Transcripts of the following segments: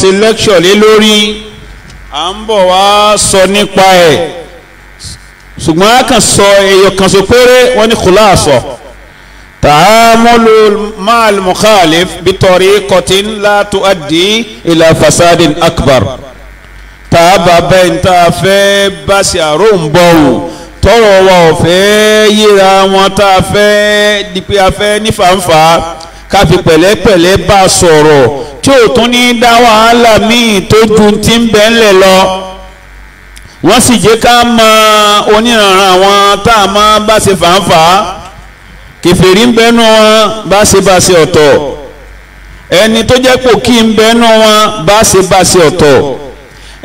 ṣe lẹ́kṣọ̀ lé lórí à ń bọ̀ wá sọ nípa ẹ̀ ṣùgbọ́n a kàn sọ èèyàn kan so péré wọ́n ní khulasa tààmúlò máàl mukhalif bitori kọtin la tuaddi ila fasadin akbar tààbà bẹ́ẹ̀ ń tá fẹ́ bá sí àrò ń bọ̀ wò tọrọ wa ò fẹ́ yíra wọn tá a fẹ́ di pé nífàǹfà ká pẹ̀lẹ́pẹ̀lẹ́ bá sọ̀rọ̀ tí ò tún ní dá wàhálà míì tó ju ti ń bẹ́ ńlẹ̀ lọ wọ́n sì jẹ́ ká mọ oníranran àwọn tá a máa bá ṣe fàǹfà kèfèrí ń bẹ́nu wọn bá ṣe bá ṣe ọ̀tọ̀ ẹni tó jẹ́ pò kí ń bẹ́nu wọn bá ṣe bá ṣe ọ̀tọ̀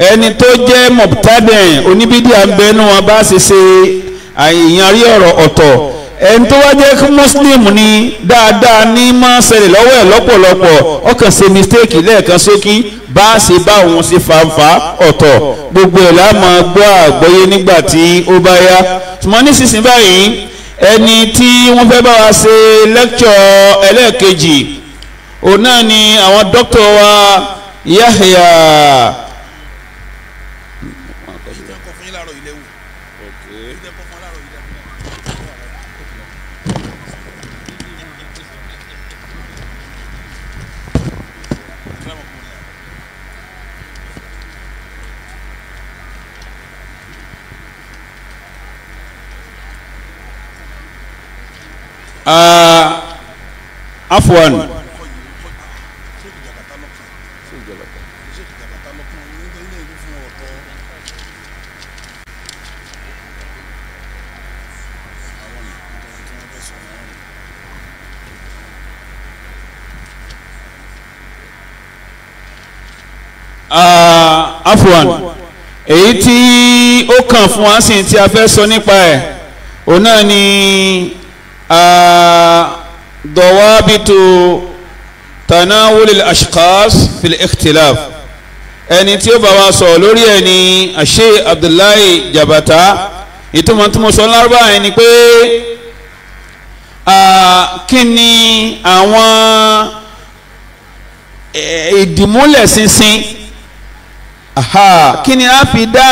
ẹni tó jẹ́ mọ̀tádẹ̀ oníbídìí à ń bẹ́nu wọn bá ṣe ṣe àyìnrí ọ̀rọ̀ ọ̀tọ̀ ẹni tó wá jẹ́ muslim ni dáadáa ní máa ṣẹlẹ̀ lọ́wọ́ ẹ̀ lọ́pọ̀lọpọ̀ ọkàn ṣe mistake lẹ́ẹ̀kan ṣókí bá a ṣe bá òun ṣe fàǹfà ọ̀tọ̀ gbogbo ẹ̀ la máa gbọ́ àgbọ́yé nígbà tí ó bá yá ṣùgbọ́n nísinsìnyí báyìí ẹni tí wọ́n fẹ́ bá wa ṣe lecture ẹlẹ́ẹ̀kejì òun náà ni àwọn dókítà wa Yahya. Uh, afwan uh, afwan èyí tí ó kàn fún wa sí tí a fẹ́ sọ nípa ẹ̀ òun náà ni dọ̀wábìtò تناول الأشخاص في الاختلاف. ẹni tí ó bá wa sọ lórí ẹni àṣẹ abdullahi jabata ìtumọ̀ tí mo sọ lárúbá yẹn ni pé kí ni àwọn ìdìmúlẹ̀ kí ni a fi dá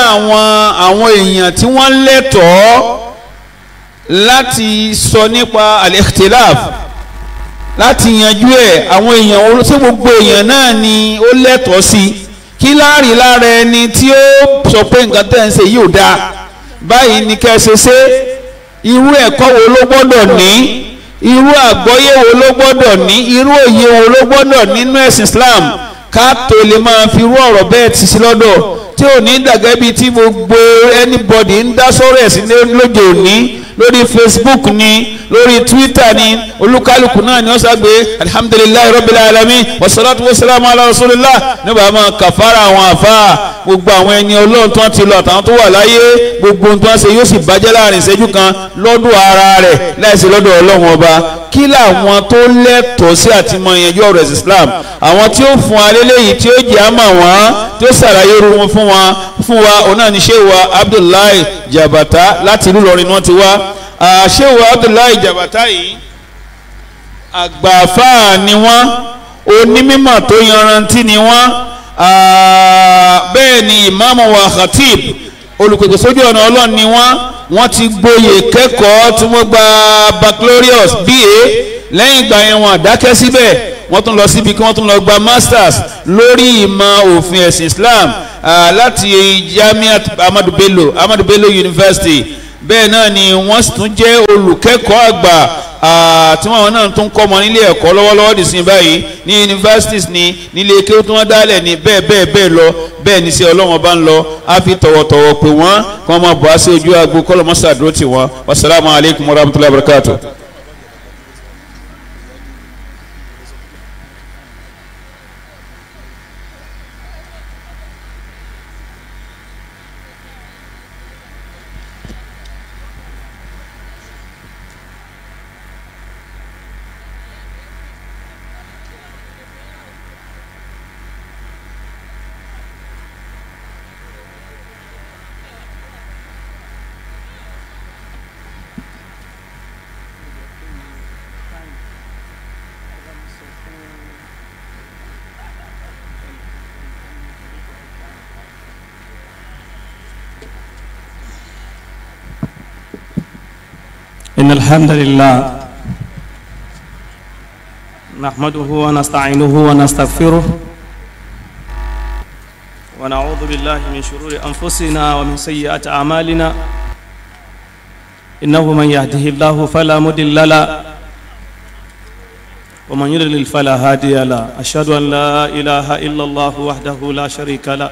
àwọn èèyàn tí wọ́n lẹ́tọ̀ọ́ láti sọ nípa al-ikhtilaf láti yanjú ẹ̀ àwọn èèyàn olóṣèlú gbogbo èèyàn náà ni ó lẹ́tọ̀ọ́ sí kí láàrí lára ẹni tí ó sọ pé nǹkan tẹ́ ń ṣe yìí ò dáa báyìí ni kẹ́ ẹ ṣe ṣe irú ẹ̀kọ́ wo ló gbọ́dọ̀ ní irú àgbọ́yé wo ló gbọ́dọ̀ ní irú òye wo ló gbọ́dọ̀ nínú ẹ̀sìn Islam ká tó lè máa fi irú ọ̀rọ̀ bẹ́ẹ̀ ti sí lọ́dọ̀ tí ò ní dàgẹ́ bíi tí gbogbo anybody ń dá sọ́rọ̀ ẹ̀sìn lóde òní lórí facebook ni lórí twitter ni olúkálùkù náà ni wọ́n sàgbé alihamdulilayi rabbil alamin wasalatu wasalamu ala rasulillah nígbà máa kàfàrà àwọn àfa gbogbo àwọn ẹni ọlọ́run tó ń ti lọ àtàwọn tó wà láyé gbogbo tó ń ṣe yóò sì bàjẹ́ láàrin ìṣẹ́jú kan lọ́dọ̀ ara rẹ̀ láìsí lọ́dọ̀ ọlọ́run ọba kí làwọn tó lẹ́tọ̀ọ́ sí àtìmọ̀ ìyẹn yóò rẹ̀ islam àwọn tí ó fún aléléyìí tí ó jẹ́ àmà wọ́n tí ó sàlàyé irú fún wa fún wa òun wa abdullahi jabata láti ìlú Ìlọrin náà ti wá àṣewò abdullahi jabata yìí àgbàfà ni wọ́n onímọ̀ tó yanrantí ni wọ́n bẹ́ẹ̀ ni ìmáàmù wa khatib olùpèpè sójú ọ̀nà ọlọ́run ni wọ́n wọ́n ti gboyè kẹ́kọ̀ọ́ tí wọ́n gba baccalaureus ba lẹ́yìn ìgbà yẹn wọn àdákẹ́ síbẹ̀ wọ́n tún lọ síbi kí wọ́n tún lọ gba masters lórí ìmọ̀ òfin ẹ̀sìn islam láti jamiat amadu bello amadu bello university bẹ́ẹ̀ náà ni wọ́n sì tún jẹ́ olùkẹ́kọ̀ọ́ àgbà tí wọ́n náà tún kọ́ ọmọ nílé ẹ̀kọ́ lọ́wọ́lọ́wọ́ dì sí báyìí ní universities ni nílé kí ó tún wọ́n dálẹ̀ ni bẹ́ẹ̀ bẹ́ẹ̀ bẹ́ẹ̀ lọ bẹ́ẹ̀ ni sí ọlọ́wọ́n bá ń lọ á fi tọ̀wọ̀tọ̀wọ̀ pé wọ́n kọ́ ọmọ bọ̀ á sí ojú àgbo kọ́lọ́mọ́sàdúró tì wọ́n wasalaamualeykum warahmatulahi wabarakatuh. الحمد لله نحمده ونستعينه ونستغفره ونعوذ بالله من شرور أنفسنا ومن سيئات أعمالنا إنه من يهده الله فلا مضل له ومن يضلل فلا هادي له أشهد أن لا إله إلا الله وحده لا شريك له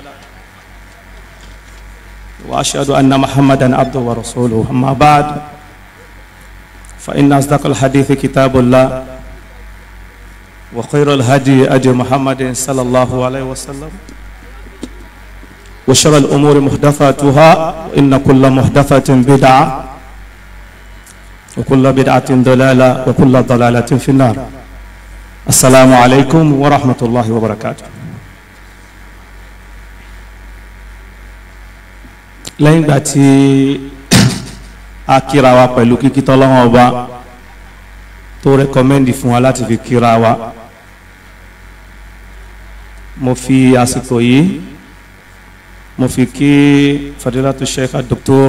وأشهد أن محمدا عبده ورسوله أما بعد فإن أصدق الحديث كتاب الله وخير الهدي أجي محمد صلى الله عليه وسلم وشر الأمور محدثاتها إن كل محدثة بدعة وكل بدعة ضلالة وكل ضلالة في النار السلام عليكم ورحمة الله وبركاته لين باتي a kíra wa pẹ̀lú kíkí tọ́lọ́wọ́n ọba tó rẹ́kọ́mẹ́ndì fún wa láti fi kíra wa mo fi àsìkò yìí mo fi kí fadilatu sheikh doctor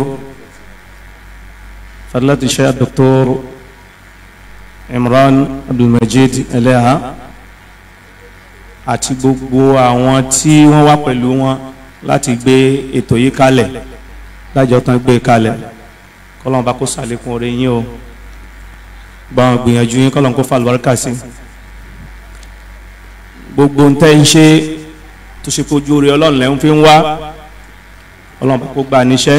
fadilatu sheikh doctor Imran Abdulmajid Eleha àti gbogbo àwọn tí wọ́n wá pẹ̀lú wọn láti gbé ètò yìí kalẹ̀ lájọ tán gbé kalẹ̀. kalẹ̀ kọ́lọ́n bá kó sàlékún orí yín o bá wọn gbìyànjú yín kọ́lọ́n kó fàlùbáríkà sí gbogbo ń tẹ́ ń ṣe tó ṣe kojú orí ọlọ́run lẹ́ ń fi ń wá ọlọ́run bá kó gbà níṣẹ́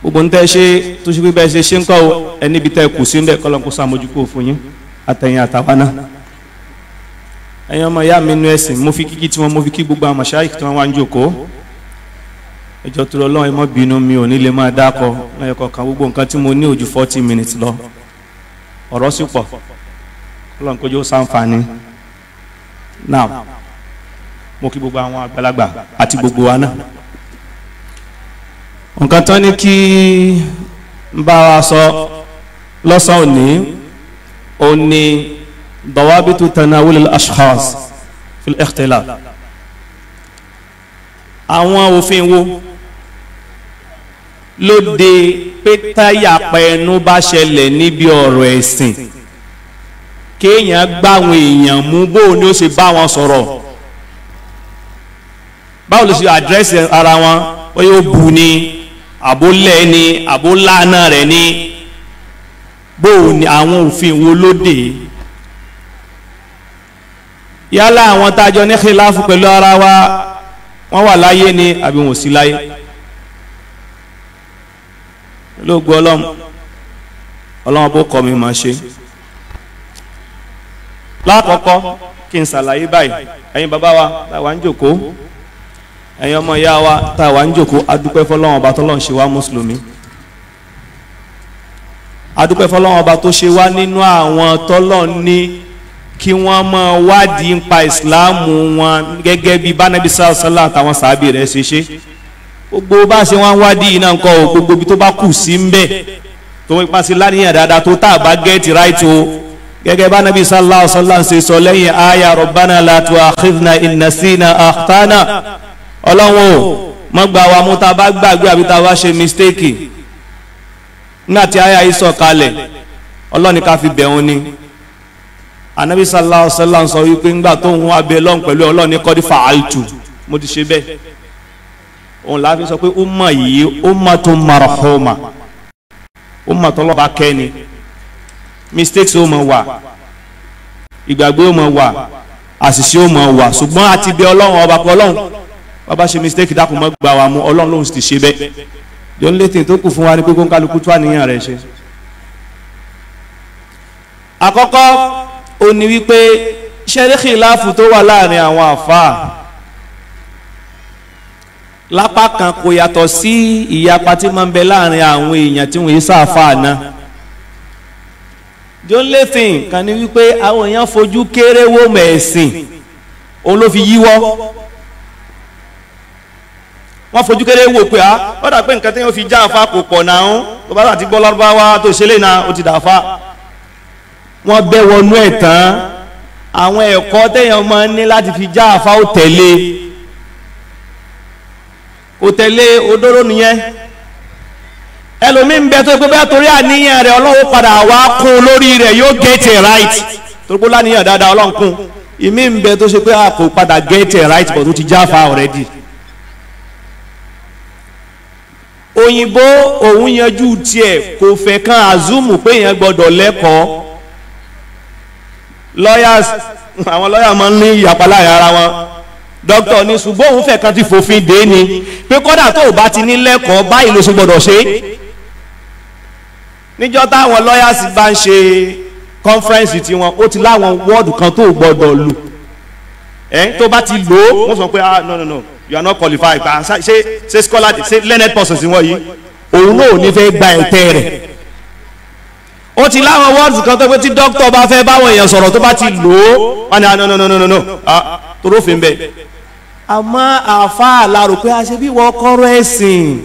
gbogbo ń tẹ́ ṣe tó ṣe pé bẹ́ẹ̀ ṣe ṣe ń kọ́ ẹni ibi tẹ́ kù sí ń bẹ̀ kọ́lọ́n kó sàmójúkú fún yín àtẹ̀yìn àtàwọn náà ẹ̀yin ọmọ ìyá mi nu ẹ̀sìn mo fi kíkí tí wọ́n mo fi kí gbogbo àwọn tí wọ́n wá ń jókòó ẹjọ́ tó lọ lọ́wọ́ ẹ má bínú mi ò ní lè máa dákọ lẹ́yìn kọ̀ọ̀kan gbogbo nǹkan tí mo ní ojú forty minutes lọ ọ̀rọ̀ sì pọ̀ ọlọ́run kójú sáǹfààní now mo kí gbogbo àwọn àgbàlagbà àti gbogbo wa náà nǹkan tán ní kí n bá wa sọ lọ́sàn-án òní òun ni dawabitu tanawul al-ashkhas fil ikhtilaf àwọn òfin wo lóde pé táyàpá ẹnu bá ṣẹlẹ̀ níbi ọ̀rọ̀ ẹ̀sìn kéèyàn gbáwọn èèyàn mú bóun ni ó ṣe bá wọn sọ̀rọ̀ báwo ló ṣe àdírẹ́sì ara wọn ó yóò bu ni àbólẹ̀ ni àbólànà rẹ̀ ni bóun ni àwọn òfin wo lóde yálà àwọn tájọ ní khilafu pẹ̀lú ara wa wọ́n wà láyé ni àbí wọn ò sí láyé lógo ọlọ́run ọlọ́run bó kọ́ mi máa ṣe lákọ̀ọ́kọ́ kí n ṣàlàyé báyìí ẹ̀yin bàbá wa tá a wà ń jòkó ẹ̀yin ọmọ ìyá wa tá a wà ń jòkó adúpẹ́ fọlọ́run ọba tọ́lọ́run ṣe wá mùsùlùmí adúpẹ́ fọlọ́run ọba tó ṣe wá nínú àwọn tọ́lọ́run ní kí wọ́n máa wádìí nípa ìsìláàmù wọn gẹ́gẹ́ bí bánabi sàlá àtàwọn sàábì rẹ̀ ṣe ṣe gbogbo bá ṣe wọn wádìí iná nǹkan o gbogbo ibi tó bá kù sí ń bẹ tó ń pàṣẹ láníyàn dáadáa tó tá a bá gẹ́ẹ̀tì ráìtì o gẹ́gẹ́ bá nàbí sallallahu alaihi wasallam ṣe sọ lẹ́yìn aya rabbana la tu'akhidhna in nasina akhtana ọlọ́run o mọ́ gba wa mú ta bá gbàgbé àbí ta bá ṣe mistake nígbà tí aya yìí sọ kalẹ̀ ọlọ́run ká fi bẹ̀ wọn ni anabi sallallahu alaihi wasallam sọ wípé ńgbà tó ń wá bẹ lọ́n pẹ̀lú ọlọ́run kọ́ di fa'altu mo ti ṣe bẹ́ẹ̀ òun la fi sọ pé umma yìí ummatun marhuma umma tọlọ́ba kẹ́ni mistakes ó mọ wà ìgbàgbé ó mọ wà àṣìṣe ó mọ wà ṣùgbọ́n àti bẹ ọlọ́run ọba pọ̀ ọlọ́run bàbá ṣe mistake dákun mọ́ gbà wá mú ọlọ́run lòun ti ṣe bẹ́ẹ̀ the only tó kù fún wa ni pé kó ń kálukú tó àníyàn rẹ̀ ṣe. àkọ́kọ́ ó wípé ṣẹ́ríkì láàfù tó wà láàrin àwọn àfáà lápá kan kò yàtọ̀ sí ìyapa tí máa ń bẹ láàrin àwọn èèyàn tí wọ́n yé sáfà náà john lefin kan ní wípé àwọn èèyàn fojú kéré wò mẹ̀sìn òun ló fi yíwọ́ wọ́n fojú kéré wò pé a ó dà pé nǹkan tí wọ́n fi já àfa kò pọ̀ náà ń tó bá dà ti tó ṣe lè na ó ti dà fa wọ́n bẹ́ wọnú ẹ̀ tán àwọn ẹ̀kọ́ téèyàn máa ń ní láti fi já àfa ó tẹ̀lé òtẹ̀lé odóró nìyẹn ẹlòmíì ń bẹ tó pé bẹ́ẹ̀ torí àníyàn rẹ̀ ọlọ́run padà wá kún lórí rẹ̀ yóò get it right torí pé láníyàn dáadáa ọlọ́run kún ìmí ń bẹ tó ṣe pé a kò padà get it right but ó ti jáfa already. òyìnbó òun yanjú tiẹ̀ kò fẹ́ kan azumu pé èèyàn gbọ́dọ̀ lẹ́kọ̀ọ́ lawyers àwọn lọ́yà máa ń ní ìyapa láàrin ara wọn dókítà ní ṣùgbọ́n òun fẹ́ kan ti fòfin dé ni pé kọ́dà tó o bá ti ní lẹ́kọ̀ọ́ báyìí ló ṣe gbọ́dọ̀ ṣe níjọ́ táwọn lawyers bá ń ṣe conference tiwọn ó ti láwọn wọ́ọ̀dù kan tó o gbọ́dọ̀ lù ẹ̀ tó bá ti lò ó wọ́n sọ pé ah no no no you are not qualified pa ah, ṣe ṣe scholar ṣe learned person sí wọ́n yìí òun náà ò ní fẹ́ gba ẹ̀tẹ́ rẹ̀ ó ti láwọn wọ́ọ̀dù kan tó pé tí dókítà bá fẹ́ báwọn èèyàn sọ̀rọ̀ tó bá ti lò ó wọn ni ah no no no no no ah, ah torófin bẹ́ẹ̀ àmọ́ àfa àlàrò pé a ṣe bí wọ́n kọ́rọ́ ẹ̀sìn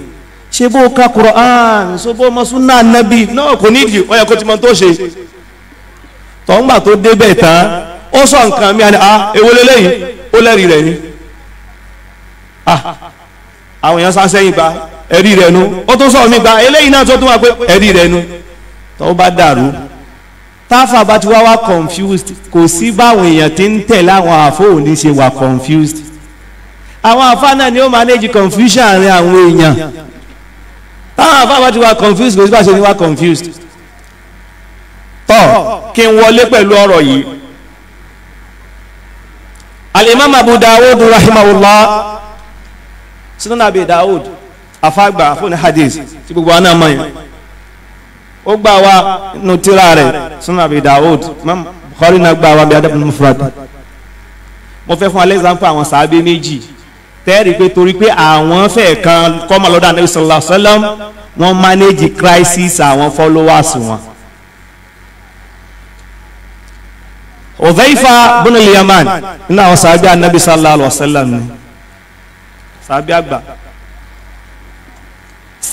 ṣe bó ka Quran ṣe bó ọmọ súnà nàbì náà kò nídìí ọyọ kó ti mọ tó ṣe tọ́ngbà tó débẹ̀ tán ó sọ nǹkan mi àni à ah, lélẹ́yìn ó lẹ́rìí rẹ̀ ni ah, àwọn èèyàn sá sẹ́yìn gba ẹ̀rí rẹ̀ nu ó tún sọ̀rọ̀ mi gba eléyìí náà tó tún wà pé ẹ̀rí rẹ̀ nu tọ́wọ́ bá dàrú táfà bá ti wá wá confused kò sí báwọn èèyàn ti ń tẹ̀ láwọn àfóòní ṣe wà confused àwọn afá náà ni ó manage confusion àárín àwọn èèyàn táwọn afá ti confused kò sí bá ṣe ni wá confused tọ́ kí n wọlé pẹ̀lú ọ̀rọ̀ yìí alimami abu dawud rahimahullah sunan abi dawud afagba afuni hadith ti gbogbo aná mọ̀ yẹn ó gbà wá nù tírà rẹ̀ sunan abi dawud náà gbà wá bí mo fẹ́ fún alẹ́ àwọn tẹ́rì pé torí pé àwọn fẹ́ kan kọ́mọ lọ́dọ̀ anabi sallallahu alayhi wa sallam wọ́n manage crisis àwọn followers wọn. Udhaifa bin al-Yaman nínú àwọn sàbí anabi sallallahu alayhi wa sallam ni sàbí àgbà.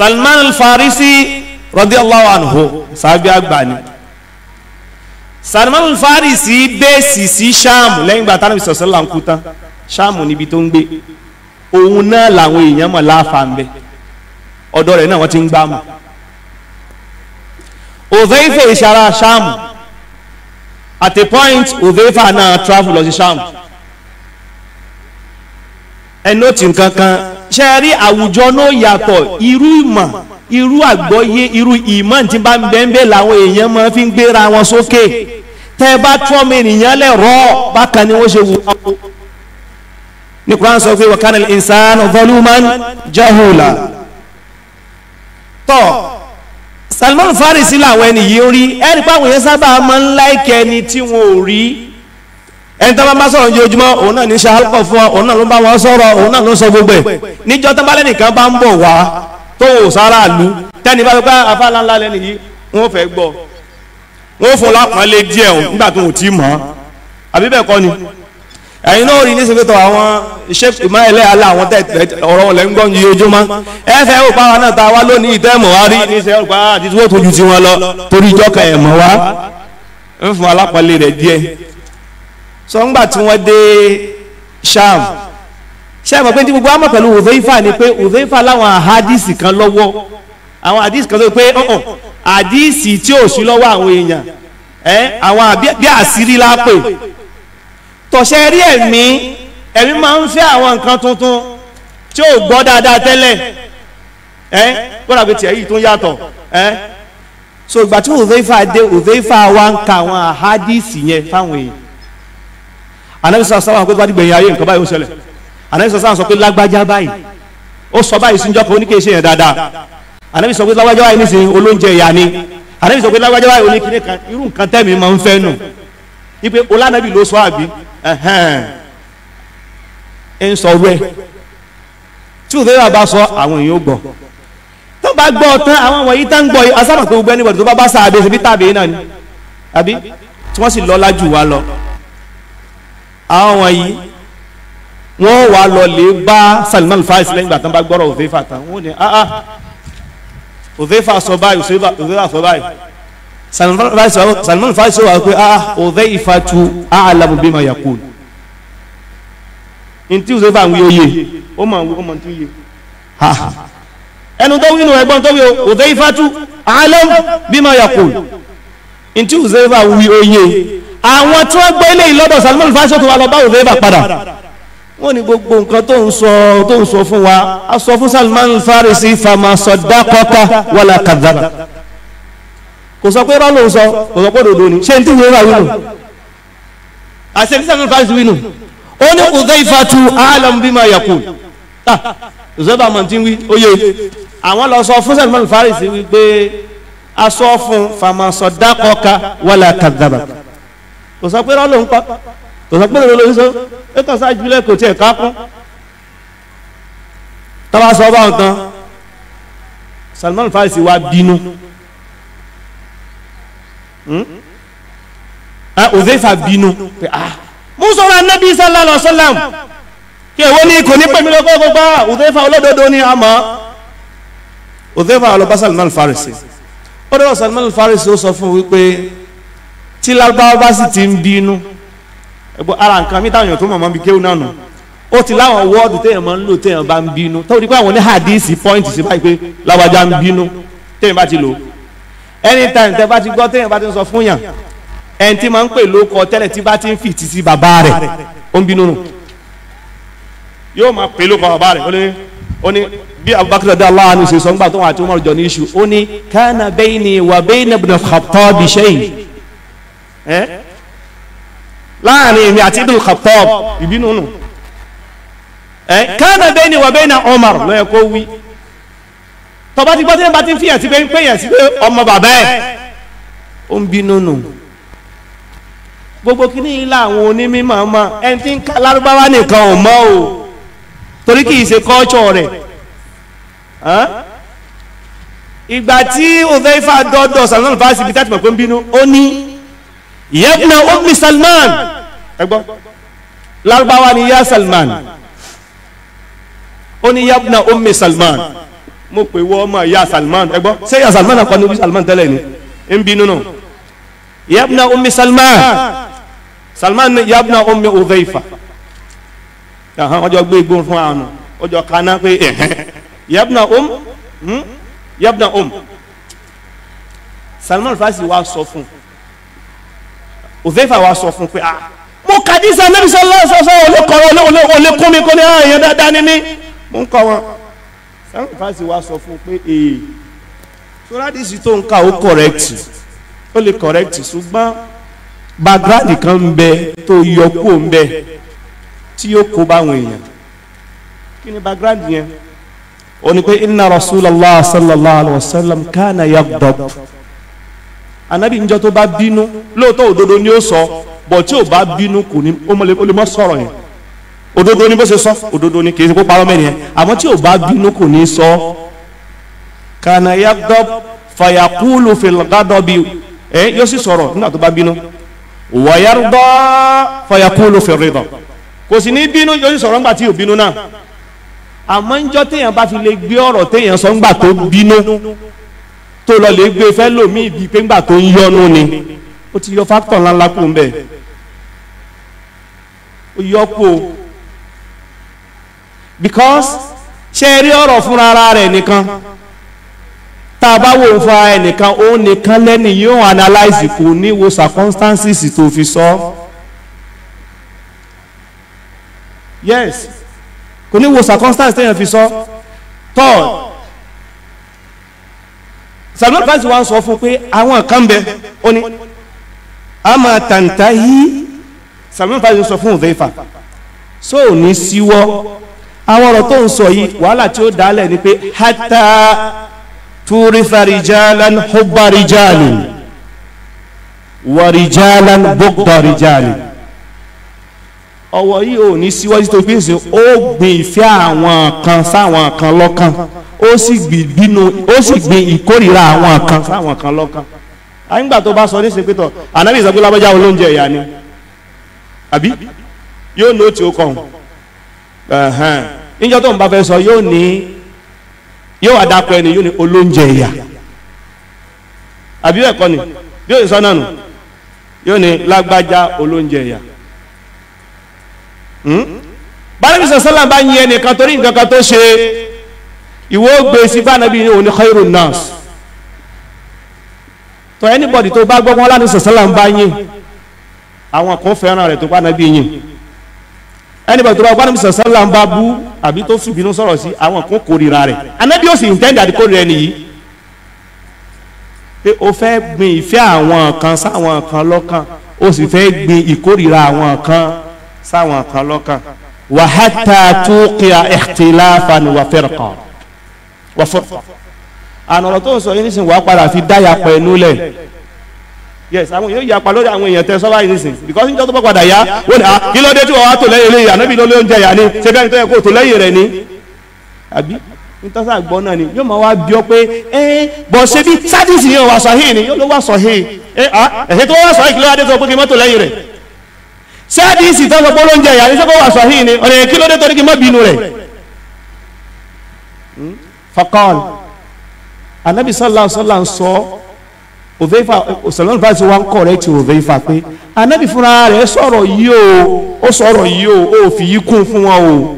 Salman al-Farisi radiyallahu anhu sàbí àgbà ni Salman al-Farisi bẹ́ẹ̀sì sí Ṣáàmù lẹ́yìn ìgbà tánàbí sallallahu alayhi wa sallam kú tán Ṣáàmù níbi tó ń gbé òun náà làwọn èèyàn mọ̀ láàfà ń bẹ ọ̀dọ̀ rẹ̀ náà wọ́n ti ń gbá mọ̀ Uzaifa ìṣara ṣáàmù at a point Uzaifa náà travel lọ sí ṣáàmù ẹnótì kankan ṣe rí àwùjọ náà yàtọ̀ irú ìmọ̀ irú àgbọ́yé irú ìmọ̀ tí bá ń bẹ́ẹ̀ làwọn èèyàn máa fi ń gbéra wọn sókè tẹ́ bá tọ́ mi nìyẹn lẹ̀ rọ́ bákan ni wọ́n ṣe wù wọ́n. ní Quran sọ pé wakana al-insanu zaluman jahula tọ́ Salman Farisi làwọn ẹni yìí rí ẹni yẹn sábà máa ń láìkẹ́ ẹni tí ò rí ẹni tó bá bá sọ̀rọ̀ ní ojúmọ́ òun náà ní ṣàlùkọ̀ fún ọ òun náà ló bá wọn sọ̀rọ̀ òun náà ló sọ gbogbo ẹ̀ tó bá ni ẹ̀yin náà rí nísìnyí tó àwọn iṣẹ́ ìmọ̀ ẹ̀lẹ́ alẹ́ àwọn tẹ̀tẹ̀ ọ̀rọ̀ ọ̀lẹ́ ń gbọ́n yí ojúmọ́ ẹ̀fẹ̀ ó pàwọn náà ta wá lónìí ìtẹ́mọ̀ wá rí níṣẹ́ ọ̀pá àti tí wọ́n tójú tí wọ́n lọ torí ìjọka ẹ̀mọ̀ wá ń fún alápọ̀lẹ́ rẹ̀ díẹ̀ sọ ńgbà tí wọ́n dé sham sham pé tí gbogbo àmọ̀ pẹ̀lú Huzaifa ni pé Huzaifa láwọn àhádìsì kan lọ́wọ́ àwọn àdìsì kan sọ pé àdìsì tí ò sí lọ́wọ́ àwọn èèyàn àwọn bí àṣírí tọ̀ṣẹ́ rí ẹ̀mí ẹ̀mí máa ń fẹ́ àwọn nǹkan tuntun tí ò gbọ́ dáadáa tẹ́lẹ̀ ẹ́ gbọ́dọ̀ pé tiẹ̀ yìí tó yàtọ̀ ẹ́ so ìgbà tí òzeifa dé òzeifa wa ń ka àwọn àhádìsì yẹn fáwọn èèyàn anabisa sábà pé tó bá dìgbẹ̀yìn ayé nǹkan báyìí ó ṣẹlẹ̀ anabisa sábà sọ pé lágbájá báyìí ó sọ báyìí síjọ́ kan oníkèéṣe yẹn dáadáa anabisa sọ pé lágbájá báyìí nísìnyí olóúnjẹ ìyá ni anabisa sọ pé lágbájá báyìí oníkèéṣe irú nǹkan tẹ́mi máa ń fẹ́ nù ipe olanabi ló sọ àbí ń sọ wẹ tí òfin bá sọ àwọn èèyàn gbọ́ tó bá gbọ́ tán àwọn wọ̀nyí tá ń gbọ́ asábà tó gbẹ níbọdì tó bá bá sáà bẹ ṣe bí tàbí náà ni àbí tí wọ́n sì lọ́lá jù wá lọ àwọn wọ̀nyí wọ́n wà lọ lè bá Salman Farisi lẹ́yìn ìgbà tán bá gbọ́rọ̀ òfin fà tán wọ́n ní ah ah òfin fà sọ báyìí òfin fà sọ báyìí. Salman Farisi wà pé ah ọ̀dẹ́ ah, ìfàtú alamu bima yakun ntí o ṣe fà ń wí oyè ó mà ń wí ó mà ń tún yé ha ẹnu tó wí nù ẹgbọ́n tó wí o ọ̀dẹ́ ìfàtú alamu bima yakun ntí o ṣe fà ń wí àwọn tí wọ́n gbé eléyìí lọ́dọ̀ Salman Farisi tó wà lọ bá ọ̀dẹ́ padà wọ́n ní gbogbo nǹkan tó ń sọ tó ń sọ fún wa a sọ fún Salman Farisi fama sọ dákọ́ta wàlá kàdára kò sọ pé bá lòun sọ kò sọ pé òdodo ni ṣé n tí wọ́n rà wínú àṣẹ ní sàmì fáṣí wínú ó ní Udhaifatu a'lamu bima yaqul zọba mọ̀tí wí oyè àwọn lọ sọ fún Salman Farisi wípé a sọ fún famasọ dákọ̀ọ́ka wala kadhaba kò sọ pé rọ́lò ń pa kò sọ pé rọ́lò ń sọ é kàn sáà jùlẹ̀ kò tiẹ̀ ká kún tọ́ba sọ báwọn kan Salman Farisi wa bínú. Hmm? Uzaifa bínú pé ah mú sọ̀rọ̀ anábì sallallahu alaihi wasallam kí èwo ni kò ní pẹ̀lú ọkọ̀ gbogbo ah, Uzaifa olódodo ni a mọ̀ Uzaifa ọlọ́ba Salman Farisi ó dọ́rọ̀ Salman Farisi ó sọ fún wípé tí lágbára bá sì ti ń bínú ara nǹkan mi táwọn èèyàn tó mọ̀ mọ́ bí kéwù náà nù ó ti láwọn wọ́ọ̀dù téèyàn máa ń lò téèyàn bá ń bínú tó rí pé àwọn oní hadisi pọ́ìntì sí báyìí pé lágbájá ń bínú téèyàn bá ti lò anytime tẹ bá ti gbọ́ tẹ́yìn bá ti ń sọ fún yàn ẹni tí máa ń pè lóko tẹ́lẹ̀ tí bá ti ń fi títí bàbá rẹ̀ ó ń bínú nù yóò máa pè lóko bàbá rẹ̀ ó ní ó ní bí Abubakar dá aláwa ní sèso ńgbà tó wà tí Umar jọ ní iṣu ó ní kana bayni wa bayna ibn al-Khattab shay láàrin èmi àti ibn al ìbínú nù kana bayni wa bayna Umar lọ́yẹ̀ kó wí tọba ti gbọ́ tí yẹn bá ti ń fìyàn sí pé ń pèyàn sí pé ọmọ bàbá ẹ̀ ó ń bínú nù gbogbo kí ni ilé àwọn onímọ̀ ọmọ ẹni tí ń ká lárúbáwá nìkan ò mọ́ o torí kì í ṣe kọ́ọ̀ṣọ̀ rẹ̀ ìgbà tí òfẹ́fà dọ́dọ̀ Salman fásitì bí tàbí pé ń bínú ó ní ìyẹ́bùnà omi Salman ẹgbọ́ lárúbáwá ni yá Salman ó ní ìyẹ́bùnà omi Salman. Salman mo pè wọ ọmọ ìyá Salman ẹ gbọ́ ṣé ìyá Salman akọni omi Salman tẹ́lẹ̀ ni ń bí nínú yabna omi Salman Salman ni yabna omi Udhaifa ọjọ́ gbé igbó fún àánú ọjọ́ kaná pé yabna om yabna om Salman Farisi wa sọ fún Udhaifa wa sọ fún pé ah mo kàdí sa nabi sallallahu alaihi wasallam olókọ̀ọ́ olókùnmi kò ní àyàn ah, dáadáa ní mi mo ń kọ́ wọn ẹ̀rọ ìfàsí wa sọ fún un pé ee sọ́ràdìsí tó ń kà ó correct ó lè correct ṣùgbọ́n background kan ń bẹ tó yọ kó ń bẹ tí yóò kó báwọn èèyàn kí ni background yẹn ó ní pé inna rasulallah sallallahu alayhi wa sallam kana yaghdab anabi njọ tó bá bínú lóòótọ́ òdodo ni ó sọ bọ̀ tí ò bá bínú kò ní ó lè mọ́ sọ̀rọ̀ yẹn òdodo ni bó ṣe sọ òdodo ni kìí ṣe kó parọ́ mẹ́rin yẹn àmọ́ tí ò bá bínú kò ní sọ kana yagdob fayakulu filgadobi ẹ yóò sì sọ̀rọ̀ nígbà tó bá bínú wayardọ fayakulu filridọ kò sì ní bínú yóò sì sọ̀rọ̀ nígbà tí ò bínú náà àmọ́ njọ́ téèyàn bá fi lè gbé ọ̀rọ̀ téèyàn sọ nígbà tó bínú tó lọ lè gbé fẹ́ lòmíì bíi pé nígbà ni ó ti yọ fáktọ̀ ńláńlá kù ń bẹ̀ because ṣe rí ọ̀rọ̀ fúnra ara rẹ̀ nìkan tá a bá wò ó fúnra ẹ̀ nìkan òun nìkan lẹ́ni yóò analyze kò ní wo circumstances tó fi sọ yes kò ní wo circumstances téèyàn fi sọ third samuel price wa sọ fún pé àwọn kan bẹ ó ní a máa tàǹtà yí samuel price sọ fún òfin fà so ò ní síwọ́ àwọn ọ̀rọ̀ tó ń sọ yìí wàhálà tí ó dálẹ̀ ni pé hátà túrífàríjálán húbàríjálì wàríjálán bókbàríjálì ọwọ́ yìí ò ní síwájú tó gbèsè ó gbin ìfẹ́ àwọn kan sáwọn kan lọ́kàn ó sì gbin bínú ó sì gbin ìkórìíra àwọn kan sáwọn kan lọ́kàn àyìngbà tó bá sọ ní sèpétọ̀ ànábì ìsọgbé lábẹ́jà olóúnjẹ ìyá ni àbí yóò nóòtì ó kọ̀ọ̀hún níjọ́ tó ń bá fẹ́ sọ yóò ní yóò àdàpọ̀ ẹni yóò ní olóúnjẹ ìyà àbí ẹ̀kọ́ ni yóò sọ náà nù yóò ní lágbájá olóúnjẹ ìyà bárẹ́bí sọ́sọ́lá bá yin ẹnìkan torí nǹkan tó ṣe ìwọ gbé e sí fànàbí ní òní khairu nas tó anybody tó bá gbọ́gbọ́n láti sọ́sọ́lá bá yin àwọn kan fẹ́ràn rẹ̀ tó fànàbí yin anybody tó bá gbọ́dọ̀ sọ̀rọ̀ sọ́lá ń bá bú àbí tó fìbínú sọ̀rọ̀ sí àwọn kan kórìíra rẹ̀ anabi ó sì intend àti kórìíra ẹni yìí pé o fẹ́ gbin ìfẹ́ àwọn kan sáwọn kan lọ́kàn o sì fẹ́ gbin ìkórìíra àwọn kan sáwọn kan lọ́kàn wàhátà tuqiya ikhtilafan wa firqa wa firqa ànàrọ̀ tó ń sọ yín nísìnyí wàá padà fi dáyà pẹ̀lú lẹ̀ yes àwọn yóò yapa lórí àwọn èèyàn tẹ sọ́wọ́ yìí nísìn because níjọ́ tó bá padà yá wọ́n ní ah, kí ló dé tí wọ́n wá tò lẹ́yìn eléyìí ànábì ló ló ń jẹ yà ni ṣé bẹ́ẹ̀ ni tó yẹ kó tò lẹ́yìn rẹ̀ ni àbí nítorí àgbọ̀ náà ni yóò máa wá bí ọ pé ẹ bọ̀ ṣe bí sádìsì yẹn wà sọ̀hìn ni yóò ló wà sọ̀hìn ẹ à ẹ̀ṣẹ̀ tó wà sọ̀hìn kí ló wá dé tó pé kí mọ́tò lẹ́yìn rẹ̀ sádìsì tó sọ pé ń jẹ yà ni sọ́kọ́ wà sọ̀hìn ni ọ̀rẹ́ kí ló dé torí kí mọ́ bínú rẹ̀ hmm? faqal anabi sallallahu alaihi sọ òveifa salman fasi wa ń kọ̀rẹ́tì òveifa pé anabi fúnra rẹ̀ sọ̀rọ̀ yìí o ó sọ̀rọ̀ yìí o ó fi yìí kún fún wọn o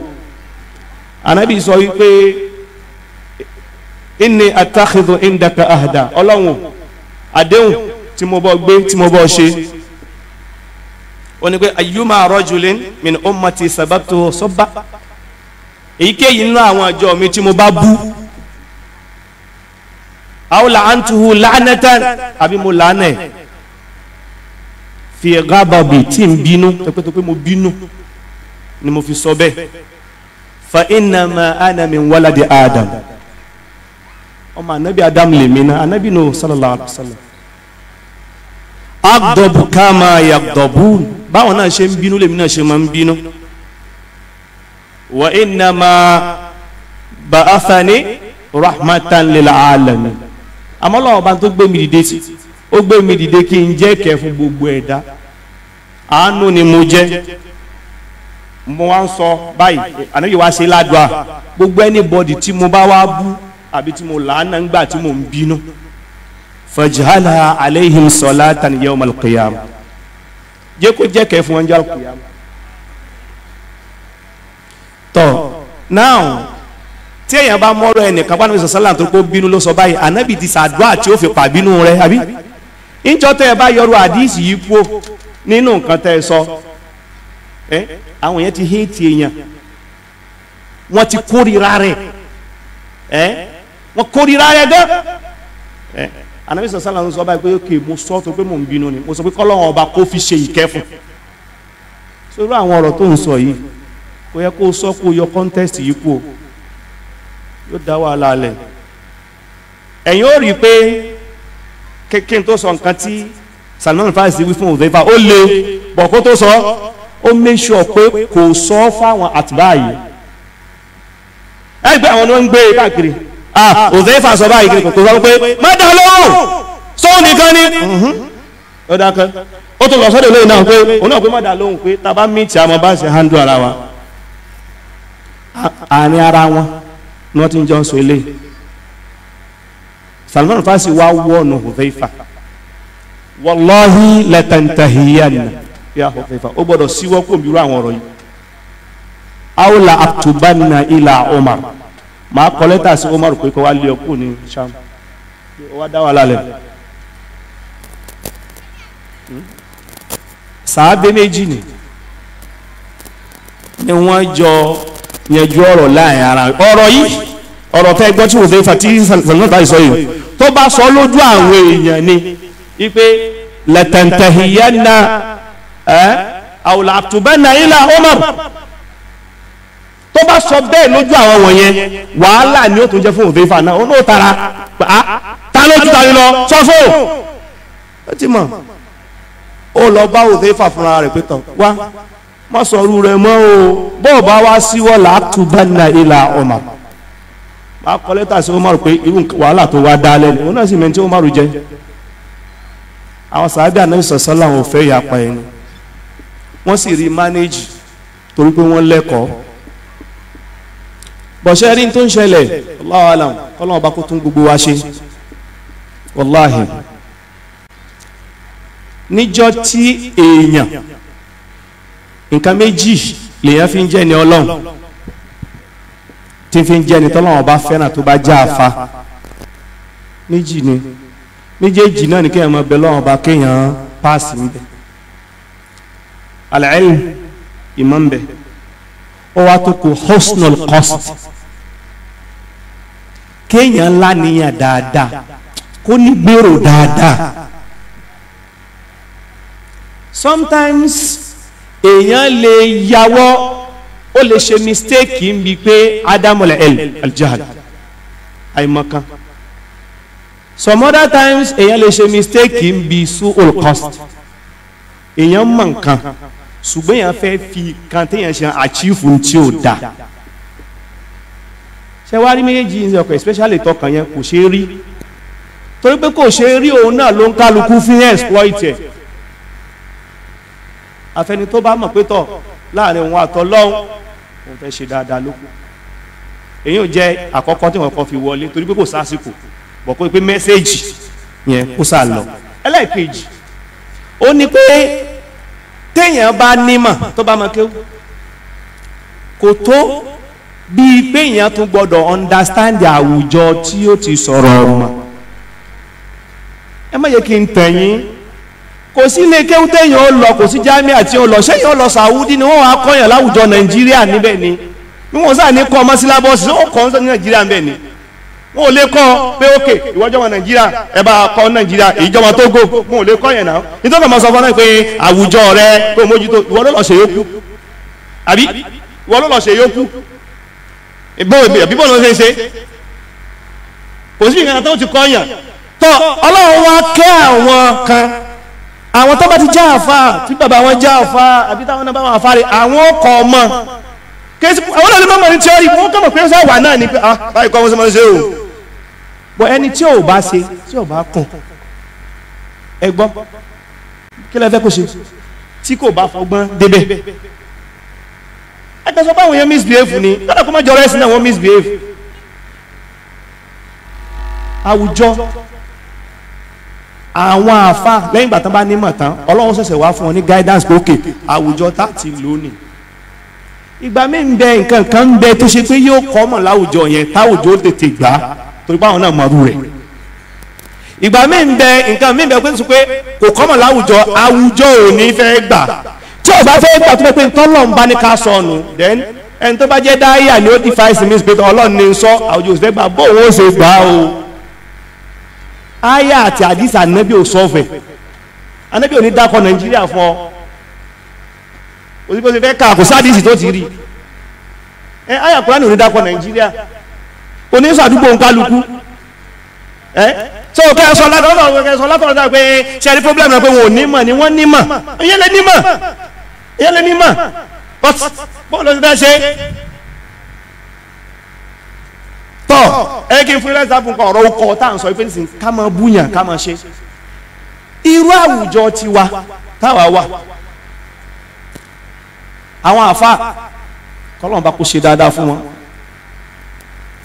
anabi sọ wípé inni atakhidhu indaka ahda ọlọ́run àdéhùn tí mo bọ́ gbé tí mo bọ́ ṣe ó ní pé ayyuma rajulin min ummati sababtu sabba èyíkéyìí nínú àwọn àjọ mi tí mo bá bú aw la'antuhu la'natan àbí mo làánà ẹ̀ fi ghadabi tí n bínú tẹpẹtẹpẹ mo bínú ni mo fi sọ bẹ́ẹ̀ fa innama ana min waladi adam ọmọ anabi adam lèmi náà anabi nù sallallahu alayhi wa sallam agdọ̀bù kama yagdọ̀bù báwọn náà ṣe ń bínú lèmi náà ṣe máa ń bínú wa innama ba'athani rahmatan lil alamin. àmọ́ lọ́wọ́ bá tó gbé mi dìde sí ó gbé mi dìde kí n jẹ́ fún gbogbo ẹ̀dá àánú ni mo jẹ́ mo wá ń sọ báyìí wá ṣe gbogbo anybody tí mo bá wá bú àbí tí mo làánà ńgbà tí mo ń bínú kó fún tọ tí èèyàn bá mọ́rọ̀ ẹnìkan pàdánù sọ̀sálà tó kó bínú ló sọ báyìí ànábì ti sàdúrà tí ó fi pa bínú rẹ àbí ìjọ tẹ́ ẹ bá yọrọ àdíìsì yìí kú nínú nǹkan tẹ́ ẹ sọ ẹ àwọn yẹn ti héètì èèyàn wọ́n ti kórìíra rẹ̀ ẹ wọ́n kórìíra rẹ̀ gán ẹ ànábì sọ̀sálà tó sọ báyìí pé ókè mo sọ tó pé mò ń bínú ni mo sọ pé kọ́lọ́hún ọba kó fi ṣe ìkẹ́ fún sórí àwọn ọ̀rọ̀ tó ń sọ yìí kò yẹ kó sọ kó yọ kọ́ńtẹ́sì yìí kú o yóò dá wàhálà lẹ̀ ẹ̀yin ó rí i pé kí n tó sọ nǹkan tí Salman Farisi wí fún òdèfà ó le bọ̀ kó tó sọ ó make sure pé kò sọ fáwọn àtúbà yìí ẹgbẹ́ àwọn ni wọ́n ń gbé káàkiri òdèfà sọ báyìí kò tó sọ pé má dá lóhùn sóhun nìkan ni mhm. ó dákẹ́ ó tún lọ sọ́dọ̀ lóyún náà pé òun náà pé má dá lóhùn pé tá a bá mí tí a mọ bá ṣe handle ara wa àárín ara wọn ni wọ́n ti ń jọ sọ eléyìí Salman Farisi wá wọ́ọ̀nù Hudhaifa wallahi latantahiyanna ya Hudhaifa ó gbọ́dọ̀ síwọ́ kó mi rú àwọn ọ̀rọ̀ yìí awla aktubanna ila omar màá kọ lẹ́tà sí Umar pé kó wá lé ọkù ní Sham ó wá dá wà lálẹ́ hmm? sàádé méjì ni ni wọ́n jọ yanjú ọ̀rọ̀ láàrin ara ọ̀rọ̀ yìí ọ̀rọ̀ tẹ́ gbọ́ tí wò fẹ́ fati sanata sọ yìí tó bá sọ lójú àwọn èèyàn ni ipe latantahiyanna ẹ àwòlà àtúbẹ́nà ilà Umar tó bá sọ bẹ́ẹ̀ lójú àwọn wọ̀nyẹn wàhálà ni ó tún jẹ́ fún òfin fa náà ó ló tara ta ló tún tari lọ sọ fún ó ti mọ̀ ó lọ bá òfin fa fúnra rẹ̀ pé tán wá má sọ̀rọ̀ rẹ̀ mọ́ o bọ́ọ̀ bá wá síwọ́ làákùbánà ìlà Umar bá kọ́ lẹ́tà sí Umar pé irú wàhálà tó wá dá lẹ́nu òun náà sì mẹ́tí Umar jẹ́ àwọn sàábì ànábì sọ̀sọ́ làwọn ò fẹ́ yapa ẹni wọ́n sì rí mánéjì torí pé wọ́n lẹ́kọ̀ọ́ bọ̀ṣẹ́ rí tó ń ṣẹlẹ̀ Allahu alam kọ́lọ́wọ́n bá kó tún gbogbo wa ṣe wàláhì níjọ́ tí èèyàn nǹkan méjì lèyàn fi ń jẹ́ ni ọlọ́run tí fi ń jẹ́ ni tọ́lọ́run bá fẹ́ràn tó bá jẹ́ àfa méjì ni méjèèjì náà ni kéèyàn máa bẹ lọ́wọ́n bá kéèyàn páàsì níbẹ̀ al ìmọ̀ ń bẹ̀ ó wá tó kù husnul qasd kéèyàn láníyàn dáadáa kó ní gbèrò dáadáa sometimes èèyàn lè yàwọ́ ó lè ṣe mistake ń bi pé adamu el aljahad àìmọ̀kan some other times èèyàn lè ṣe mistake ń bi suul cost èèyàn mọ̀ nǹkan ṣùgbọ́n èèyàn fẹ́ fi kan téèyàn ṣe achieve tí ò da ṣe wá rí méjèèjì ní ọkọ̀ especially tọkàn yẹn kò ṣeé rí torí pé kò ṣeé rí òun náà ló ń kálukú fi exploit ẹ̀ àfẹni tó bá mọ̀ pé tọ̀ láàrin òun àtọlọ́hún òun fẹ́ ṣe dáadáa lóko èyí ò jẹ́ àkọ́kọ́ tí wọ́n kọ́ fi wọlé torí pé kò sásìkò bọ̀ pé pé mẹ́sẹ́ẹ̀jì yẹn kó sá lọ ẹlẹ́ẹ̀kejì ó ní pé téèyàn bá nímọ̀ tó bá mọ̀ kéwù kò tó bíi pé èèyàn tún gbọ́dọ̀ understand àwùjọ tí ó ti sọ̀rọ̀ ọ̀mọ̀ ẹ má yẹ kí n tẹ̀yìn kò sí ilé kéwú téèyàn ó lọ kò sí jámí àti ó lọ séèyàn ó lọ sàwúdí ni wọ́n wá kọ́yàn láwùjọ nàìjíríà níbẹ̀ ni bí wọ́n sáà ní kọ́ ọmọ sílábọ́ọ̀sì ó kọ́ ní nàìjíríà níbẹ̀ ni wọn ò lè kọ́ pé ókè ìwọ́jọ́mọ nàìjíríà ẹ bá kọ́ nàìjíríà ìjọba Tógò wọn ò lè kọ́ yẹn náà nítorí ọmọ sọ fún ọ pé àwùjọ rẹ tó mójútó ìwọ ló lọ ṣe yókù àbí ìwọ ló lọ ṣe yókù ìbọn ló ṣe ṣe kò sí ìgbà tó ti kọ́ yàn tó ọlọ́run wá kẹ́ àwọn kan àwọn tó bá ti já àfá tí bàbá wọn já àfá àbí táwọn náà bá wọn àfá rẹ̀ àwọn ọkọ̀ ọmọ àwọn olùkọ́ mọ̀ ní tíọ́rì wọ́n kọ́mọ̀ pé sọ wà náà ní pé ah báyìí kọ́ wọ́n sọ mọ́ sí o bọ̀ ẹni tí ò bá ṣe tí ò bá kùn ẹ gbọ́ kí lẹ fẹ́ kó ṣe tí kò bá fọgbọ́n débẹ̀ ẹ tẹ́sọ báwọn yẹn misbehave ni lọ́dọ̀ kó má jọrọ ẹ̀sìn náà wọ́n misbehave àwùjọ àwọn àfa lẹ́yìn ìgbà tán bá nímọ̀ tán ọlọ́run ṣẹ̀ṣẹ̀ wá fún wọn ní guidance pé òkè àwùjọ tá ti lónìí ìgbà mi ń bẹ nǹkan kan ń bẹ tó ṣe pé yóò kọ́ mọ̀ láwùjọ yẹn táwùjọ tètè gbà torí báwọn náà mọ̀rú rẹ̀ ìgbà mi ń bẹ nǹkan mi ń bẹ pé sọ pé kò kọ́ mọ̀ láwùjọ àwùjọ ò ní fẹ́ gbà tí ò bá fẹ́ gbà tó pé tọ́lọ́n bá ní ká sọnù then ẹni tó bá jẹ́ dáyà ni ó aya àti àdìsá anabi ò sọ fẹ anabi ò ní dákọ nàìjíríà fún ọ òsibó ti fẹ ká kò sádìsì tó ti rí ẹ aya kúránì ò ní dákọ nàìjíríà oníṣọ àdúgbò nkálukú ẹ tó o kẹ sọ látọ̀ ọ̀rọ̀ kẹ sọ látọ̀ ọ̀rọ̀ pé ṣe àdí problem náà pé wọn ò ní mọ̀ ni wọ́n ní mọ̀ ìyẹn lè ní mọ̀ ìyẹn lè ní mọ̀ but bọ́ọ̀lù ti fẹ́ ṣe tọ́ ẹ kí n fún ilé ìsàbùn kan ọ̀rọ̀ ọkọ̀ tá à ń sọ pé nísìnyí ká máa búyàn ká máa ṣe irú àwùjọ tiwa táwa wà àwọn àfa kọ́lọ́n bá kó ṣe dáadáa fún wọn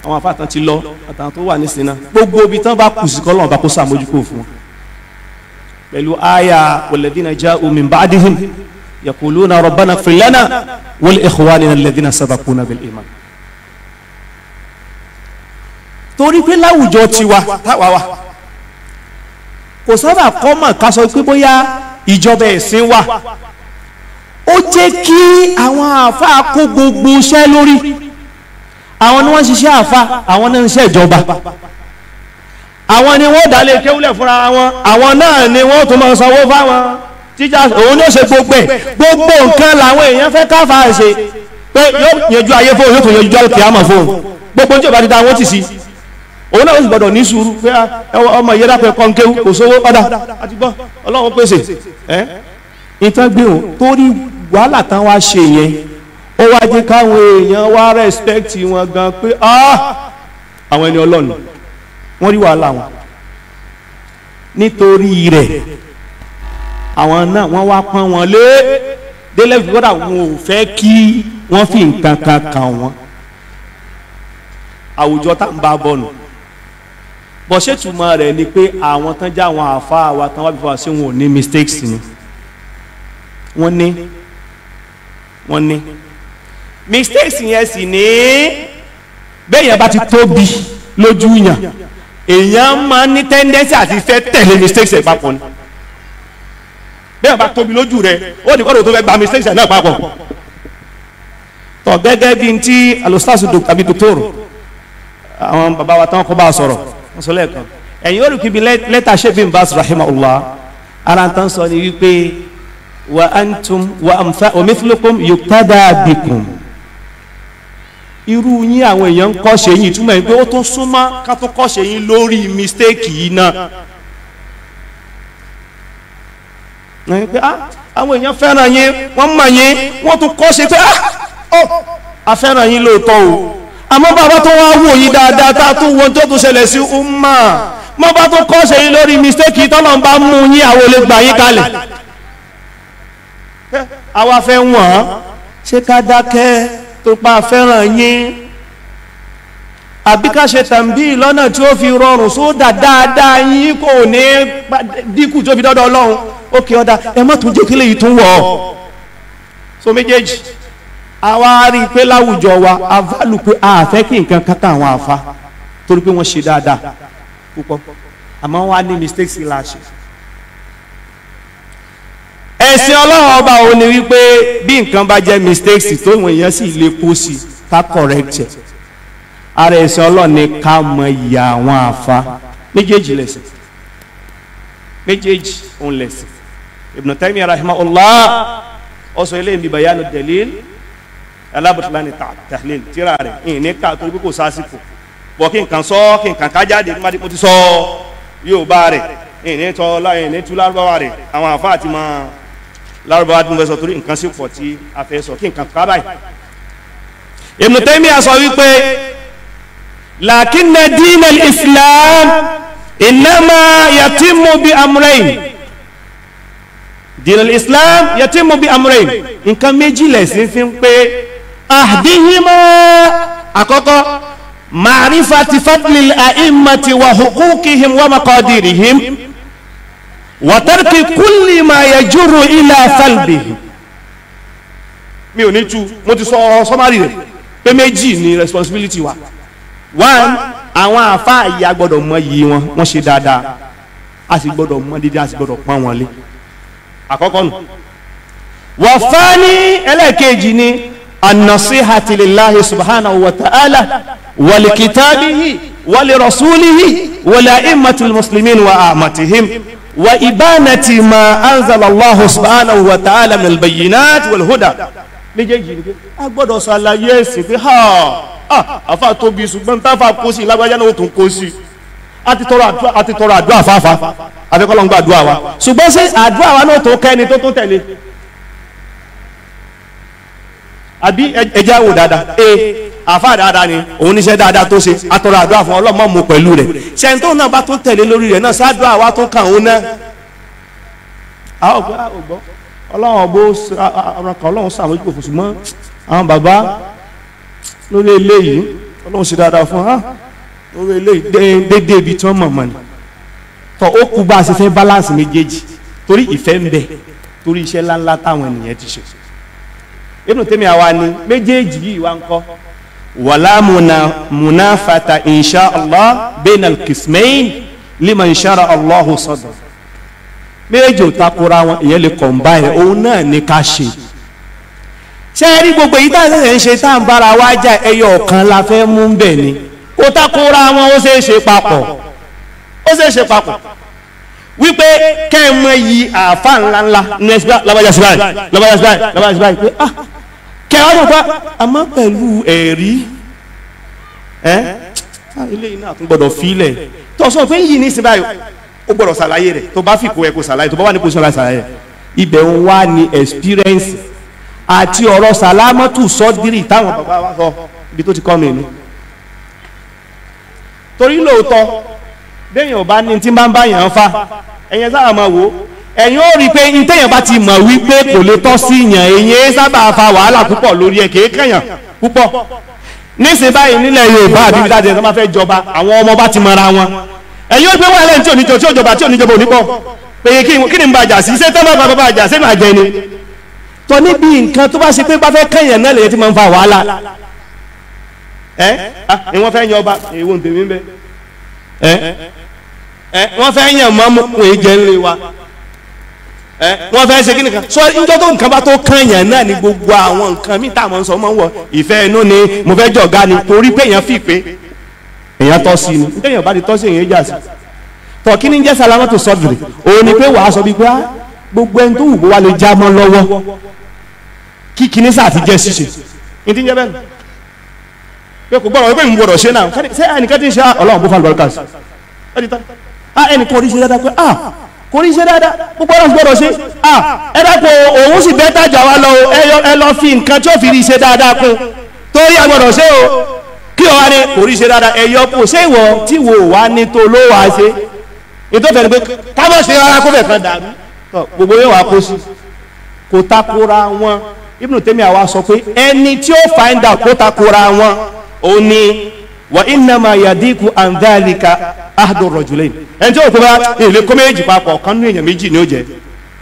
àwọn àfa àtàn ti lọ àtàn tó wà nísìnyí náà gbogbo ibi tán bá kù sí kọ́lọ́n bá kó sàmójúkò fún wọn pẹ̀lú àyà walladhina ja'u min ba'dihim yaquluna rabbana ighfir lana wa li ikhwanina alladhina sabaquna bil iman torí pé láwùjọ tiwa táwa wa kò sábà kọ́mọ̀ ká sọ pé bóyá ìjọba ẹ̀sìn wà ó jẹ́ kí àwọn àáfàá kó gbogbo iṣẹ́ lórí àwọn ni wọ́n ń ṣiṣẹ́ àáfàá àwọn náà ń ṣiṣẹ́ ìjọba àwọn ni wọ́n dálé kéwúlẹ̀ fúnra wọn àwọn náà ni wọ́n tún máa sanwó fáwọn tíjà òun ló ṣe gbogbo ẹ̀ gbogbo nǹkan làwọn èèyàn fẹ́ káfà ṣe pé yóò yanjú ayé fóun yóò tún yanjú àlùkìyàmọ̀ fóun gbogbo ní ìjọba ti dá wọn ti sí i. òun náà ó sì gbọdọ̀ ní sùúrù pé ah, ọmọ ìyá dàpọ̀ ẹ̀kọ́ kò sówó padà àti gbọ́ ọlọ́run pèsè torí wàhálà yẹn ó wá jẹ́ káwọn èèyàn wá rẹ́spẹ́kìtì wọn gan pé ah! àwọn ẹni ọlọ́run wọ́n rí wàhálà wọn nítorí rẹ̀ àwọn náà wọ́n wá pọ́n wọn lé délẹ̀ gbọ́dọ̀ wọn fi nǹkan kan kàn wọ́n àwùjọ tá bó ṣe túmọ̀ rẹ̀ ni pé àwọn tán já àwọn àfa wa tán wá bí fọwọ́ sí wọn ò ní mistakes ni wọ́n ní wọ́n ní mistakes yẹn sì ní bẹ́ẹ̀yàn bá ti tóbi lójú yàn èèyàn máa ní tendency àti fẹ́ tẹ̀lé mistakes ẹ̀ papọ̀ ni bẹ́ẹ̀ bá tóbi lójú rẹ̀ ó ní kọ́dọ̀ tó fẹ́ gba mistakes ẹ̀ náà papọ̀ tọ̀ gẹ́gẹ́ bí n ti alostasudok tàbí dòktóró àwọn bàbá tán kọ́ bá a sọ̀rọ̀ sọ lẹ́ẹ̀kan ẹ̀yin ó rí kíbi lẹ́tà sẹ́fìn bá rahimahullah ara tán sọ ni wípé wa antum wa amfa omithlukum yuktada bikum irú yín àwọn èèyàn ń kọ́ ṣe yín túmọ̀ yín pé ó tún súnmọ́ ká tún kọ́ ṣe yín lórí mistake yìí náà ẹ̀yin pé ah àwọn èèyàn fẹ́ràn yín wọ́n mọ̀ yín wọ́n tún kọ́ ṣe pé ah oh a fẹ́ràn yín lóòótọ́ o àmọ́ bàbá tó wá wò yí dáadáa tá a tún wọn tó tún ṣẹlẹ̀ sí umma mọ́ bá tún kọ́ ṣe yín lórí mistake tọ́lọ̀ ń bá mú yín àwọn olè gbà yín kalẹ̀ àwa fẹ́ wọ̀n ṣé ká dákẹ́ tó pa fẹ́ràn yín àbí ká ṣe tàbí lọ́nà tí ó fi rọrùn sódà dáadáa yín kò ní dínkù tó fi dọ́dọ̀ ọlọ́run ó kí ọ́dà ẹ má tún jẹ́ kílẹ̀ yìí tún wọ̀ ọ́ so méjèèjì àwa rí i pé láwùjọ wa a válù pé a fẹ́ kí nǹkan kankan àwọn àfa torí pé wọ́n ṣe dáadáa púpọ̀ àmọ́ wọ́n á ní mistakes la ṣe. ẹ̀sìn ọlọ́run ọba òun ni wípé bí nǹkan bá jẹ́ mistakes tó ìwọ̀n èèyàn sì lè kó sí ká correct ẹ̀ ara ẹ̀sìn ọlọ́run ni ká mọ ìyà àwọn àfa méjèèjì lẹ̀sìn méjèèjì òun lẹ̀sìn Ibn Taymiyyah rahimahullah ó sọ eléyìí bí bayanu dalil alábùtúlá ni tahlil tíra rẹ̀ ìní ká torí pé kò sásìkò bọ̀ kí nǹkan sọ kí nǹkan ká jáde nígbà tí mo ti sọ Yorùbá rẹ̀ ìní tọ́ ìní tú lárúbáwá rẹ̀ àwọn àfa àti mọ lárúbáwá tó ń fẹ́ sọ torí nǹkan sí pọ̀ tí a fẹ́ sọ kí nǹkan ká báyìí. Ibn Taymiyyah sọ wípé lakinna din islam innama yatimu bi amrayn din islam yatimu bi amrayn nǹkan méjì ahdihima àkọ́kọ́ ma'rifati fadlil a'immati wa hukukihim wa maqadirihim wa tarki kulli ma yajuru ila salbihim mi ò ní tu mo ti sọ ọ̀rọ̀ sọ́márì rẹ̀ pé méjì ni responsibility wa one àwọn àfa àyà gbọ́dọ̀ mọ iyì wọn wọ́n ṣe dáadáa a sì gbọ́dọ̀ mọ dídí a sì gbọ́dọ̀ pọ́n wọn lé àkọ́kọ́ nù wọ́n fá ní ni annasihati lillahi subhanahu wa ta'ala walikitabihi walirasulihi walaimmatil muslimin wa amatihim wa ibanati ma anzala allahu subhanahu wa ta'ala min albayyinat wal huda méjèèjì ni pé a gbọ́dọ̀ ṣàlàyé ẹ̀sìn pé ha ah, àfa tóbi ṣùgbọ́n táfà kó sí lágbájá náà ó tún kó sí a ti tọrọ àdúrà fáfá àfikọ́lọ́ngbà àdúrà wa ṣùgbọ́n sí àdúrà wa náà tó kẹ́ni tó tó tẹ̀lé àbí ẹja wò dáadáa ee àfa dáadáa ni òun níṣẹ́ dada tó ṣe atọrọ àdúrà fún ọlọ́mọ mu pẹ̀lú rẹ̀ ṣẹ́ńtò náà bá tún tẹ̀lé lórí rẹ̀ náà ṣáàdúrà wa tún kàn òun náà. àwọn ògbó àgbọ̀ ọlọ́run ọgbó ọ̀rọ̀kan ọlọ́run sàmójúkò fún ṣùgbọ́n àwọn bàbá lórí eléyìí ọlọ́run ṣe dáadáa fún wa lórí eléyìí déédéé ibi tí wọ́n mọ̀ mọ̀ ni tọ́ kú bá a ṣe fẹ́ balance méjèèjì torí ìfẹ́ ń bẹ torí iṣẹ́ ńláńlá táwọn ènìyàn ti ṣe. Ibn Taymiyyah àwa ni méjèèjì yìí wá ń kọ́ wàlá munafata insha allah bain al-qismayn liman shara allahu sadr méjì ò takora wọn ìyẹn lè combine òun náà ní ká ṣe ṣé ẹ rí gbogbo èyí táwọn ṣẹ̀ṣẹ̀ ń ṣe tá à ń bára wá jà ẹyọ ọ̀kan la fẹ́ mú bẹ̀ ni kò takora wọn ó ṣeé ṣe papọ̀ ó ṣeé ṣe papọ̀ wípé kẹ́ ẹ mọ iyì àáfà ńláńlá ní ẹsibá lábàjá síbáyì lábàjá síbáyì lábàjá síbáyì pé ah kẹwàá pa àmọ́ pẹ̀lú ẹ̀rí ẹ́ ilé iná àtún gbọ́dọ̀ fílẹ̀ tó sọ pé yìí ní ìsìn báyìí ó gbọ́dọ̀ ṣàlàyé rẹ̀ tó bá fìkó ẹ̀ kó ṣàlàyé tó bá wà ní pòṣọ́lá ṣàlàyé ibẹ̀ ń ní experience àti ọ̀rọ̀ sàlámọ́tù sọ́dírì táwọn bàbá wa sọ ibi tó ti kọ́ mi ni torí lóòótọ́ bẹ́ẹ̀ yẹn ò bá ní tí bá ń bá yẹn fa ẹ̀yẹn sáà máa wò ó ẹ̀yin ó rí i pé ntẹ̀yàn bá ti mọ̀ wípé kò lè tọ́ sí yàn èyí sábà fa wàhálà púpọ̀ lórí ẹ̀ kéèkànyàn púpọ̀ níṣẹ́ báyìí nílẹ̀ Yorùbá àti ibi tájẹ̀ tó máa fẹ́ jọba àwọn ọmọ bá ti mọra wọn ẹ̀yin ó gbé wà lẹ́yìn tí oníjọ tí òjọba tí oníjọba oníbọ̀ pé kí ni bàjà sí ṣé tẹ́lẹ̀ bá bàbá àjà sínú àjẹ ni tọ́ níbi nǹkan tó bá ṣe pé bá fẹ́ kẹ̀yàn náà lèyẹ fa wàhálà ẹ ẹ ah, wọ́n fẹ́ yan ọba èwo ń tèmi ń bẹ ẹ ẹ wọ́n ńlẹ̀ wa Eh? wọ́n fẹ́ ṣe kí nìkan sọ ìjọ tó nǹkan bá tó kànyàn náà ni gbogbo àwọn nǹkan mi táwọn sọ máa ń wọ ìfẹ́ inú ni mo fẹ́ jọ̀gá ni torí pé èèyàn fi pé èèyàn tọ́ sí ni nítorí èèyàn bá ti tọ́ sí èèyàn jà sí tọ́ kí ni jẹ́ salamatu sọ́dúrì òun ni pé wàá sọ bíi pé ah, gbogbo ẹni tó wù kó wá lè já mọ́ lọ́wọ́ kí kíní sáà ti jẹ́ ṣíṣe ní ti ń jẹ́ bẹ́ẹ̀ pé kò gbọ́dọ̀ wípé ń gbọ́dọ̀ ṣe náà ṣé ẹnìkan ti ń ṣe ah, kò ní ṣe dáadáa púpọ̀ náà gbọ́dọ̀ sí à ẹ̀dàpọ̀ òun sì bẹ́ tàjà wá lọ ẹ lọ fi nǹkan tí ó fi rí ṣe dáadáa kún torí agbọ́dọ̀ ṣe o kí ọ wá ní kò rí ṣe dáadáa ẹ̀yọ kò ṣe ìwọ tí wò wá ní tó ló wá ṣe ètò ìfẹ́ ni pé kábọ̀ ṣe rárá kó fẹ̀kan dàrú gbogbo yóò wá kó sí kò takora wọn Ibn Taymiyyah wá sọ pé ẹni tí ó find out kó takora wọn òun ni wa innama yadiku an dhalika ahdu rajulain ẹni tí o kó bá èlé kọ́méjì papọ̀ kan nínú èèyàn méjì ni ó jẹ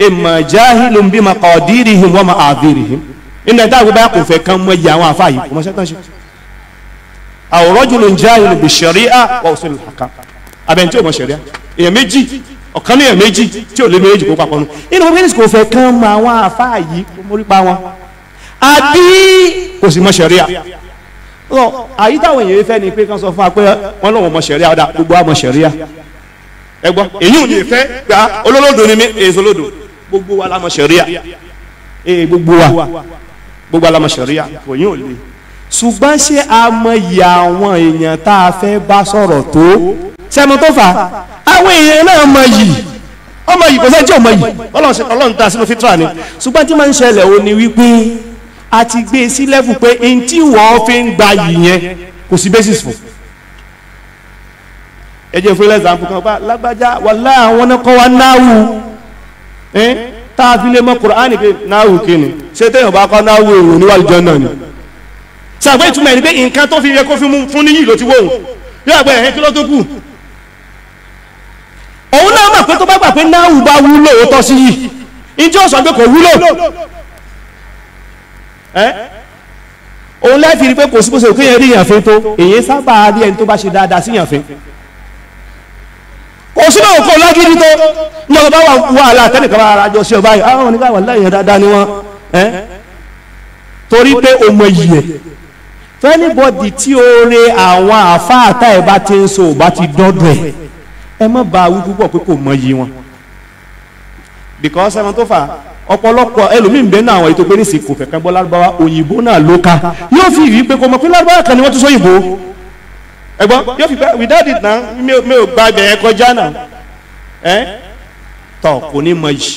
imma jahilun bi maqadirihim wa ma'adirihim nígbà tá a kó bá kò fẹ́ kán mọ́ iye àwọn afa yìí kò mọ́ sẹ́tàn ṣe. aw rajulun jahilun bi shari'a wa usul al-ahkam abẹ́ni tí o mọ̀ sharia èèyàn méjì ọ̀kan ní èèyàn méjì tí ò lé méjì kó papọ̀ nù inú wọn kò fẹ́ kán mọ́ àwọn afa yìí kó mórí pa wọn àbí kò sì mọ̀ sharia lọ àyí táwọn èèyàn fẹ́ ni pé kán sọ fún wa pé wọ́n lọ́wọ́ mọ sẹ̀ríà ọ̀dà gbogbo àmọ̀ sẹ̀ríà ẹ gbọ́ èyí ò ní fẹ́ gba olólòdò ni mí èso gbogbo wa lámọ̀ sẹ̀ríà ee gbogbo wa gbogbo wa lámọ̀ sẹ̀ríà kò yín ò le ṣùgbọ́n ṣé a mọ ìyà àwọn èèyàn tá a fẹ́ bá sọ̀rọ̀ tó sẹ́mu tó fà àwọn èèyàn náà mọ yìí ọmọ yìí kò sẹ́ńtì ọmọ yìí ọlọ́run ta sínú fitra ni ṣùgbọ́n tí máa ń ṣẹlẹ̀ ó wípé a ti gbé e sí level pé n tí wọ́n fi ń gba yìí yẹn kò sí basis fún. ẹ jẹ́ fún lẹ́sàn-án kan bá lágbájá wàlá àwọn ọ̀nà kan wá náwó tá a fi lè mọ Kùránì pé náwó kíni ṣé téèyàn bá kọ́ náwó èrò níwájú jọ náà ni. sàgbé ìtumọ̀ ẹni pé nǹkan tó fi yẹ kó fi mú fún níyì ló ti wóhùn yóò àgbẹ̀ ẹ̀hìn kí ló tó kù. òun náà mọ̀ pé tó bá gbà pé náwó bá wúlò ó tọ́ sí yìí ìjọ sọ pé kò wúlò òun láti rí pé kò síbòsè òkè yẹn rí ìyànfẹ́ tó èyí sábà rí ẹni tó bá ṣe dáadáa sí ìyànfẹ́ kò síbò òkò lágídí tó ní ọba wà wàhálà tẹnìkan bá ara jọ sí ọba yìí àwọn oníkàwà lẹ́yìn dáadáa ni wọ́n torí pé o mọ iyì ẹ̀ fẹ́nìbọ̀dì tí oore àwọn àfáàtà ẹ̀ bá ti ń so ò bá ti dọ́dọ̀ ẹ̀ ẹ má ba awú púpọ̀ pé kò mọ iyì wọn because ẹ̀wọ̀n tó fà á ọ̀pọ̀lọpọ̀ ẹlòmíín bẹ́ẹ̀ náà àwọn ètò pé nísìsiyìí kò fẹ́ ká gbọ́ lárúbáwá òyìnbó náà ló ka yóò fi ìwí pé kò mọ̀ pé lárúbáwá kan ni wọ́n tún sọ òyìnbó ẹ̀gbọ́n yóò fi without it náà mi ò gba ibẹ̀ kọjá náà ẹ̀ tọ̀ kò ní mọ yìí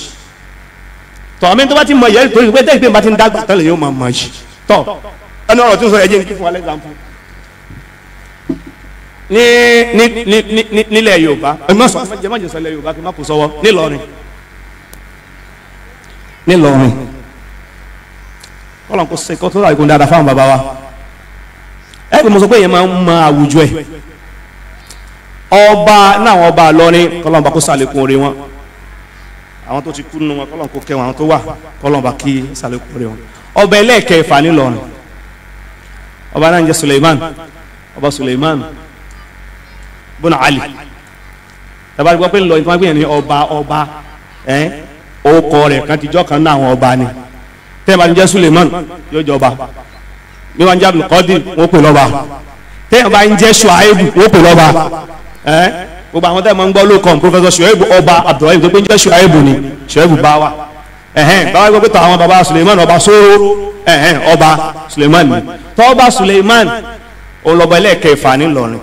tọ̀ àmì tó bá ti mọ yìí torí pé tẹ́lifíìn bá ti ń dàgbà tẹ́lẹ̀ yóò máa mọ yìí tọ̀ ẹni ọ̀rọ̀ tí ń sọ ẹ̀jẹ̀ ní kí fún wa lẹ́gbàmù ní nílẹ̀ Yorùbá ẹ̀ má sọ ẹ̀ má jẹ́ sọ ilẹ̀ Yorùbá kí n ńìlọrin kọ́lọ̀ kó sẹ́kọ́ tó dàgbò dáadáa fáwọn bàbá wa ẹ pé mo sọ pé èèyàn máa ń mọ àwùjọ ẹ ọba náà ọba lọrin kọ́lọ̀ bá kó sàlékún orí wọn àwọn tó ti kú nínú wọn kọ́lọ̀ kó kẹwọn àwọn tó wà kọ́lọ̀ bá kí sàlékún orí wọn ọba ẹlẹ́ẹ̀kẹfà ńìlọrin ọba náà ń jẹ Suleiman ọba Suleiman bọ́nà Ali tàbá gbọ́ pé ńlọrin tó máa gbìyànjú ọba ọba ẹ́ orúkọ rẹ̀ kan ti jọ́ kan náà àwọn ọba ni tẹ́ẹ̀bà ń jẹ́ Suleiman yóò jọba bí wọ́n ń jẹ́ Abdulkadir wọ́n pè lọ́ba tẹ́ẹ̀bà ń jẹ́ Shuaibu wọ́n pè lọ́ba ẹ́ gbogbo àwọn tẹ́ẹ̀mọ́ gbọ́ ló kàn Professor Shuaibu ọba Abdulrahim tó pé jẹ́ Shuaibu ni Shuaibu bá wa ẹ̀hẹ́n báwa gbọ́ pé tọ́ àwọn baba Suleiman ọba sóró ẹ̀hẹ́n ọba Suleiman ni tọ́ba Suleiman olọba ẹlẹ́ẹ̀kẹfà ńìlọrin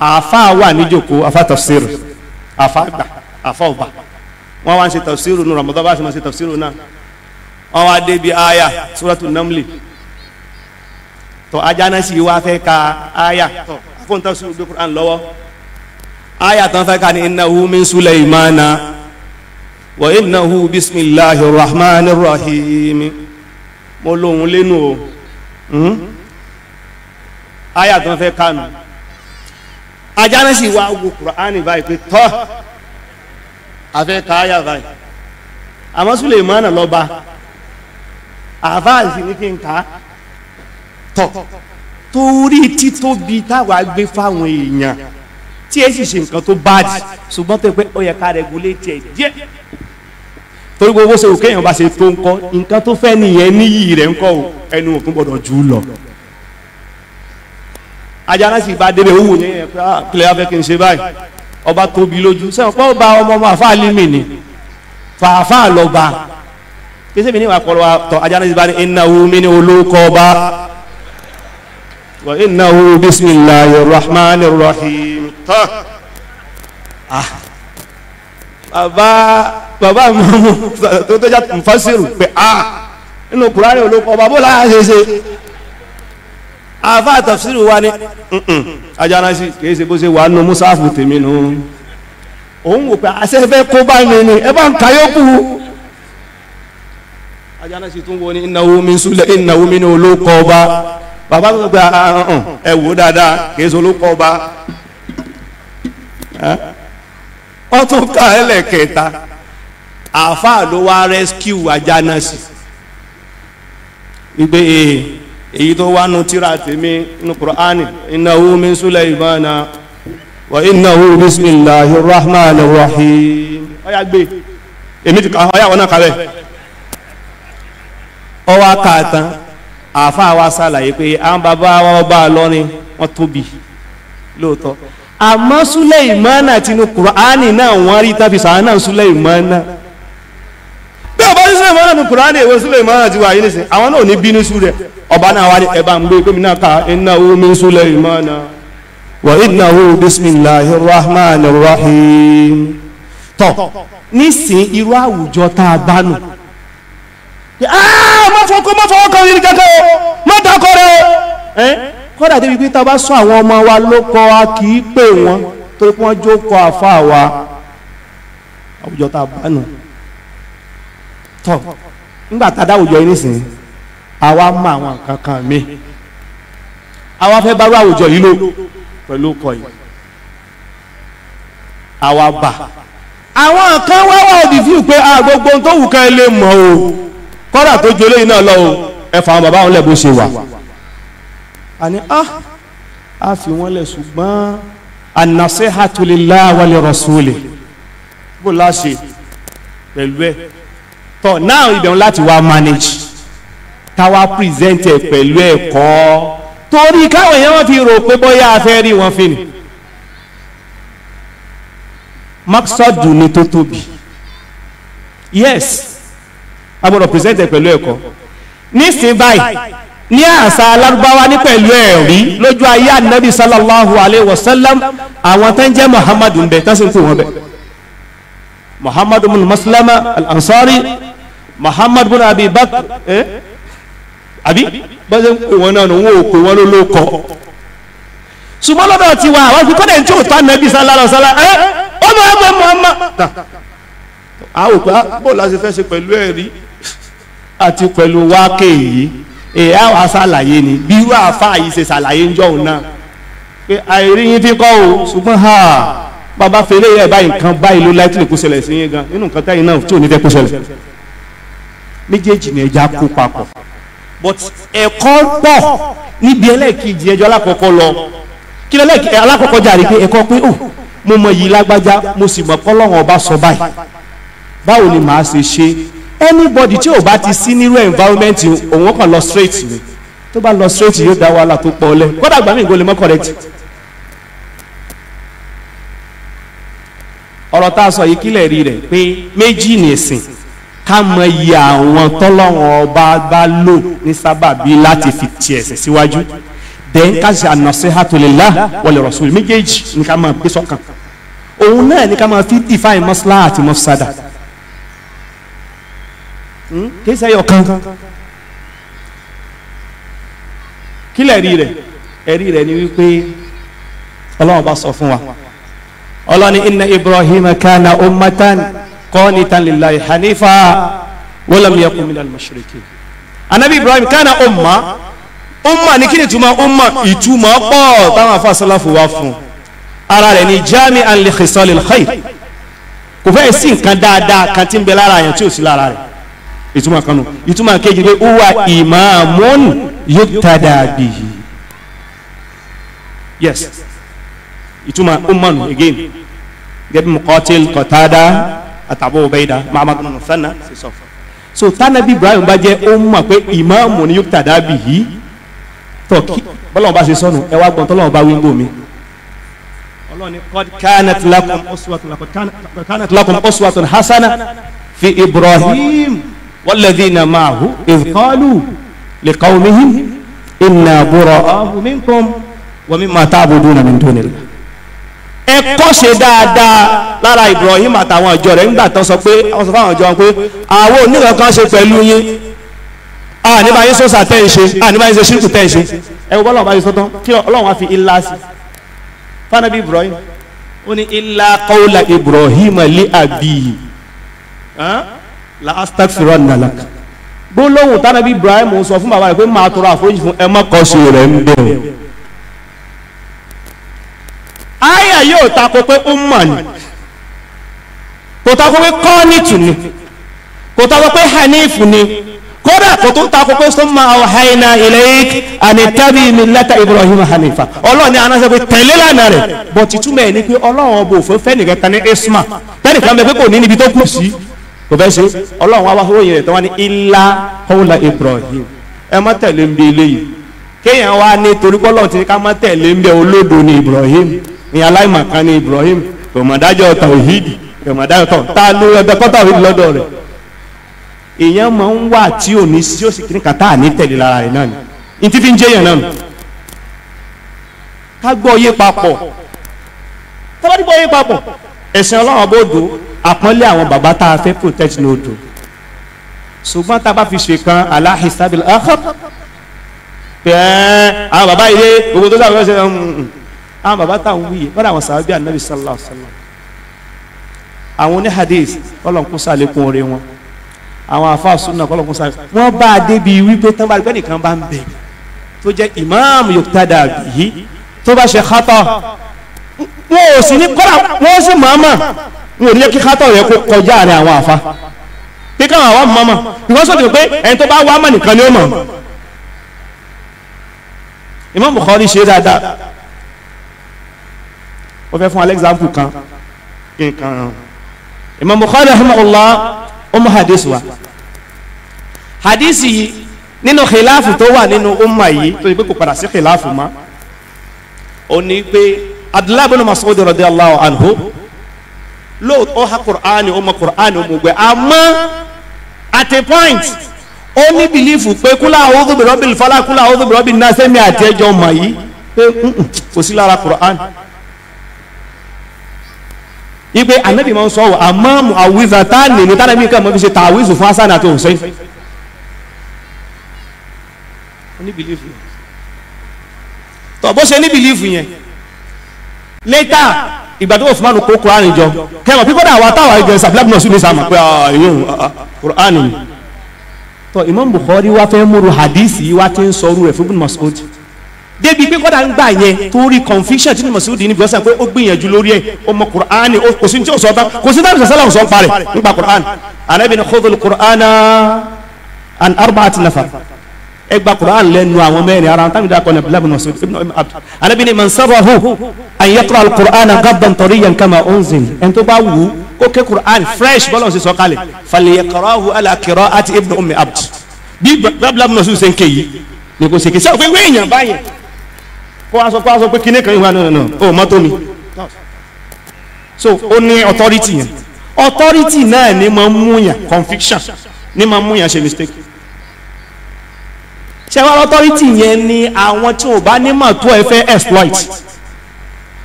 àfa wà níjòkó àfa tafsir àfa gbà àfọwọ́bà wọ́n wá ń ṣe tafsiru nu Ramadan bá ṣe máa ṣe tafsiru náà wọ́n wá dé bi aya suratu namli tó ajá náà sì wá fẹ́ ka aya tó fún tafsiru bí Qur'an lọ́wọ́ aya tán fẹ́ ka ni innahu min Sulaymana wa innahu bisimilahi rahmanir rahim mo lóhun lẹ́nu o hmm? aya tán fẹ́ kanu ajá náà sì wá wo Qur'an báyìí pé tọ́ afẹ́ káyà báyìí àmọ́ Suleimana lọ́ba àfáàsì ní kí n kà á tọ̀ torí títóbi táwa gbé fáwọn èèyàn tí ẹ sì ṣe nǹkan tó báàdì ṣùgbọ́n tó pé ó yẹ ká rẹgulétì ẹ̀ díẹ̀ torí gbogbo ṣe òkè èèyàn bá ṣe tó ń nǹkan tó fẹ́ nìyẹn níyì rẹ̀ ń o ẹnu òkun gbọ́dọ̀ jù ú lọ ajá náà sì bá débẹ̀ ó wù ah, kílẹ̀ afẹ́ kí n ṣe báyìí ọba tóbi lójú sẹ́wọ̀n pọ́ ba ọmọ ọmọ àfa alimi ni fàáfà lọ́ba kìsìmí ni wàá kọ́lọ́ tọ́ ajánisi bá ní innahu min ulukọba wa innahu bisimilahi rahman rahim tán ah. bàbá bàbá mọ́mú tó tó já nfọ́sirù pé a ah, nínú kúránì olókọ́ ọba bó láyà ṣe ṣe. àfa tafsiru wa ni ajanasi kìí ṣe bó ṣe wà nù musafu tèmi nù òun wò pé àṣẹfẹ kó bá mi ni ẹ bá ń ka yókù ajanasi tún wo ni ìnáwó mi sulẹ ìnáwó mi ni olókọ ọba bàbá tó gba ah, ah, ah, ẹ wò dáadáa kìí ṣe olókọ ọba wọ́n tún ká ẹlẹ́kẹta àfa ló wá rescue èyí tó wá nu tíra tèmi nu Qur'ani innahu min Sulaymana wa innahu bismillahi rahman rahim ọyá gbé èmi ti ka ọyá wọn náà kàwé ọwọ́ akáàtàn àáfàá wa ṣàlàyé pé àwọn náà wọ́n rí tábìsà náà Sulaymana. táwọn ọ̀nà kùránì èwe Suleiman àti wàyí nìsín àwọn náà ní bínú sú rẹ̀ ọba náà wà ní ẹ̀bá ń gbé gómìnà náà ká innahu wa innahu rahman rahim tọ́ nísìn irú àwùjọ tá a bá nù má fọkọ má fọwọ́ kan yìí má rẹ o kọ́dà débi pé tá a bá sọ àwọn ọmọ wa ló kọ́ a kì í pè wọ́n torí pé wọ́n wa àwùjọ tá a tọ nígbà tá a dáwùjọ yìí nísìnyí àwa mọ àwọn nǹkan kan mi àwa fẹ́ bá àwùjọ yìí lò pẹ̀lú kọ yìí àwa bà àwọn kan wá wà òdì fún pé a gbogbo tó wù ká ẹ lè mọ̀ o kọ́dà tó jolé yìí náà lọ o ẹ fà àwọn bàbá wọn lẹ̀ bó ṣe wà. àní ah a fi wọn lẹ̀ ṣùgbọ́n an-nasihatu lillahi wa li rasuli bó láṣẹ pẹ̀lú ẹ̀ tọ náà ibẹ̀ ń láti wá manage táwa present ẹ̀ pẹ̀lú ẹ̀kọ́ torí káwọn èèyàn wọn fi rò pé bóyá a fẹ́ rí wọn fi ni maksadu ni tó tóbi yes a gbọ́dọ̀ present ẹ̀ pẹ̀lú ẹ̀kọ́ nísìnyí báyìí ní àṣà alárúbáwá ní pẹ̀lú ẹ̀rí lójú ayé ànábì sallallahu alayhi wa sallam àwọn tó ń jẹ́ muhammadu ń bẹ tó sì ń pè wọ́n bẹ muhammadu bin maslama al-ansari Muhammad bin Abi bak ẹ eh? àbí eh? bọ́sẹ̀ ń pè wọ́n náà nù wọ́n ò pè wọ́n ló ló kọ́ ṣùgbọ́n lọ́dọ̀ ti wà àwọn akókò dẹ̀ ń tí ò tán nàbí sálálọ́ sálá ẹ ọmọ ẹgbẹ́ Muhammad a ò pa bó la ṣe fẹ́ ṣe pẹ̀lú ẹ̀rí àti pẹ̀lú wákè yìí èyí àwọn aṣàlàyé ni bí irú àáfàá yìí ṣe ṣàlàyé ń jọ̀hún náà pé àìrí yín fi kọ́ o ṣùgbọ́n ha bàbá fèrè yẹ báyìí nǹkan báyìí ló láìpẹ́ kó ṣẹlẹ̀ sí yín gan nínú nǹkan táyì náà tí ò ní fẹ́ kó ṣẹlẹ̀ méjèèjì ni ẹja kó papọ̀ but ẹ̀kọ́ pọ̀ níbi ẹlẹ́ẹ̀kejì ẹjọ́ alákọ̀ọ́kọ́ lọ kí lẹ́lẹ́kẹ̀ alákọ̀ọ́kọ́ jàre pé ẹ̀kọ́ pé ó oh, mo mọ yìí lágbájá mo sì mọ̀ kọ́lọ́hún ọba sọ báyìí báwo ni màá ṣe ṣe anybody tí ò bá ti sí nírú environment òun kàn lọ straight ni tó bá lọ straight yóò dá wàhálà tó pọ̀ lẹ́ kódà gbà mí ìgolè mọ́ correct ọ̀rọ̀ tá a sọ yìí kílẹ̀ rí rẹ̀ pé méjì nìsín ká mọ iye àwọn tọ́lọ́wọ́n ọba bá lò ní sábàbí láti fi ti ẹ̀sìn síwájú then ká ṣe an-nasihatu lillah wa li rasul méjèèjì ní ká máa gbé sọ́kàn òun náà ní ká máa fi define maslaha àti mafsada hmm? kì í ṣe kí lẹ́ẹ̀rí rẹ̀ ẹ̀rí rẹ̀ ni wípé ọlọ́run bá sọ fún wa ọlọ́ni inna Ibrahima kana ummatan qanitan lillahi hanifa walam yakun minal mushrikin anabi ibrahim kana umma umma ní kí ni ìtumọ̀ umma ìtumọ̀ pọ̀ táwọn afa sálàfù wá fún ara rẹ̀ ní jami'an li khisalil khair kò fẹ́ sí nǹkan dáadáa kan tí ń bẹ lára yẹn tí ò sí lára rẹ̀ kanu ìtumọ̀ kejì pé uwa imamun yuktada bihi yes ìtumọ̀ ummanu again get bí muqatil qatada àtàbọ̀ ubayda muhammad bin musanna ṣe sọ. so tanabi ibrahim bá jẹ́ ó mọ̀ pé ìmáàmù ni yóò tàdá bì yí tọ́ kí bọ́lọ́wọ́n bá ṣe sọnù ẹ wá gbọ́n tọ́lọ́wọ́n bá wí ń bò mí. ọlọ́ni qad kanat lakum uswatun qad kanat lakum hasana fi ibrahim walladhina ma'ahu idh qalu liqawmihim inna bura'u minkum wa mimma ta'buduna min dunillah ẹ kọ́ ṣe dáadáa lára Ibrahim àtàwọn ọjọ́ rẹ̀ nígbà tán sọ pé wọ́n sọ fáwọn ọjọ́ wọn pé àwọn oníkan kan ṣe pẹ̀lú yín àníbá yín sọ́sà tẹ́ ń ṣe àníbá yín ṣe ṣírkù tẹ́ ń ṣe ẹ wọ́n lọ́wọ́ bá yín kí Ọlọ́run á fi ilá sí fanabi Ibrahim ó ní ilá kọ́ọ̀lá Ibrahim lé àbí la astafirọ nalak gbólóhùn tanabi Ibrahim sọ fún bàbá rẹ̀ pé máa tọrọ àforíjì fún ẹ má kọ́ ń bẹ̀rẹ̀ àyà yóò tako pé umma ni kò tako pé kọ́nìtù ni kò tako pé hanifu ni kódà kò tó tako pé summa awhayna ilayk anittabi millata ibrahim hanifa ọlọ́ọ̀ni anáṣẹ́ pé tẹ̀lé lánàá rẹ̀ ni pé ọlọ́run isma pé kò ní níbi tó kù sí kò fẹ́ ṣe wa wá fún tó wá ní hawla ibrahim ẹ má tẹ̀lé ń kéèyàn wá ní torí ká ní aláìmọ̀kan ní Ibrahim tòmọ̀dájọ́ tàwíìdì tòmọ̀dájọ́ tọ̀ tá a ló ẹgbẹ́ kọ́tà òhìdì lọ́dọ̀ rẹ̀ èèyàn máa ń wà tí ò ní sí òsì kí ní kàtà ní tẹ̀lé lára rẹ̀ náà ni ní tí fi ń jẹ́ yẹn náà nù ká gbọ́ yé papọ̀ tá bá ti gbọ́ yé papọ̀ ẹ̀sìn Ọlọ́run bó do àpọ́nlé àwọn bàbá tá a fẹ́ protect ní odò ṣùgbọ́n tá a bá fi ṣe kan aláhìsábìlì ọ̀hún pẹ̀ẹ́ àwọn bàbá yìí gbogbo tó sábà fẹ́ ṣe àwọn bàbá táwọn wí yìí lọ́dọ̀ àwọn sàbẹ̀bí ànábì sallallahu alaihi wasallam àwọn oní hadith ọlọ́nkún sàlékún orí wọn àwọn afa sunna ọlọ́nkún sàlékún wọn bá a débi wípé tán bá a gbẹ́ nìkan bá ń bẹ̀ tó jẹ́ ìmáàmù yòkútàdà yìí tó bá ṣe xatọ́ wọn ò sì ní kọ́ra wọn sì mọ̀ọ́mọ̀ wọn ò ní jẹ́ kí xatọ́ yẹ kó kọjá rẹ̀ àwọn afa pé káwọn àwọn mọ̀ọ́mọ̀ ìwọ́n sọ̀tún pé ẹni tó bá wà mọ̀ nìkan ni ó mọ̀ Imam Bukhari ṣe dáadáa ó fẹ́ fún alexander kan nǹkan Imam Bukhari rahimahullah ó mú hadith wa hadith yìí nínú khilafu tó wà nínú umma yìí tó yẹ pé kò padà sí khilafu mọ́ ó ní pé Abdullahi bin Mas'ud radiyallahu anhu lóòótọ́ ha Qur'ani ó mọ Qur'ani ó àmọ́ at a point ó ní bìlífù pé kúlà a'udhu bi rabbil falaq kúlà a'udhu bi rabbin nas sẹ́mi àti ẹjọ́ mọ̀ yìí pé kò sí lára Qur'ani ipe anabi máa ń sọ àmọ́ àwíza tá a nìyí tá a nàbí kàn mọ́ fi ṣe tàwízù fún hasan àti hussein ní bìlífù tọ́ bó ṣe ní bìlífù yẹn létà ìgbà tó Usman kó Quran jọ kẹwọn pípọ́ dà wà táwà ìjọ ìsàbílàbùnà sí ní sàmà pé ẹ̀yìn ah, ah, ah, Quran ni tọ́ Imam Bukhari wá fẹ́ múru hadisi wá ti ń sọrú rẹ̀ fún Ibn Mas'ud débi pé kọ́dà ń gbà yẹn torí conviction tí mọ̀sí òdì ní bí wọ́n sàn pé ó gbìyànjú lórí ẹ̀ ọmọ kùránì kò sí tí ó sọ tán kò sí tábìlì sọ́sọ́ làwọn sọ ń parẹ̀ nípa kùránì Ànábì ní khudhul kùránà an arba'ati nafar ẹ gba kùránì lẹ́nu àwọn mẹ́rin ara táwọn ìdá kọ́ni abdullahi bin masoud ibn abd Ànábì ní man sarrahu an yaqra al-Qur'ana ghaddan tariyan kama unzil ẹni tó bá wù kó ké kùránì fresh bọ́lọ̀ sí sọ́kalẹ̀ falyaqrahu kó wá sọ pé wá sọ pé kíní kan ìwà náà náà ó mọ́tò mi so ó ní authority yẹn authority náà ni mo mú yàn conviction ni mo mú yàn ṣe mistake ṣe wá authority yẹn ni àwọn tí ò bá nímọ̀ tó ẹ fẹ́ exploit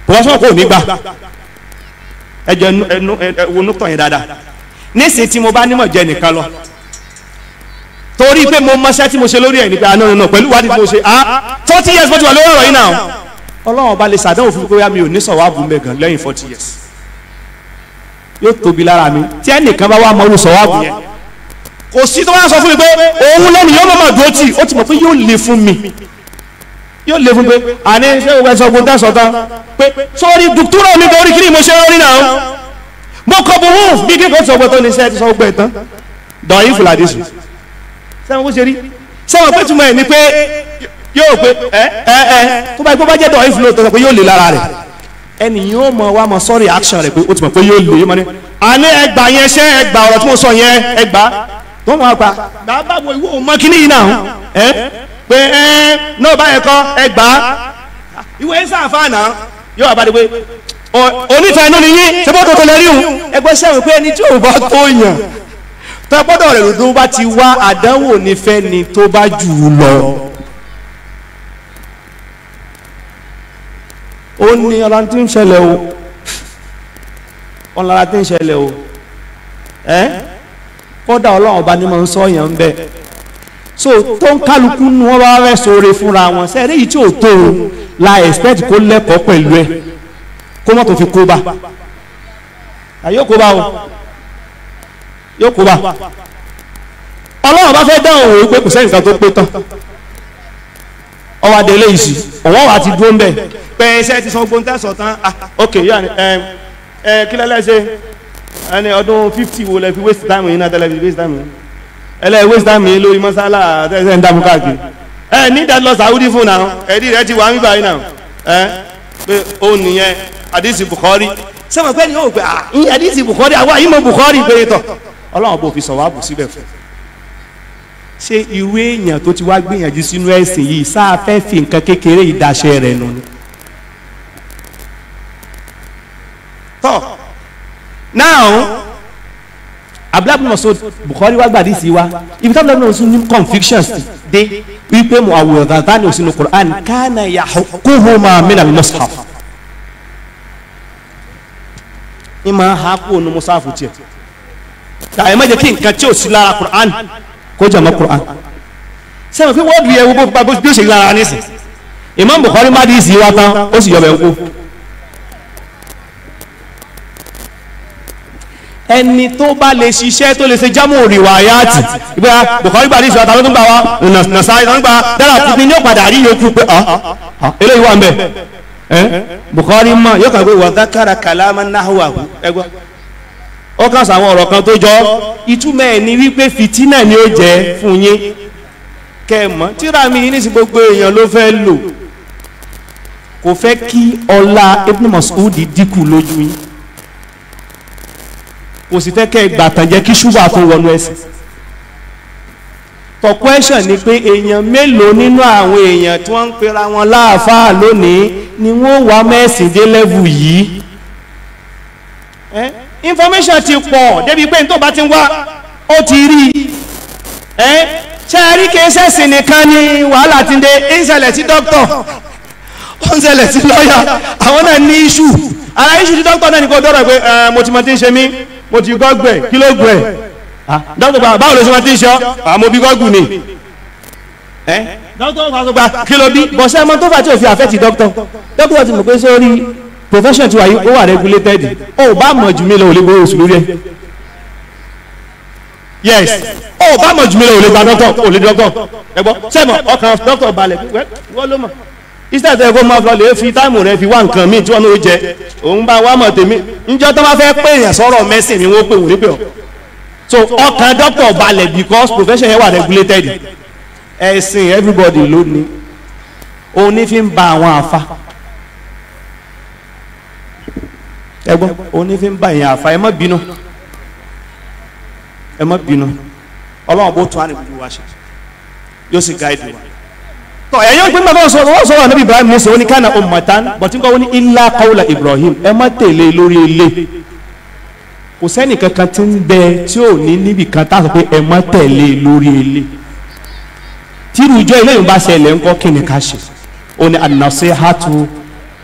pọ̀lọ́sọ̀ kò ní gbà ẹ jẹ́ ẹnu ẹ wo nútọ̀ yẹn dáadáa nísìnyí tí mo bá nímọ̀ jẹ́ nìkan lọ torí pé mo mọṣẹ́ tí mo ṣe lórí ẹ̀ ní pé àná ah, nínú pẹ̀lú wádìí tí mo ṣe ah forty years mo ti wà lórí ọ̀rọ̀ yìí náà ọlọ́run ọba lè ṣàdánwò fún pé mi ò ní sọ̀wá bù mẹ́ gan lẹ́yìn forty years yóò tóbi lára mi tí ẹnìkan bá wà mọ orú sọ̀wá bù yẹn kò sí tó wá sọ fún mi pé òun lẹ́nu yóò mọ̀ dúró tì ó ti mọ̀ pé yóò le fún mi yóò le fún pé àní ṣé o sọ fún tẹ́sán tán pé sórí dùkúrò mi kò rí kí ni mo ṣe lórí náà mo kọ bu hù bí kíkọ́ sọ̀gbọ́n tó ní sẹ́ẹ̀ ti sọ gbẹ̀ tán i sẹ́wọ̀n bó ṣe rí sẹ́wọ̀n pé túmọ̀ ẹ̀ ni pé yóò pé ẹ ẹ ẹ tó bá yẹ kó bá jẹ́ dọ̀ọ́ ìfúlò tó sọ pé yóò lè lára rẹ̀ ẹnì yóò mọ wá mọ sọ́ọ̀rì action rẹ̀ pé ó ti mọ̀ pé yóò lè yóò mọ ní. àní ẹgbà yẹn ṣẹ́ ẹgbà ọ̀rọ̀ tí mo sọ yẹn ẹgbà wọ́n mọ̀ apá bàbá wo ìwọ ọmọ kìíní yìí náà ẹ pé ẹ náà báyẹn kọ́ ẹgbà ìwé sàǹfà náà yóò abá dìgbé onífẹ̀ẹ́ nínú yín ṣe bọ́ tó tó lẹ́rí tọ́gbọ́dọ̀ rẹ̀ lòdùn bá ti wá àdánwò nífẹ̀ ni tó bá jù ú lọ. ó ní ọlọ́run tí ń ṣẹlẹ̀ o ọlọ́run tí ń ṣẹlẹ̀ o ẹ́ kódà ọlọ́run ọba ni mo ń sọ yẹn ń bẹ̀ so tó ń kálukú nu wọn bá rẹ̀ sóore fúnra wọn sẹ́ẹ̀rí yìí tí ò tó o la expect kó lẹ́kọ̀ọ́ pẹ̀lú ẹ kó mọ̀ tó fi kó bá àyè kó bá o yóò kó bá ọlọ́run bá fẹ́ dáhùn òun pé kò sẹ́yìn kan tó pé tán ọwọ́ adé eléyìí sí ọwọ́ wa ti dúró ń bẹ̀ pé ẹsẹ̀ ti sọ gbóńtà sọ̀tàn ah, ok yóò ní ẹ kí lẹ́lẹ́sẹ̀ ẹni ọdún fifty wo lẹ fi waste time yìí náà tẹ́lẹ̀ fi waste time yìí ẹlẹ́ waste time yìí lórí mọ́sálà tẹ́sẹ̀ ń dààmú káàkiri ẹ ní ìdádúró sàwúdí fún náà ẹ̀dí rẹ ti wà mí báyìí náà ẹ pé ó nìyẹn àdìsí Bukhari sẹ́wọ̀n pẹ́ ni ó pẹ́ à ń àdìsí Bukhari àwa yìí mọ Bukhari pé tọ̀ ọlọ́run bò fi sọ wá bù síbẹ̀ fún ṣé irú èèyàn tó ti wá gbìyànjú sínú ẹ̀sìn yìí sáà fẹ́ fi nǹkan kékeré ìdáṣẹ́ rẹ̀ nù ni. tọ́ now abdullahi masoud bukhari wa gbadi si wa ibi tí abdullahi masoud ní convictions dé wípé mu awùrọ̀dá ní òsínú quran kana yahquhuma min al-mushaf ìmọ̀ ha kó nu musafu tiẹ̀ àyè má jẹ́ kí nǹkan tí ò sí lára Qur'an kó jẹ́ mọ́ Qur'an sẹ́mi pé wọ́ọ̀dù yẹ wo bí ó ṣe lára nísìn Imam Bukhari má dìísì wá tán ó sì yọbẹ̀ ń kú. ẹni tó bá lè ṣiṣẹ́ tó lè ṣe jámù rìwáyàtì ìgbà Bukhari gbà dìísì wá tán ló tún gbà wá nàṣàrì tán gbà dára tó ní yóò padà rí yòókù pé ọ́ ah, ah, ah, eléyìí wà ń bẹ̀ Bukhari mọ̀ yóò kàn pé wà dákàrà kàlámà náhùwà ẹgbẹ́ ọkàn sàwọn ọ̀rọ̀ kan tó jọ ìtumọ̀ ẹ̀ ni wípé fìtínà ni ó jẹ́ fún yín kẹmọ́ tíra mi ní sí gbogbo èèyàn ló fẹ́ lò kò fẹ́ kí ọlá Ibn Mas'ud dínkù lójú yín kò sì fẹ́ kẹ́ gbàtànjẹ́ kí ṣùgbọ́n àfún ẹ̀sìn for question ni pé èèyàn mélòó nínú àwọn èèyàn tí wọ́n ń pera wọn láàfáà lónìí ni wọ́n wá mẹ́sìn dé lẹ́vù yìí information ti pọ̀ débi pé tó bá ti wá ó ti rí ẹ́ ṣe rí kí ṣẹ́sì nìkan ni wàhálà ti dé ń ṣẹlẹ̀ sí dókítọ̀ ó ń ṣẹlẹ̀ sí lọ́yà àwọn náà ní iṣu ara iṣu tí dókítọ̀ náà ní kó dọ́rọ̀ pé mo ti mọ ti ń ṣe mí mo ti gọ́gbẹ̀ kí ló gbẹ̀ ah, báwo ló ṣe mọ ti ń ṣe ọ́ mo bí gọ́gù ni dókítọ̀ kí ló bọ̀ṣẹ́ mọ́ tó fà ò fi àfẹ́ ti dókítọ̀ dókítọ̀ ti mọ̀ pé sórí profession ti wà yìí ó wà regulated ó bá mọ̀ jù mí lọ ò lè gbowó oṣù lórí yes ó bá mọ̀ jù mí lọ ò gba doctor ò doctor ẹ gbọ́ sẹ́mọ̀ ọkàn doctor balẹ̀ wọ́n ló mọ̀ instead ẹ kó máa fọ lè fi táìmù rẹ fi wá nǹkan míì tí wọ́n ló jẹ òun bá wá mọ̀ tèmi níjọ́ tó bá fẹ́ pé èèyàn sọ̀rọ̀ mẹ́sìn ni wọ́n pè wò nípẹ̀ ọ́ so ọkàn doctor balẹ̀ because profession yẹn wà regulated ẹ̀sìn everybody ló ní òun ní fi ń ba àwọn àfa ẹgbọ́n onífin bá yẹn àfa ẹ má bínú ẹ má bínú ọlọ́run bó tún á ní gbogbo wa ṣe yóò sì gáìdì wa tọ ẹ yóò gbẹmọ báwọn sọ̀rọ̀ wọn sọ̀rọ̀ níbi Ibrahim Musa wọn ni kánà ummatan bọtí nǹkan wọn ni illa qawla Ibrahim ẹ má tẹ̀lé e lórí ilé kò sẹ́ni kankan tí ń bẹ tí ò ní níbi kan tá a sọ pé ẹ má tẹ̀lé e lórí ilé tírú ìjọ ilé yìí bá ṣẹlẹ̀ ńkọ́ kí ni ká ṣe ó ní an-nasihatu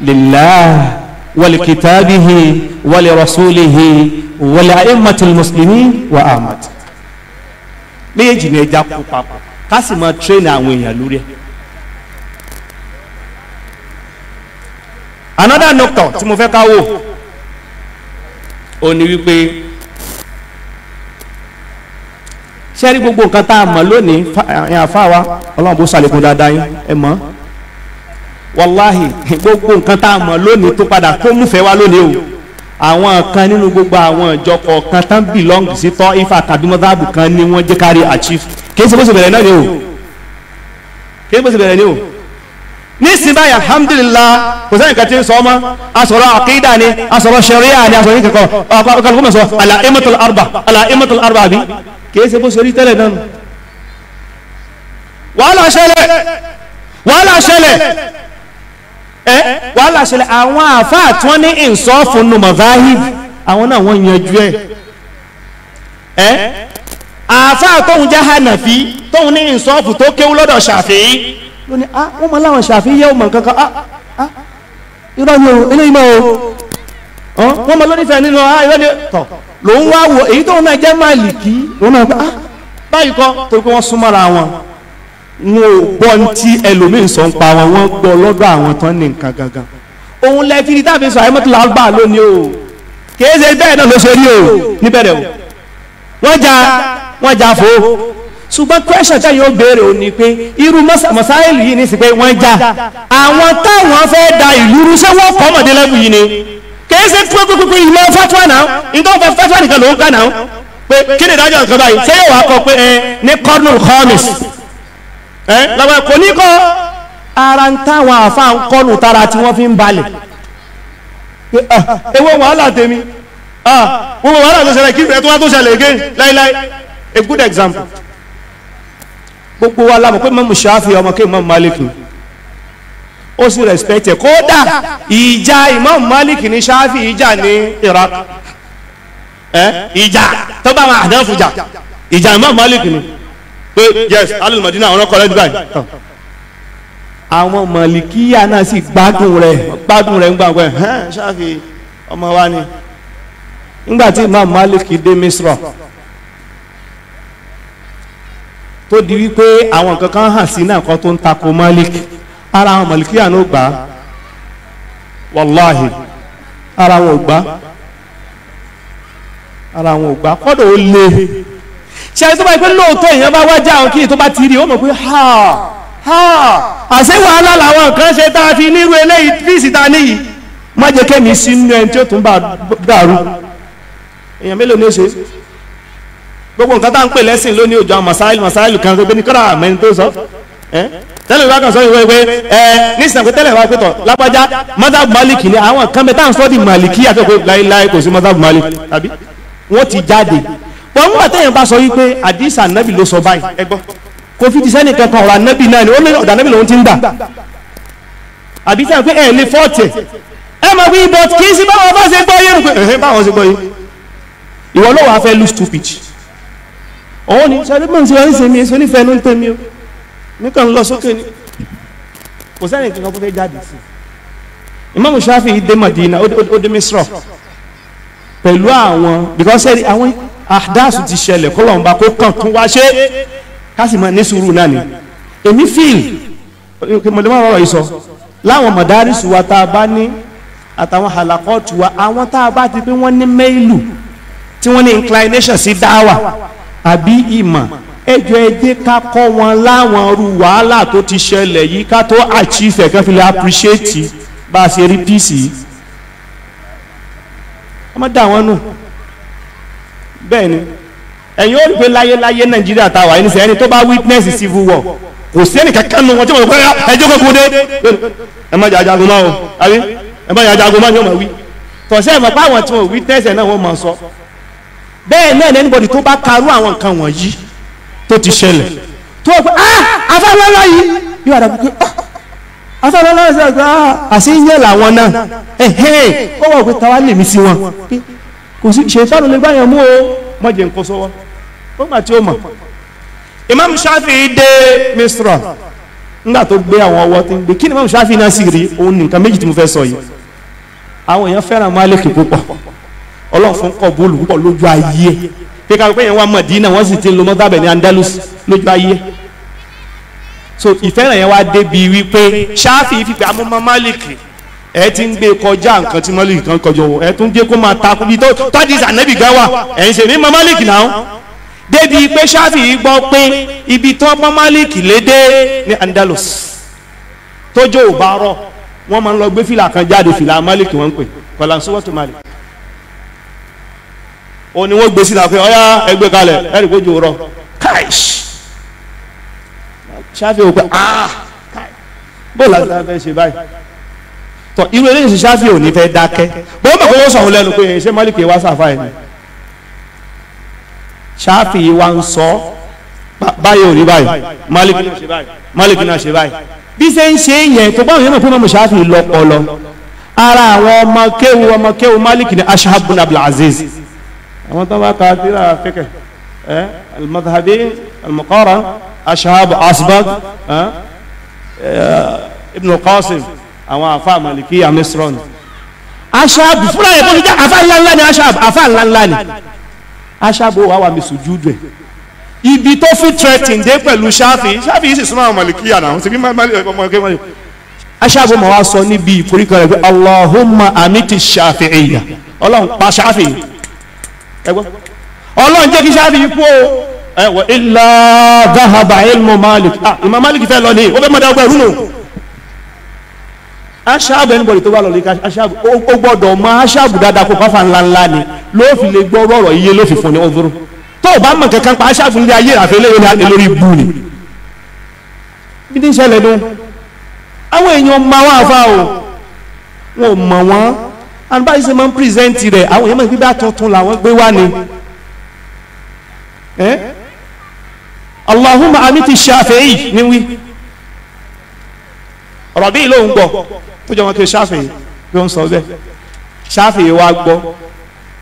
lillah. ولكتابه ولرسوله ولأئمة المسلمين وآمد méjèèjì ni ẹja kó papọ̀ ká sì máa tírẹ́nì àwọn èèyàn lórí ẹ̀. another nocturn tí mo fẹ́ ká wò ó ní wípé ṣẹ́rí gbogbo nǹkan tá a mọ̀ lónìí àfa wa ọlọ́run bó ṣàlékún dáadáa yín ẹ mọ̀ ọ́ wàláhì gbogbo nǹkan tá a mọ̀ lónìí tó padà kó múfẹ́ wá lónìí o àwọn kan nínú gbogbo àwọn ìjọ kọ̀ọ̀kan tán belong sí tọ́ ifá tàbí mọ́tàbù kan ni wọ́n jẹ́ kárí achieve kì í ṣe bó ṣe bẹ̀rẹ̀ náà ni o kì í ṣe bó ṣe bẹ̀rẹ̀ ni o nísìnyí báyìí alhamdulillah kò sẹ́yìn kan tí ń sọ ọmọ asọ̀rọ̀ àkídà ni asọ̀rọ̀ sẹ̀ríà ni asọ̀rọ̀ ìkẹ̀kọ̀ ọkàlùkọ́ mọ̀ sọ àlà imatul arba àlà imatul arba bi. kì í ṣe bó ṣe rí tẹ́lẹ̀ náà wàhálà ṣẹlẹ̀ wàhálà ṣẹlẹ̀ ẹ wàhálà ṣẹlẹ̀ àwọn àfáà tí wọ́n ní ìsọ́ọ̀fù nù mazahib àwọn náà wọ́n yanjú ẹ̀ ẹ́ àfáà tóun jẹ́ hànàfí tóun ní ìsọ́ọ̀fù tó kéwú lọ́dọ̀ ṣàfihí ló a. ah wọ́n mọ láwọn ṣàfihí yẹ́ ọmọ kankan ah, ah ah irọ́ ni o eléyìí mọ́ o wọ́n mọ lónífẹ̀ẹ́ nínú ah irọ́ ni tọ̀ lòun wá wò èyí tóun náà jẹ́ máàlì kí lòun náà ah, báyìí kọ́ torí pé wọ́n súnmọ́ra wọn wọn ò gbọ́ ní tí ẹlòmíín sọ ń pa wọn wọ́n gbọ́ lọ́dọ̀ àwọn tán ní nǹkan gangan òun lẹ fi táàfin sọ àyẹ̀mọ́tò làgbà lónìí o kìí ṣe bẹ́ẹ̀ náà ló ṣe rí o níbẹ̀rẹ̀ o wọ́n ja wọ́n ja fo ṣùgbọ́n question tí yóò béèrè ò ní pé irú mọ́sáìlì yìí ní sí pé wọ́n ja àwọn táwọn fẹ́ da ìlú rú ṣé wọ́n kọ́ ọmọdé yìí ni kìí ṣe pípípípí ìmọ̀ fatuwa náà nítorí ni ìdájọ́ nǹkan báyìí lọ́wọ́ kò ní kọ́ ara ń táwọn àfa ń kọ́nù tara tí wọ́n fi ń balẹ̀ ewé wàhálà tèmi wọ́n wàhálà tó ṣẹlẹ̀ kí ìfẹ́ wá tó ṣẹlẹ̀ láíláí a good example gbogbo wa lámọ̀ pé mọ́mù ṣáfì ọmọ kí mọ́mù malik ó sì respect ẹ̀ kódà ìjà ìmọ̀mù malik ní ìjà ní Iraq ìjà tó bá wọn ìjà ni. pé yes alul madina àwọn ọkọ lẹ́nu báyìí. Ah. àwọn mọ̀lìkíyà náà sì gbádùn rẹ̀ gbádùn rẹ̀ ńgbà pẹ́ hẹ́n ṣáfi ọmọ wa ni. nígbà tí imam malik dé misra tó di wípé àwọn kankan hàn sí náà kan tó ń tako malik ara àwọn mọ̀lìkíyà náà gbà wàláhì ara wọn ò gbà ara wọn ò gbà kọ́dọ̀ ó lé. ṣe tó bá yẹ pé lóòótọ́ èèyàn bá wájà àwọn kíni tó bá ti rí ó mọ̀ pé ha ha àṣẹ wàhálà làwọn nǹkan ṣe tá a fi nírú eléyìí fíìsì ta níyì má jẹ́ kẹ́mi sínú ẹni tí ó tún dàrú èèyàn mélòó ní ó ṣe gbogbo nǹkan tá à ń pè lẹ́sìn lónìí òjò àwọn masáìlì masáìlì kan tó gbé ní kọ́ra àmẹ́ni tó sọ tẹ́lẹ̀ bá kàn sọ ìwé pé ẹ nísìnyàn pé tẹ́lẹ̀ bá pé lápájá mazhab malik ni àwọn kan bẹ táwọn sọ́ọ́dì malik àti ọ̀pẹ láéláé kò sí mazhab malik tàbí wọ́n ti jáde pọ̀ ń bàtẹ́ yẹn bá sọ wípé àdìsá nábì ló sọ báyìí ẹgbọ́ kò fi ti sẹ́ni kankan ọ̀rọ̀ ànábì náà ni ó lé ọ̀dà nábì lòun ti ń gbà àdìsá pé ẹ̀ lè fọ́ọ̀tì ẹ mọ̀ pé ibọ̀ kì í sí báwọn bá ṣe gbọ́ yé rú pé ẹ̀hẹ́ báwọn ṣe gbọ́ yé ìwọ ló wàá fẹ́ lose two pitch òun ni sọ ẹgbẹ́ ìṣẹ́ ń sèmi èso nífẹ̀ẹ́ ló ń tẹ̀mí o nìkan lọ sókè ni kò sẹ́ni kankan fún fẹ́ jáde sí Imam Shafi'i dé Madina ó dé Misra pẹ̀lú àwọn because àwọn àdáàsù ti ṣẹlẹ̀ kọ́lọ́run bá kó kàn tún wá ṣe ká sì máa ní sùúrù náà ni èmi fíìl mọ̀lẹ́mọ̀ ọ̀rọ̀ yìí sọ láwọn mọ̀dárísù wa tá a bá ní àtàwọn àlàkọ́ọ̀tù wa àwọn tá a bá ti pé wọ́n ní méìlù tí wọ́n ní inclination sí dáwà àbí ìmọ̀ ẹjọ́ ẹdẹ́ ká kọ́ wọn láwọn irú wàhálà tó ti ṣẹlẹ̀ yìí ká tó achieve ẹ̀kan fi lè appreciate bá a ṣe rí píìsì yìí ọmọdé àwọn nù. No bẹ́ẹ̀ ni ẹ̀yin ó rí pé láyéláyé nàìjíríà tá a wà nísìnyí ẹni tó bá witness civil war kò sí ẹnì kankan nù wọn tí wọn kọ́ ẹ jókòó kó dé ẹ má jà jagun máa o àbí ẹ má jà jagun máa ni wọn máa wí tọ̀sẹ̀ mọ̀ pé àwọn tí wọn witness ẹ̀ náà wọ́n máa sọ bẹ́ẹ̀ náà anybody tó bá karú àwọn nǹkan wọ̀nyí tó ti ṣẹlẹ̀ tó ah, pé ah afẹ́lọ́lọ́ yìí yóò rà pé ah afẹ́lọ́lọ́ yìí sọ̀rọ̀ pé ah àṣìyẹ́ làwọn náà ẹ̀hẹ́n ó wọ̀ pé táwa lèmi sí wọn pé kò sí ṣètánù lè gbáyàn mú o mọ́jẹ̀ nǹkan sọ́wọ́ ó mà tí ó mọ̀ imam shafi dé misra nígbà tó gbé àwọn ọwọ́ tí ń gbé kí ni imam shafi náà sì rí òun nìkan méjì tí mo fẹ́ sọ yìí àwọn èèyàn fẹ́ràn malik púpọ̀ ọlọ́run fún kọ́ bóòlù púpọ̀ lójú ayé pé ká pé yẹn wá Madina wọ́n sì ti ń lo mọ́tàbẹ̀ ní Andalus lójú ayé so ìfẹ́ràn yẹn wá débi wípé shafi fipẹ́ amúmọ́ malik ẹ ti ń gbé kọjá nǹkan tí mọ́lìkì kan kọjọ ẹ tún jẹ́ kó máa takú bí tó tọ́dísà nẹ́bì gan wa ẹ̀ ń ṣe mí mọ́ mọ́lìkì pé ibi tó mọ́ mọ́lìkì lédè ní Andalus tójó ò bá wọ́n máa lọ gbé fìlà kan jáde fìlà wọ́n ń pè ó ní wọ́n gbé sílá pé ẹgbẹ́ kalẹ̀ rọ ah bó làwọn ṣe báyìí. tọ irú eré ìṣe ṣáfì ò ní fẹ́ dákẹ́ bó mọ̀ pé ó sọ̀hún lẹ́nu pé ṣé mọ́lìkì wá sàfà ẹ̀ ni ṣáfì wa ń sọ báyìí ò ní báyìí mọ́lìkì náà ṣe báyìí bí ṣe ń ṣe yẹn tó báwọn yẹn mọ̀ pé mọ̀ ṣáfì lọ́pọlọ ara àwọn ọmọ kéwu ọmọ kéwu mọ́lìkì ní aṣáàbùn abdulaziz àwọn tó bá ka tíra fẹ́kẹ̀ ẹ́ almadhabi almuqara aṣáàbù asbag ibn qasim àwọn àfa màlìkí amisron ashab fúnra yẹn tó fi já àfa ńláńlá ni ashab àfa ńláńlá ni ashab ó wà wà mí sojú dùn ibi tó fi threatening dé pẹ̀lú ṣáfì ṣáfì yìí sì súnmọ́ àwọn màlìkí yàrá àwọn síbí màlìkí ashab ma wá sọ níbi ìforíkọ rẹ pé allahumma amiti ṣàfihìyà ọlọ́run pa ṣáfì ẹgbọ́n ọlọ́run jẹ́ kí ṣáfì yìí kú o ẹ̀wọ̀ ilà gahaba ilmu malik ah imam malik fẹ́ lọ ní ó fẹ́ mọ̀ dá ọgbà ẹ̀rú aṣáàbù ẹnubọ̀dì tó bá lọ́ọ́ lè ka aṣáàbù ó gbọ́dọ̀ mọ aṣáàbù dáadáa kó fáfá ńlá ńlá ni ló fi lè gbọ́ rọ̀rọ̀ iye ló fi fún ni ó tó o bá mọ̀ kankan pa aṣáàbù ńlẹ̀ ayé àfẹ́ lẹ́yìn láti lórí ibú ni. bí ti ń ṣẹlẹ̀ dún àwọn èèyàn mọ àwọn àfa o wọn ò mọ wọn and báyìí ṣe máa ń pírẹsẹ̀ntì rẹ̀ àwọn èèyàn máa ń gbé bá tuntun làwọn gbé wá ni. Allahumma amiti shafi'i ni wí rọ̀bí ló gbọ́ tó jọ wọn kí ṣáfì ló ń sọ bẹ́ẹ̀ ṣáfì wa gbọ́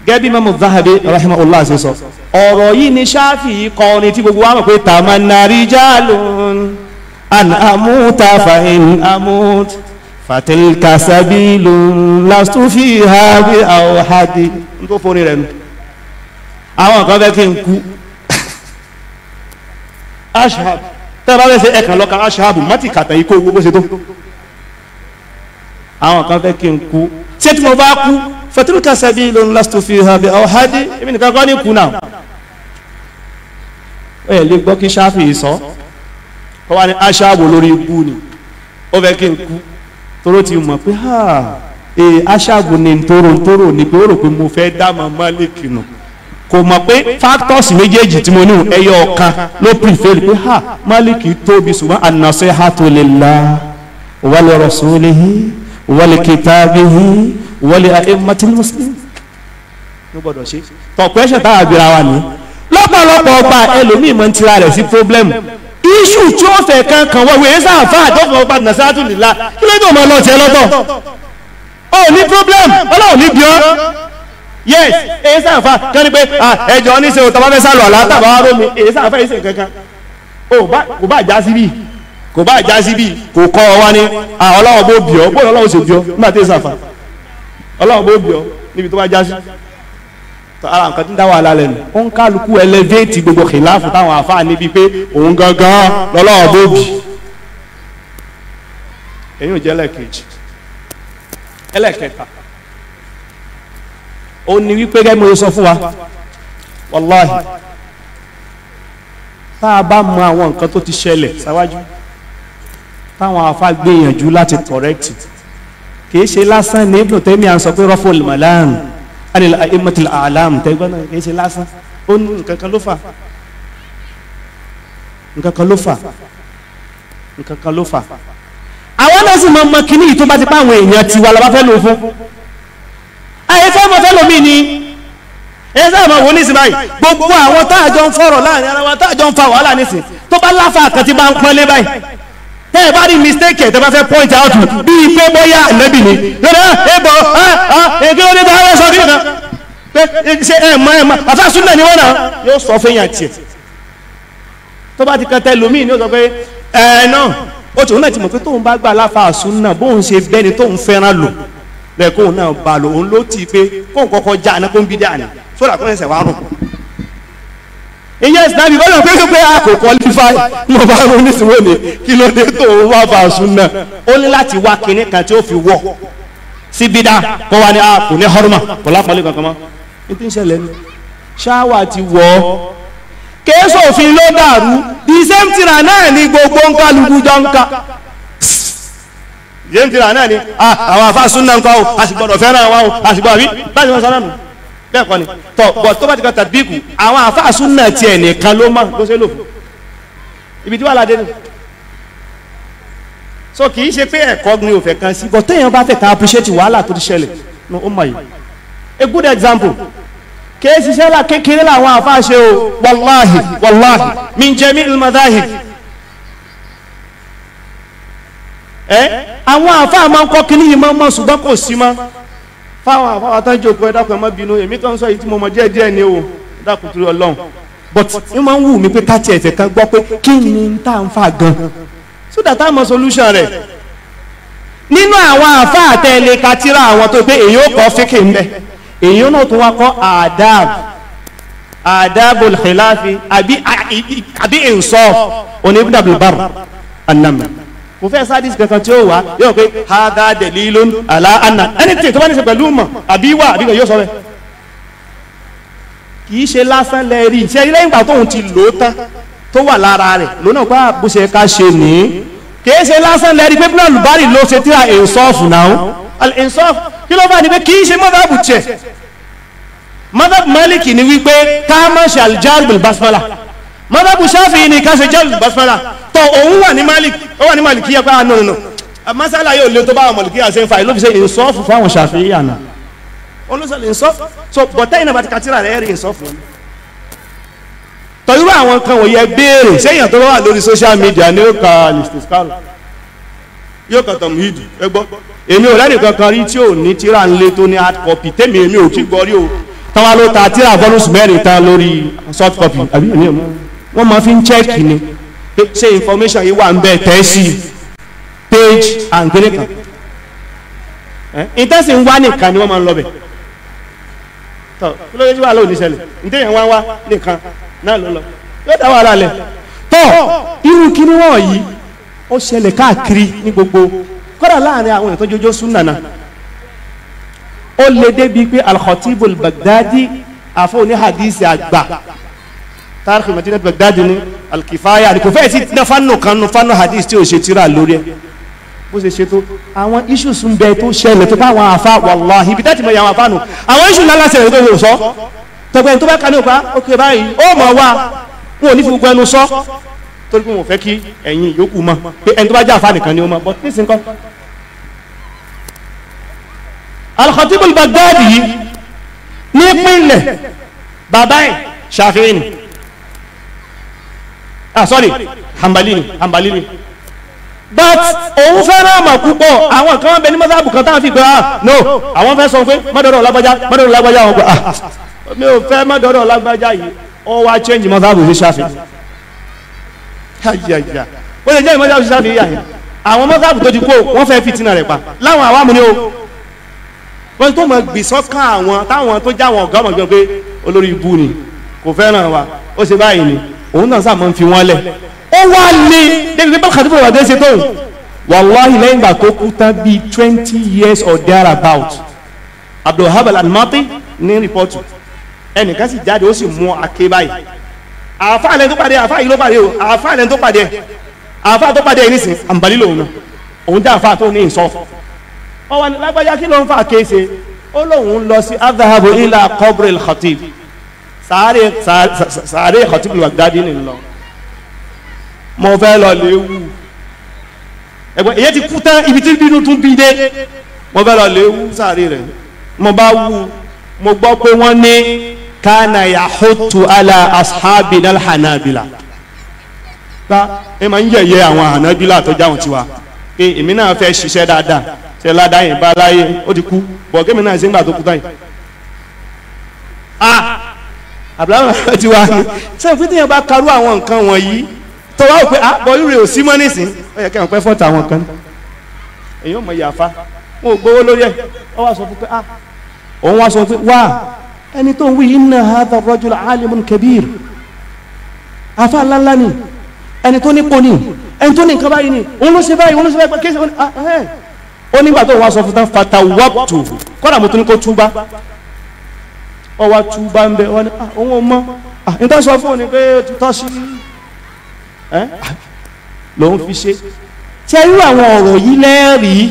gẹ́gẹ́ bí Imamu Zahabi rahimahullah ṣe sọ ọ̀rọ̀ yìí ni ṣáfì kọrin tí gbogbo wa mọ̀ pé tamanna rijalun an amuta fa in amut fatilka sabilun lastu awhadi n tó forin rẹ̀ nù àwọn kan bẹ́ẹ̀ kí n kú ashab tẹ́lá bẹ́ẹ̀ ṣe ẹ̀kan lọ́ka ashab mọ́tì kàtà ikú owó bó ṣe tó àwọn kan fẹ́ kí n kú ṣé tí mo bá kú fatilka sabilun lastu fiha bi awhadi èmi nìkan kọ́ ní kú náà ó yẹ lè gbọ́ kí Ṣáfì sọ ó wà ní aṣáàbò lórí ibú ni ó fẹ́ kí n kú toró ti mọ̀ pé ha ee aṣáàbò ni ntòròntòrò ni pé ó rò pé mo fẹ́ dá mọ́ Málíkì nù kò mọ̀ pé factors méjèèjì tí mo ní ẹyọ ọ̀kan ló prevail pé ha Málíkì tóbi ṣùgbọ́n an-nasihatu lillah wa li rasulihi wọ́lẹ̀kìtàbíhì wọ́lẹ̀ àìmọ́tìlì mùsùlùmí ló gbọ́dọ̀ ṣe tọ̀pọ̀ ẹ̀ṣẹ̀ táwọn abira wa ní lọ́pọ̀lọpọ̀ ọgbà ẹlòmíì mọ̀ ń tira rẹ̀ sí problem. iṣu tí ó fẹ́ kan kàn wọ́n wèé sáfà àtọ́fọ̀ ọgbà nàṣàtù nìlá kí ló dùn mọ́ lọ tiẹ̀ lọ́tọ̀ ó ní pọ́blẹ́mù ọlọ́run ní bí yes èyí sáfà kán ní pé ẹjọ́ ní sèwọ̀n tàbá fẹ́ sálọ̀ àlá tàbá rómi èyí sáfà èyí sèwọ̀n kankan ó bá já síbí kò bá já síbi kò kọ́ ọ wá ní ọlọ́wọ́ bó bì ọ́ bóyá ọlọ́wọ́ sì bì ọ́ nígbà tí ì sàfà ọlọ́wọ́ bó bì ọ́ níbi tó bá já sí ara nǹkan tí ń dá wàhálà lẹ́nu ó ń kálukú ẹlẹ́fẹ́ẹ̀tì gbogbo kìláàfù táwọn àfáà níbi pé òun gangan lọ́lọ́wọ́ bó bì èyí ò jẹ́ ẹlẹ́kejì ẹlẹ́kẹta ó ní wípé gẹ́gẹ́ mo sọ fún wa wàláhì tá a bá mọ àwọn nǹkan tó ti ṣẹlẹ̀ sáwájú táwọn afá gbìyànjú láti correct kìí ṣe lásán ní ibùdó tẹ́mi à ń sọ pé rọ́fọ̀lì màláàrún anil aimatil alam tẹ́gbọ́n náà kìí ṣe lásán ó ní nǹkan kan ló fà nǹkan kan ló fà nǹkan kan ló fà àwọn náà sì mọ ọmọ kìíní yìí tó bá ti pa àwọn èèyàn tiwa la bá fẹ́ lò fún àyè fẹ́ mọ fẹ́ lómi ni ẹ sáà máa wò nísìn báyìí gbogbo àwọn táàjọ ń fọ̀rọ̀ láàrin ara wa táàjọ ń fa wàhálà nísìn tó bá láfa àkàtì bá ń pọ́nlé báyìí tẹ́ ẹ bá rí mistake ẹ̀ tẹ́ bá fẹ́ point out bíi pé bóyá ànábì ni lọ́dọ̀ ẹ bọ̀ ẹ ẹ kí ló dé bá ẹ sọ kí nìkan pé ṣe ẹ mọ ẹ mọ àfa súnà ni wọn náà yóò sọ fún yàn tiẹ̀ tó bá ti kan tẹ lómi ni ó sọ pé ẹ náà ó ti òun náà ti mọ̀ pé tóun bá gbà láfa súnà bóun ṣe bẹ́ni tóun fẹ́ràn lò lẹ́kọ̀ọ́ náà balò òun ló ti pé kóun kọ́kọ́ já àná kó ń bí dáa ni sódà kó ń ṣẹ̀ wá rùn ìyẹn ìsìlámì kọ́ lọ́n pẹ́ẹ́sì pé a kò qualify mo bá ronú nísìnyí òní kí ló dé tó o wá bá a sùn náà ó ní láti wá kinní kan tí ó fi wọ̀ síbi dá kó wa ní a ah, kò ní họ́rùmà kò lápọ̀lẹ́ kankan mọ́ ní tí ń ṣẹlẹ̀ ni ṣáwà ti wọ̀ kéésù òfin ló dàrú the same tira náà ni gbogbo ń kálukú jọ ń the same tira náà ni ah, àwọn afáàsùn náà ń kọ́ fẹ́ràn àwọn àṣìgbọ́ àbí láti wọ́n sọ náà nù bẹ́ẹ̀ kọ́ ni tọ́ bọ̀ tó bá ti kan tàbíkù àwọn àfáàsù náà tiẹ̀ nìkan ló mọ̀ ló ṣe lò fún ibi tí wàá la dé nù so kì í ṣe pé ẹ̀kọ́ ni ò fẹ́ kan sí but téèyàn bá fẹ́ ká appreciate wàhálà tó ti ṣẹlẹ̀ no ó mọ̀ yìí a good example kéésì sẹ́là kékeré làwọn àfáàṣe o wàláhì wàláhì min jami'il madahib ẹ àwọn àfáà máa ń kọ́ kínní yìí máa ń mọ̀ ṣùgbọ́n kò sí mọ́ fáwọn àfáwọn tán jókòó ẹ dákun ẹ má bínú èmi kan sọ èyí tí mo mọ̀ díẹ̀ díẹ̀ ni o dákun torí Ọlọ́run but ẹ máa ń wù mí pé ká tiẹ̀ tẹ̀ kan gbọ́ pé kí ni tá à fà gan so that I'm a solution rẹ̀ nínú àwọn àfa àtẹ̀lé katira àwọn tó gbé èyí ó kọ́ fíkì ń bẹ̀ èyí náà tó wá kọ́ adab adabul khilafi àbí àbí insaf oníbùdàbùbàr anamí kò fẹ́ sádìsì kankan tí ó wà yóò pé hada delilun ala anna anything tó bá ní ṣe pẹ̀lú mọ̀ àbí wà àbí kan yóò sọ bẹ́ẹ̀ kì í ṣe lásán lẹ́ẹ̀rí ṣe ilé ìgbà tóun ti lò ó tán tó wà lára rẹ̀ lónà pa ah, bó ṣe ká ṣe nìí kìí ṣe lásán lẹ́rí pé bílọ̀ lùbárì ló ṣe tíra ìsọ́ọ̀fù náà ìsọ́ọ̀fù kí ló bá ní pé kìí ṣe mọ́tàbù tiẹ̀ mọ́tàbù málìkì ni wípé ká má ṣe àlìjáàrù bìlbàsímọ́là mọ́tàbù ṣáfì ni ká ṣe jáàrù bìlbàsímọ́là so òun wà ní malik ó wà ní malik yẹ pé àánú ah, nù masala yóò lé tó bá malik yà ṣe ń fa ìlú fi ṣe ìsọ́fù fáwọn ṣàfihàn yànà olùsọ̀lẹ̀ ìsọ́fù so bọ̀tẹ́ ìnàbàtí katira rẹ̀ rí ìsọ́fù tọ́yúrú àwọn kan wòye béèrè sẹ́yìn tó wà lórí social media ni ó ka listiskalo yóò kàn tàn hídù ẹ gbọ́ èmi ò lẹ́nu kankan rí tí ò ní tíra ń lé tó ní hard copy tèmi èmi ò kí gbọ́ rí o táwa ló ta tíra volumes mẹ́rin tán lórí soft copy àbí èmi ò wọ́n máa fi ń chẹ́ẹ̀kì ni pé information yìí wà ń bẹ tẹ́ page and grade kan ìtẹ́sí ń wá nìkan ni wọ́n máa ń lọ bẹ̀ tọ́ kí ló dé tí wàá lò ní ṣẹlẹ̀ ìtẹ́yàn wá ń wá nìkan náà ló lọ yóò dá wàhálà lẹ̀ tọ́ irú kíní wọ̀nyí ó ṣẹlẹ̀ káàkiri ní gbogbo kódà láàrin àwọn ètò jójó súnànà ó lè débi pé al-Khatib al-Baghdadi àfọ̀ oní hadisi àgbà tààrùkù Madinatu Baghdadi ní alkifaya ni fẹ́ sí ná fánù kan nu hadith tí ò ṣe tíra lórí ẹ bó ṣe ṣe àwọn issues ń tó ṣẹlẹ̀ tó bá àwọn àfa wàláhì ibi tẹ́tì mọ̀ yà àfa nù àwọn issues lálá ṣẹlẹ̀ tó yóò sọ tọgbẹ́ tó bá kà ní ok báyìí ó mọ̀ wá wọn ò ní fi gbogbo sọ torí pé wọn ò kí ẹ̀yin yòókù mọ̀ pé ẹni tó bá jẹ́ àfa nìkan ni ó mọ̀ but nísìnyí kọ́ al-Khatib al-Baghdadi yìí ní pínlẹ̀ bàbá ẹ̀ Shafi'i ni ah sorry hambali ni hambali ni but òun fẹ́ràn àmà púpọ̀ àwọn kan bẹ ní mọ́sáàbù kan táwọn fi pé ah no àwọn fẹ́ sọ pé mọ́dọ̀dọ̀ lágbájá mọ́dọ̀dọ̀ lágbájá àwọn gbà ah mi ò fẹ́ mọ́dọ̀dọ̀ lágbájá yìí ó wá change mọ́sáàbù sí ṣáfì yàyàyà ó lè jẹ́ mọ́sáàbù sí ṣáfì yàyà àwọn mọ́sáàbù tó ti kó wọ́n fẹ́ fìtínà rẹ̀ pa láwọn àwa mu ni o wọ́n tó mọ̀ gbèsọ́kàn àwọn táwọn tó já àwọn ọ̀gá ọmọ òun náà sáà máa ń fi wọ́n lẹ̀ ó wá lé débi pé bákan tó fọwọ́ ṣe tó wàláhì lẹ́yìn ìgbà tó kú tán bíi twenty years or thereabout abdulhab al-anmati ní rìpọ́tù ẹnìkan sì jáde ó sì mú ake báyìí àáfàá lẹ́nu tó pàdé àáfàá yìí ló pàdé o àáfàá lẹ́nu tó pàdé àáfàá tó pàdé yìí nísìn àǹbálí lòun náà òun jẹ́ àáfàá tó ní ìsọ́f ọwọ́ lágbájá kí ló ń fa àkéṣe ó lóun lọ sí adhahabu ila qabr khatib sàárè sàárè Khatibul Baghdadi ni lọ mo fẹ́ lọ lè wù ẹ̀gbọ́n èyí ti kú tán ibi tí bínú tún bí dé mo fẹ́ lọ lè wù sàárè rẹ̀ mo bá wù mo gbọ́ pé wọ́n ní kana yahutu ala ashabina alhanabila ta ẹ máa ń yẹ̀yẹ́ àwọn hanabila àtọ́jà wọn tiwa pé èmi náà fẹ́ ṣiṣẹ́ dáadáa ṣe ládàá yẹn bá láyé ó ti kú bọ̀ kémi náà ṣe ń gbà tó kú táyì. Ah! abdulhamid ti wá ní sẹ́yìn fún tíyẹn bá karú àwọn nǹkan wọ̀nyí tó wá òpè ah bọ́ irú rẹ̀ ò sí mọ́ nísìn ó yẹ kẹ́hìn pẹ́ fọ́ta àwọn kan èyí ò mọ ìyàfa wọn ò gbowó lórí ẹ̀ ó wá sọ fún pé ah òun wá sọ pé wá ẹni tó ń wí inna hadha rajul alimun kabir afa ńláńlá ni ẹni tó nípo ni ẹni tó ní nǹkan báyìí ni òun ló ṣe báyìí òun ló ṣe báyìí kéṣe ó nígbà ah, tó wá sọ fún tán fata kọ́dà mo tún ní ọwá tú bá ń bẹ wọ́n ní ohun ah, ọmọ ìtọ́sọ ah, fún òní pé ó ti tọ́ sí lòun fi ṣe tí ẹ rú àwọn ọ̀rọ̀ yìí lẹ́rìí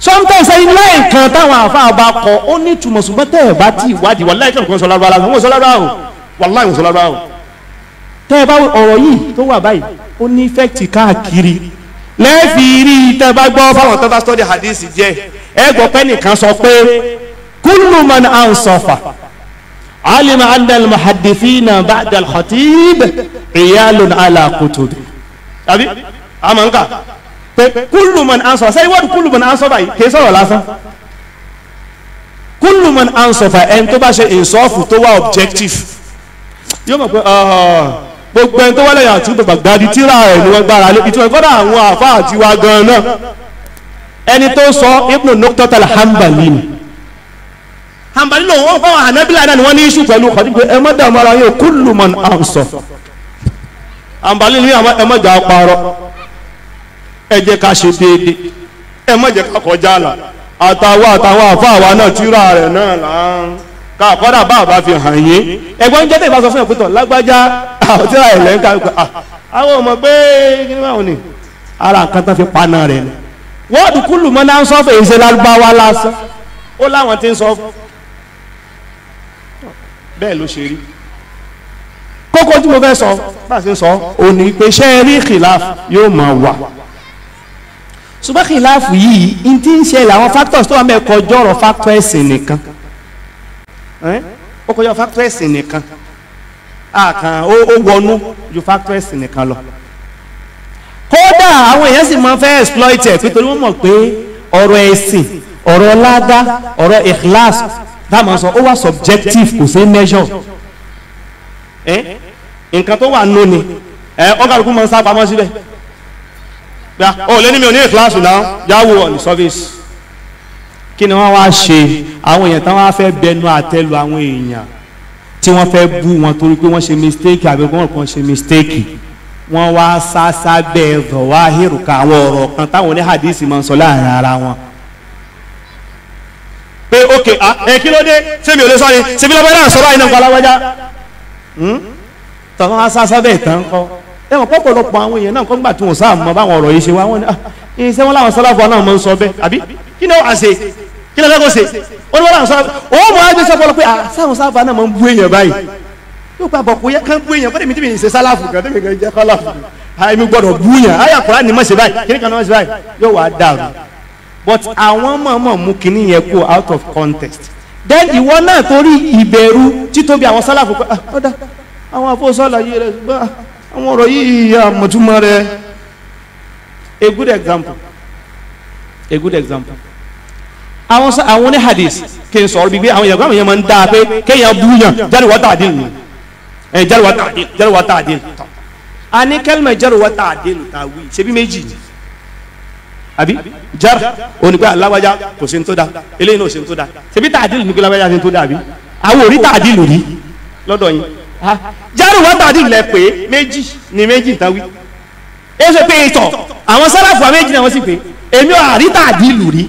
sometimes ẹni lẹ́ẹ̀kan táwọn àfáà bá kọ ó ní túmọ̀ ṣùgbọ́n tẹ́ ẹ̀ bá tí ìwádìí wà láìpẹ́ nǹkan sọ lára àwọn sọ lára o wà láì wọ́n sọ lára o tẹ́ ẹ bá ọ̀rọ̀ yìí tó wà báyìí ó ní fẹ́ẹ̀tì káàkiri lẹ́ẹ̀fì tẹ́ ẹ bá gbọ́ fáwọn tó bá study hadith jẹ́ ẹ gbọ́ pé nìkan sọ pé kúlùmọ̀n à ń sọ̀fà alima andal muhadifina ba'dal khatib iyalun ala kutubi àbí amanka pé kullu man ansọ sẹ́yìn wọ́n kullu man ansọ báyìí kì í sọ̀rọ̀ lásán kullu man ansọ fa ẹni tó bá ṣe ìsọ́ọ̀fù tó wà objective yóò mọ̀ pé gbogbo ẹni tó wà lẹ́yìn àti gbogbo àgbàdì tíra ẹ̀ ni wọ́n gbára lé ìtumọ̀ ìfọ́dà àwọn àfa àti wa gan-an náà ẹni tó sọ ibnu nuktatal hanbali ni hanbali lòun wọn fáwọn hanabila náà ni wọn ní iṣu pẹ̀lú kọjú pé ẹ má dààmú ara yín kullu man ansa hanbali ní ẹ má jà parọ́ ẹ jẹ́ ká ṣe déédéé ẹ má jẹ́ ká kọjá là àtàwọn àtàwọn àfáàwà náà tíra rẹ̀ náà là ń ká àkọ́dà bá àbá fi hàn yín ẹgbọ́n ń jẹ́tẹ̀ ìbáṣọ fún ìpìtàn lágbájá àwọn tíra ẹ̀ lẹ́ńkà àwọn ọmọ pé kí ni báwọn ni ara nǹkan tán fi paná rẹ̀ ni wọ́ọ̀dù kúlù mọ́ náà ń sọ fèyí ṣe lásán ó láwọn ti ń sọ fún bẹ́ẹ̀ ló ṣe rí kókó tí mo fẹ́ sọ bá a ṣe sọ òní pé ṣe é rí khilaf yóò máa wà ṣùgbọ́n khilaf yìí n ti ń ṣẹlẹ̀ àwọn factors tó wà mẹ́ẹ̀ kọjọ́ ọ̀rọ̀ factor ẹ̀sìn nìkan ó kọjọ́ factor ẹ̀sìn nìkan àkàn ó wọnú ju factor ẹ̀sìn nìkan lọ kódà àwọn èèyàn sì máa fẹ́ exploit ẹ̀ pé torí wọ́n mọ̀ pé ọ̀rọ̀ ẹ̀sìn ọ̀rọ̀ ládá ọ̀rọ̀ ikhlas táwọn sọ ó wà subjective kò sí measure ẹ eh? nǹkan tó wà nù ni ẹ eh, ọgàlùkù máa ń sá pamọ́ síbẹ̀ gba ọ lẹ́ni mi ò ní ìkíláàsì náà yàwó on the service kí ni wọ́n wá ṣe àwọn èèyàn táwọn á fẹ́ bẹnu àtẹ́lu àwọn èèyàn tí wọ́n fẹ́ bú wọn torí pé wọ́n ṣe mistake àbí wọ́n kàn ṣe mistake wọ́n wá sá sábẹ́ ẹ̀rọ wá hìrùkà àwọn ọ̀rọ̀ kan táwọn oníhàdísì máa ń sọ láàrin ara wọn pé ok ẹ kí ló dé sẹ́mi ò lè sọ ni sẹ́mi lọ́bàá náà sọ́bàá iná kọ́láwájá hmm? tọ́kàn á sásá bẹ́ẹ̀ tán kọ́ ẹ mọ̀ pọ́pọ̀lọpọ̀ àwọn èèyàn náà kọ́ nígbà tí wọ́n sáà mọ báwọn ọ̀rọ̀ yìí ṣe wá wọ́n ní ah, iṣẹ́ wọn láwọn sọ́láfọ́ náà mọ̀ ń sọ bẹ́ẹ̀ àbí kí ni ó àṣe kí ni ọlọ́gọ́ ṣe ó ní wọ́n láwọn sọ́láfọ́ òun mọ̀ á gbé sọ́pọ̀ pé ah, sáwọn sáfà náà mọ̀ ń bú èèyàn báyìí yóò pa bọ̀ kó yẹ kán but àwọn mọ̀ọ́mọ̀ mú kinní yẹn kó out of context then ìwọ náà torí ìbẹ̀rù títóbi àwọn sálàfù pé ọ̀dà ah, àwọn àfọ́sọ́là yìí rẹ̀ gbá ah, àwọn ọ̀rọ̀ yìí àmọ̀túnmọ̀ rẹ̀ a good example a good example àwọn àwọn ní hadith kí n sọ̀rọ̀ gbígbé àwọn ìyàgbọ́n àwọn yẹn máa ń dá a pé kéèyàn bú yàn jáde wá tàdín nù ẹ̀ jáde wá tàdín jáde wá a ní kẹ́lìmẹ̀ jáde wá tàdín nù tàwí ṣebí méjì ni àbí jar onígbà alágbájá kò sí ní tó da eléyìí náà ò sí ní tó da ṣebí tàdílù nígbà alágbájá sí ní tó da àbí àwọn òrí tàdílù rí lọ́dọ̀ yín jaru wọn tàdílù lẹ pé méjì ni méjì tán wí ẹ ṣe pé ìtọ̀ àwọn sáràfù àwọn méjì náà wọ́n sì pé èmi ò àrí tàdílù rí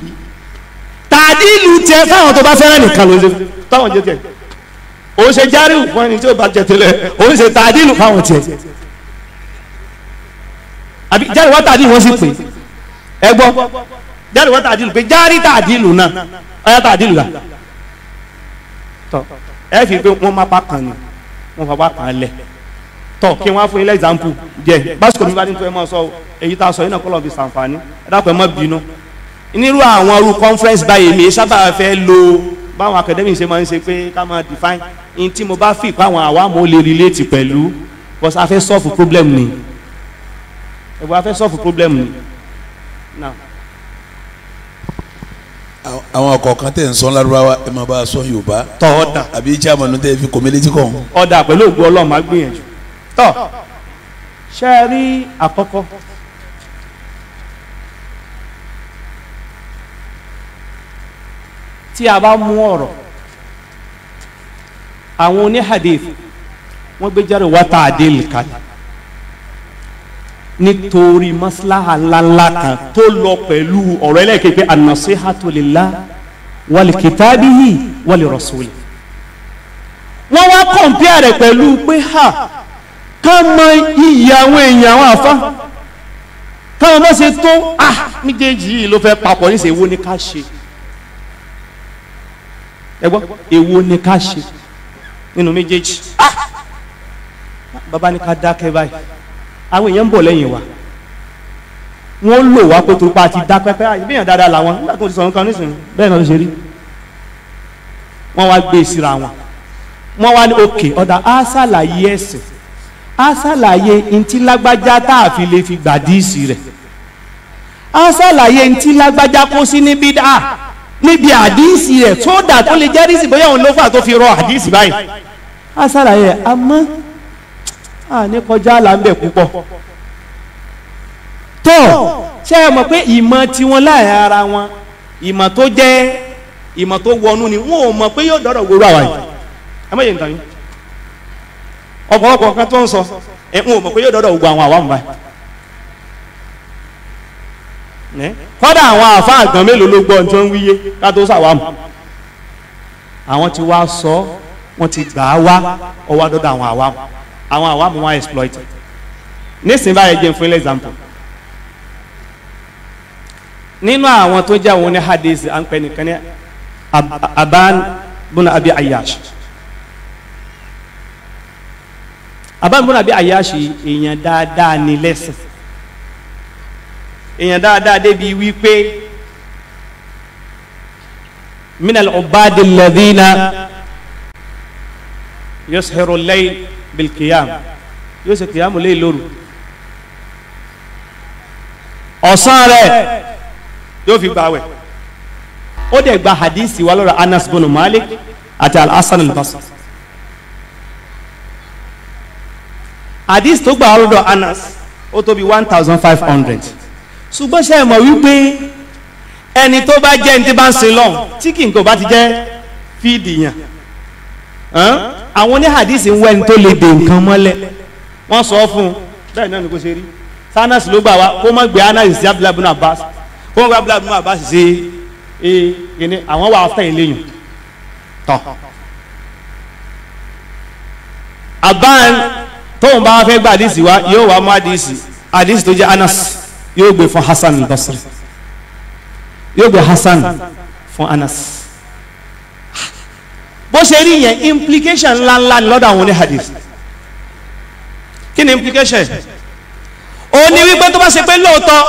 tàdílù tiẹ̀ fáwọn tó bá fẹ́ràn nìkan ló ń ṣe táwọn jẹ tiẹ̀ ó ṣe jaru fún ẹni tí ó bá jẹ tẹ́lẹ̀ ó ṣe tàdílù fáwọn tiẹ̀ àbí jaru wọn tàdílù wọ́n sì pé ẹ gbọ́ jáde wọ́n tàdílù pé járí tàdílù náà ọ̀yá tàdílù rà tọ́ ẹ fi pé wọ́n má pa kàn ní wọ́n fapá kàn lẹ̀ tọ́ kí wọ́n á fún yín lẹ́gzámpù jẹ́ básíkò mi bá ní tó ẹ mọ́ sọ èyí tá a sọ yín náà kọ́ lọ́ọ́ fi sàǹfààní ẹ dákun ẹ má bínú nírú àwọn irú conference báyìí mi sábà fẹ́ lo báwọn academic ṣe máa ń ṣe pé ká máa define in tí mo bá fi ìpá àwa mo lè relate pẹ̀lú because a fẹ́ solve problem ni ẹ̀bùn a fẹ́ solve problem ni àwọn ọ̀kọ̀ọ̀kan tẹ̀ ń sọ lárúbáwá ẹ máa bá a sọ yorùbá tọ́ ọ̀dà àbí iṣẹ́ àmọ́nú tẹ́ fi kòmílétí kàn. ọ̀dà pẹ̀lú ògùn ọlọ́run máa gbìyànjú tọ́ ṣe é rí àkọ́kọ́ tí a bá mú ọ̀rọ̀ àwọn oníhàdíf wọ́n gbé jáde wá tá a dé lìkàtà nítorí maslaha ńláńlá kan tó lọ pẹ̀lú ọ̀rọ̀ ẹlẹ́kẹ̀ẹ́ an-nasihatu lillah wal kitabihi wal rasuli. wọ́n wá kọ̀m̀pìà rẹ̀ pẹ̀lú pé ha ká mọ iyì àwọn èèyàn àwọn àfa káwọn bá ṣe tó a ah, méjèèjì yìí ló fẹ́ papọ̀ ní sẹ́ èwo ni ká ṣe ẹ gbọ́ èwo ni ká ṣe nínú méjèèjì a ah, bàbá ni ká dákẹ́ báyìí àwọn èèyàn ń bọ̀ lẹ́yìn wa wọ́n lò wá kó tó pa ti dá pẹ́pẹ́ àìbíyàn dáadáa làwọn nígbà tó ti sọ nǹkan nísìnyí bẹ́ẹ̀ náà ló ṣe rí wọ́n wá gbé síra wọn wọ́n wá ní òkè ọ̀dà á ṣàlàyé ẹ̀sìn á ṣàlàyé ntí lágbájá tá a fi lè fi gbàdíìsì rẹ̀ á ṣàlàyé ntí lágbájá kó sí níbí dáa níbi àdíìsì rẹ̀ tó dà tó lè jẹ́rìsì bóyá òun ló fà tó fi rọ àdíìsì báyìí á ṣàlàyé àmọ́ a ní kọjá àlà ń bẹ púpọ̀ tó ṣe é mọ̀ pé ìmọ̀ tiwọn láàrin ara wọn ìmọ̀ tó jẹ́ ìmọ̀ tó wọnú ni wọn ò mọ̀ pé yóò dọ́rọ̀ gbogbo àwa yìí ẹ má yẹ nǹkan yín ọ̀pọ̀lọpọ̀ kan tó ń sọ ẹ wọn ò mọ̀ pé yóò dọ́rọ̀ gbogbo àwọn àwa mọ̀ báyìí kọ́dà àwọn àfáà gan mélòó ló gbọ́ tó wíyé ká tó sàwámù àwọn ti wá sọ wọ́n ti gbà á wá ọwọ́ àdọ́dọ̀ àwọn àwa mọ̀ àwọn àwa mú wọn exploit nísìnyí báyìí jẹ́ fún example nínú àwọn tó jẹ́ àwọn oníhadisi à ń pè nìkan ní aban buna abi ayash aban buna abi ayash èèyàn dáadáa ní lẹ́sìn èèyàn dáadáa débi wípé minal ubadi ladina yushiru layl bilkiyam yóò ṣe kìyàmù lé lóru ọ̀sán rẹ̀ yóò fi gbàwẹ̀ ó dẹ̀ gba hadisi wa lọ́rọ̀ anas bonu malik àti al-hasan al-basri hadisi tó gbà lọ́dọ̀ anas ó tó bí one thousand five hundred ṣùgbọ́n ṣe mọ̀ wípé ẹni tó bá jẹ́ ní tí bá ń sin lọ́hùn tí kì í kò bá ti jẹ́ fídìyàn àwọn ní hadith ń wẹ́ni tó lè dè nǹkan mọ́lẹ̀ wọ́n sọ fún un bẹ́ẹ̀ náà ni kò ṣe rí sanas ló gbà wá kó má gbé anas sí abdullahi abbas kó má gbé abdullahi abbas sí ee àwọn wà áfẹ́ ìléyìn tán. aban tóun bá fẹ́ gba hadith wa yóò wá mú hadith hadith tó jẹ́ anas yóò gbé fún hasan basri yóò gbé hasan fún anas bó ṣe rí yẹn implication ńláńlá ni lọ́dọ̀ àwọn oníhadith kí ni implication ó ní wípé tó bá ṣe pé lóòótọ́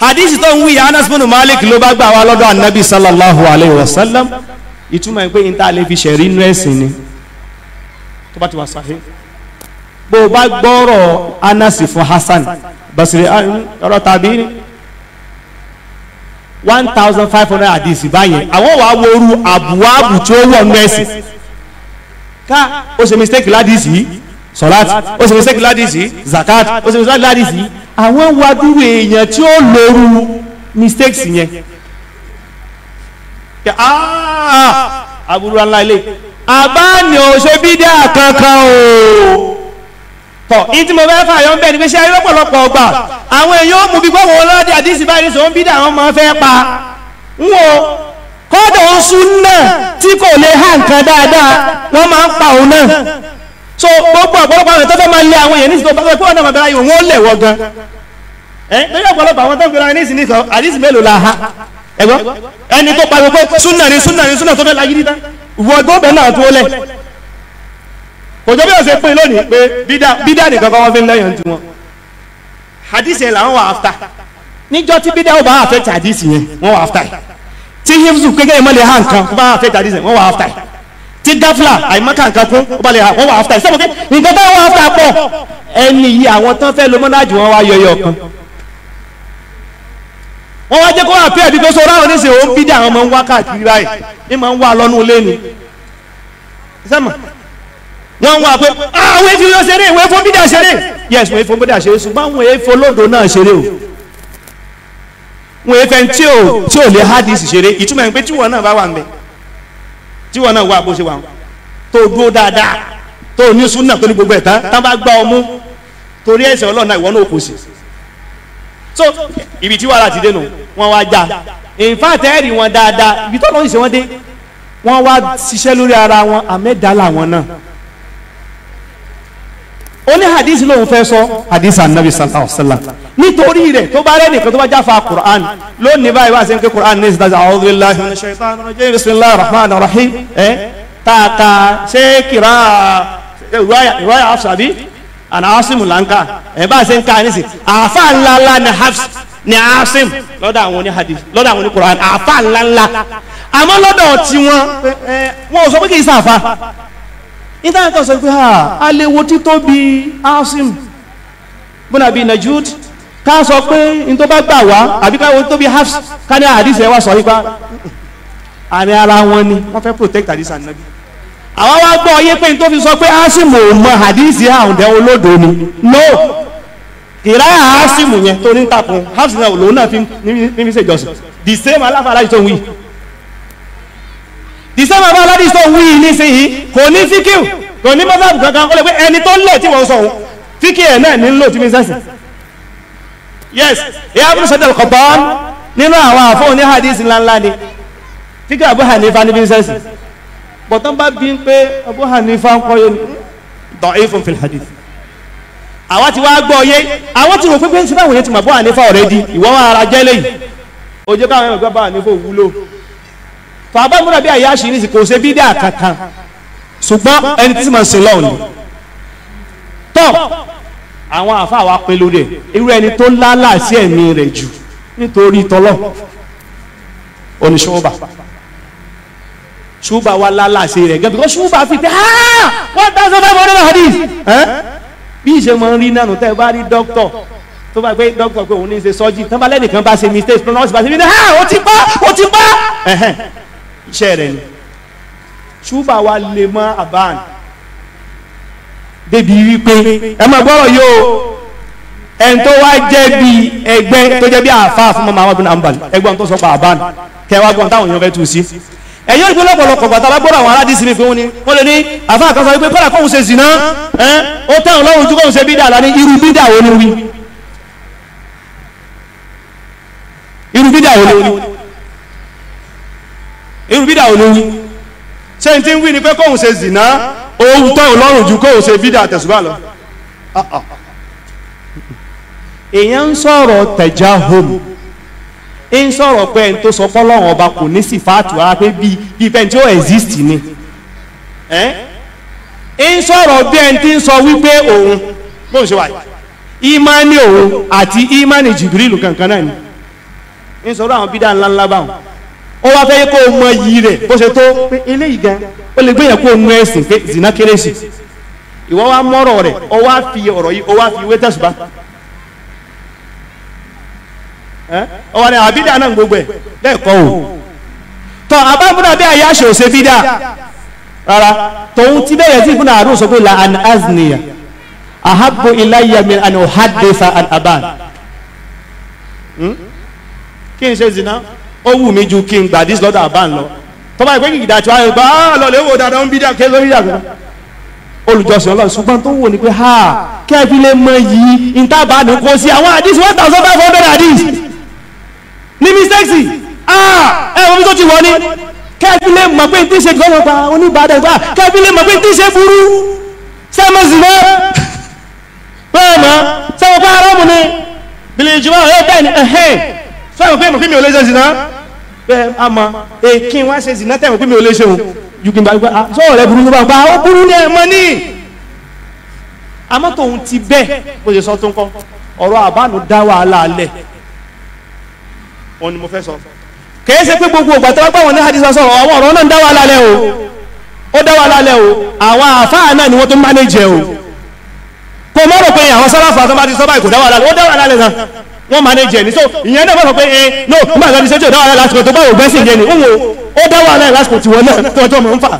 hadith tó ń wí Anas bin Malik ló bá gbà wá lọ́dọ̀ anabi sallallahu alayhi wa sallam ìtumọ̀ pé n ta lè fi ṣẹ̀rí inú ẹ̀sìn ni tó bá ti wà sahih bó o bá gbọ́rọ̀ Anas fún Hasan Basri ọ̀rọ̀ tàbí one thousand five hundred àdìsí báyẹn àwọn wàá woru àbúwáàbù tí ó wọ̀ nẹ́ẹ̀sì ká ó ṣe mistake ládìsí sọ̀láàt ó ṣe mistake ládìsí zakat ó ṣe mistake ládìsí àwọn wa dúró èèyàn tí ó lóru mistakes yẹn aburú ńlá ilé àbá ni ò ṣe bídà kankan o tọ ìtí mo fẹ́ fà yọ bẹ́ẹ̀ ni pé ṣe ayé lọ́pọ̀lọpọ̀ ọgbà àwọn èèyàn ó mú bí gbọ́wọ́ ọlọ́dẹ àdìsí báyìí sọ ń bí dàwọn máa fẹ́ pa ń wo kọ́dọ̀ oṣù náà tí kò lè há nǹkan dáadáa wọ́n máa ń pa òun náà so gbogbo ọ̀pọ̀lọpọ̀ àwọn ìtọ́fẹ́ máa lé àwọn èèyàn nísìnyí tó bá fẹ́ kó ọ̀nà bàbá yìí wọ́n lẹ̀ wọ́ gan ẹ̀ lórí ọ̀pọ̀lọpọ̀ ha ẹ̀gbọ́n ẹni tó pariwo pé súnà ni súnà ni súnà tó fẹ́ la yí dídá wọ́n gbọ́ bẹ́ẹ̀ náà tó lẹ̀ kò jọ bí ọ̀sẹ̀ pín in lónìí pé bídà nìkan kọ́ wọ́n fi ń lẹ́yìn tí wọn hadith yẹn làwọn wà áfta níjọ́ tí bídà ó bá affect hadith yẹn wọ́n wà áfta yìí tí hifzu kékeré mọ́ lè ha nǹkan ó bá affect hadith yẹn wọ́n wà áfta yìí tí gafla àìmọ́kà nǹkan kún ó bá lè ha wọ́n wà áfta yìí sẹ́wọ̀n pé nǹkan tó wà áfta pọ̀ ẹni yìí àwọn tán fẹ́ lo mọ́nájú wọn wá yọyọ kan wọ́n wá jẹ́ kó wà pé wọ́n wà pé ah, àwọn èfi yóò ṣeré ìwé fún bídà ṣeré yes wọ́n èfo bídà ṣeré ṣùgbọ́n àwọn èfo lódò náà ṣeré o wọ́n èfẹ́ tí ò tí ò lè hadith ṣeré ìtumọ̀ ẹ̀ pé tíwọ̀ náà bá wà ń bẹ tíwọ̀ náà wà bó ṣe wà ń tó dúró dáadáa tó ní súnà tó ní gbogbo ẹ̀ tán tán bá gbá ọmú torí ẹ̀sẹ̀ ọlọ́ọ̀nà ìwọ náà kò sí so ibi tí wàhálà ti dé nù wọ́n wá já in fact ẹ̀rì wọn dáadáa ibi tó lọ́ ó ní hadith lòun fẹ́ sọ hadith anabi sallallahu alayhi wa sallam nítorí rẹ̀ tó bá rẹ̀ nìkan tó bá jáfa quran lónìí báyìí wá sí pé quran ní ìsìlájú a'udhu billahi minash shaitanir rajim bismillahir rahmanir rahim ẹ tààkà ṣé kìrà ìwáyà afṣàbí àná asimu lanka ẹ bá ṣe ń ká ní sí àfa ńláńlá ní hafs ní asim lọ́dọ̀ àwọn oní hadith lọ́dọ̀ àwọn oní quran àfa ńláńlá àmọ́ lọ́dọ̀ tiwọn wọn ò sọ pé kì í sáfa ìtàn kan sọ pé ha aléwo títóbi asim bọ́nà bíi najud ká sọ pé n tó bá gbà wá àbí káwo títóbi hafs ká ní àdìsẹ́ wá sọ yípa àmì ara wọn ni wọ́n fẹ́ protect àdìsẹ́ ànábì àwọn wá gbọ́ ọyé pé n tó fi sọ pé asim ò mọ àdìsẹ́ àwùjẹ olódo ni no kìlá asim yẹn tó ní takùn hafs náà lòun náà fi ní fi ṣèjọsìn the same aláfàlà yìí tó ń wí iṣẹ́ bàbá aládìsọ wí nísìnyí kò ní fíkìw kò ní mọ́sáàbù kankan ó lè pé ẹni tó lẹ̀ tí wọ́n sọ òun fíkì ẹ̀ náà ní ń lò tí mi sẹ́sìn yes ìyá abúlé sọ́dọ̀ kọ̀tán nínú àwọn àfọ́n ní hadith ńláńlá ni fíkì Abu Hanifa ní bí sẹ́sìn bọ̀tán bá bí ń pé Abu Hanifa ń kọ́ yóò ní da'ifun fil hadith àwọn ti wá gbọ́ yé àwọn ti rò pé pé ń ṣe báwọn ti mọ̀ Abu Hanifa already ìwọ́n ara jẹ́ lẹ́yìn òjò káwọn ẹ̀mọ̀ Abu Hanifa fàbá múra bí àyà ṣì ní sí kò ṣe bídà kankan ṣùgbọ́n ẹni tí mo ṣe lọ́wọ́ ni tọ́ àwọn àfáà wa pé lórí ẹ̀ irú ẹni tó lálà sí ẹ̀mí rẹ̀ jù nítorí tọ́lọ́ oníṣòwòbà ṣùgbà wa lálà sí rẹ̀ gẹ́gẹ́ bí ṣùgbà fi tẹ́ one thousand five hundred hadith bí ìṣe mọ̀ ń rí nánu tẹ́ ẹ bá rí dókítọ̀ tó bá gbé dókítà pé òun ní í ṣe sọ́jì tán bá lẹ́nìkan bá ṣe mistake pronounce bá ṣe mí ha ó ti pa ó ti pa iṣẹ́ rẹ̀ ni ṣùgbọ́n àwa lè mọ àbáàn débi wípé ẹ máa gbọ́rọ̀ yóò ẹn tó wá jẹ́ bí ẹgbẹ́ tó jẹ́ bí àáfàá fún mọ́mọ́ àwọn ọdún àǹbàlì ẹgbọ́n tó sọ pa àbáàn kẹwàá gbọ́n táwọn èèyàn fẹ́ tù sí ẹ̀yọ́ ìgbó lọ́pọ̀lọpọ̀ gbàtà bá gbọ́dọ̀ àwọn aládìsí mi pé wọ́n ni wọ́n lè ní àfáà kan sọ wípé kọ́dà kóhun ṣe zìnà ẹ́ ó tẹ́wọ̀n lọ́rùn ojú kóhun ṣe bídà lá ní irú bídà wo ló irú bídà wo ló irú bídà ò lówí ṣé n ti ń wí ni pé kóun ṣe zìnà òun tọ́ ọlọ́run ju kóun ṣe bídà tẹ̀sùbà lọ. èèyàn ń sọ̀rọ̀ tẹ̀já home ń sọ̀rọ̀ pé ẹni tó sọ fọ́lọ́run ọba kò ní sífàtù ara pé bíi bíi pẹ́ni tí ó exist ni ń sọ̀rọ̀ bí ẹni tí ń sọ wípé òun bóun ṣe wà ìmánì òun àti ìmánì jìbìrìlù kankan náà ni ń sọ̀rọ̀ àwọn bídà ńláńlá báwọn. ó wá fẹ́ kó mọ iyì rẹ̀ bó ṣe tó pé lè gbéyàn kó mọ ẹ̀sìn pé zina kéré sí ìwọ wá mọ́rọ̀ rẹ̀ ó wá fi ọ̀rọ̀ yìí ó wá fi ní àbídà náà o tọ bí òṣè bídà rárá ti bẹ́ẹ̀ yẹn tí la an azniya ahabu ilayya an an aban hmm? ó wù mí ju kí n gbà dis lọ́dọ̀ àbá ń lọ tọ́ba ìpè kìkì dàtí wáyé gbà á lọ lè wò dáadáa ń bí díà kí lórí yàgò olùjọsìn ọlọ́run ṣùgbọ́n tó wò ní pé ha kí ẹ fi lè mọ yìí ìtàbà ní kò sí àwọn àdís one thousand five hundred àdís ní mistake ah ẹ omi tó ti wọ ni kí ẹ fi lè mọ pé tí ń ṣe gbọ́dọ̀ pa oníbàdàn ìgbà kí ẹ fi lè mọ pé tí ń ṣe burú sẹ́mọ̀ sí mọ́ bẹ́ẹ̀ mọ́ sẹ́wọ́n pa aráàmù ni bìlì ìjùmọ̀ ẹ bẹ́ẹ̀ ni ẹ̀hẹ́n fẹ́ràn pé mọ̀kí mi ò lè ṣe zìnà bẹ́ẹ̀ a mọ̀ èkí wá ṣe zìnà tẹ̀wọ̀n pé mi ò lè ṣe o yùkì bá ah, sọ̀rọ̀ rẹ burú bá ó burú ní ẹ̀mọ́ ní. àmọ́ tòun ti bẹ́ẹ̀ bó ṣe sọ tó ń kọ́ ọ̀rọ̀ àbánu dá wàhálà alẹ̀ òun ni mo fẹ́ sọ. kèé ṣe pé gbogbo ògbà tó wá gbà wọn ní hadith sọ̀rọ̀ àwọn ọ̀rọ̀ náà dá wàhálà alẹ̀ o ó dá wàhálà alẹ̀ o àwọn àfáà náà ni wọ́n tó ń mánéjẹ o kò mọ̀ rò pé àwọn sáláfà tó bá ti sọ báyìí kò dá wàhálà alẹ̀ o dá wàhálà alẹ̀ náà wọ́n manage ẹ̀ ní so ìyẹn náà bọ̀rọ̀ pé ee eh, no nígbà tó ti ṣe tí ò dá wàhálà lásìkò tó bá òògbẹ́ sì yẹn ni òun ó dá wàhálà lásìkò tiwọn náà tó ọjọ́ mọ̀ ń fà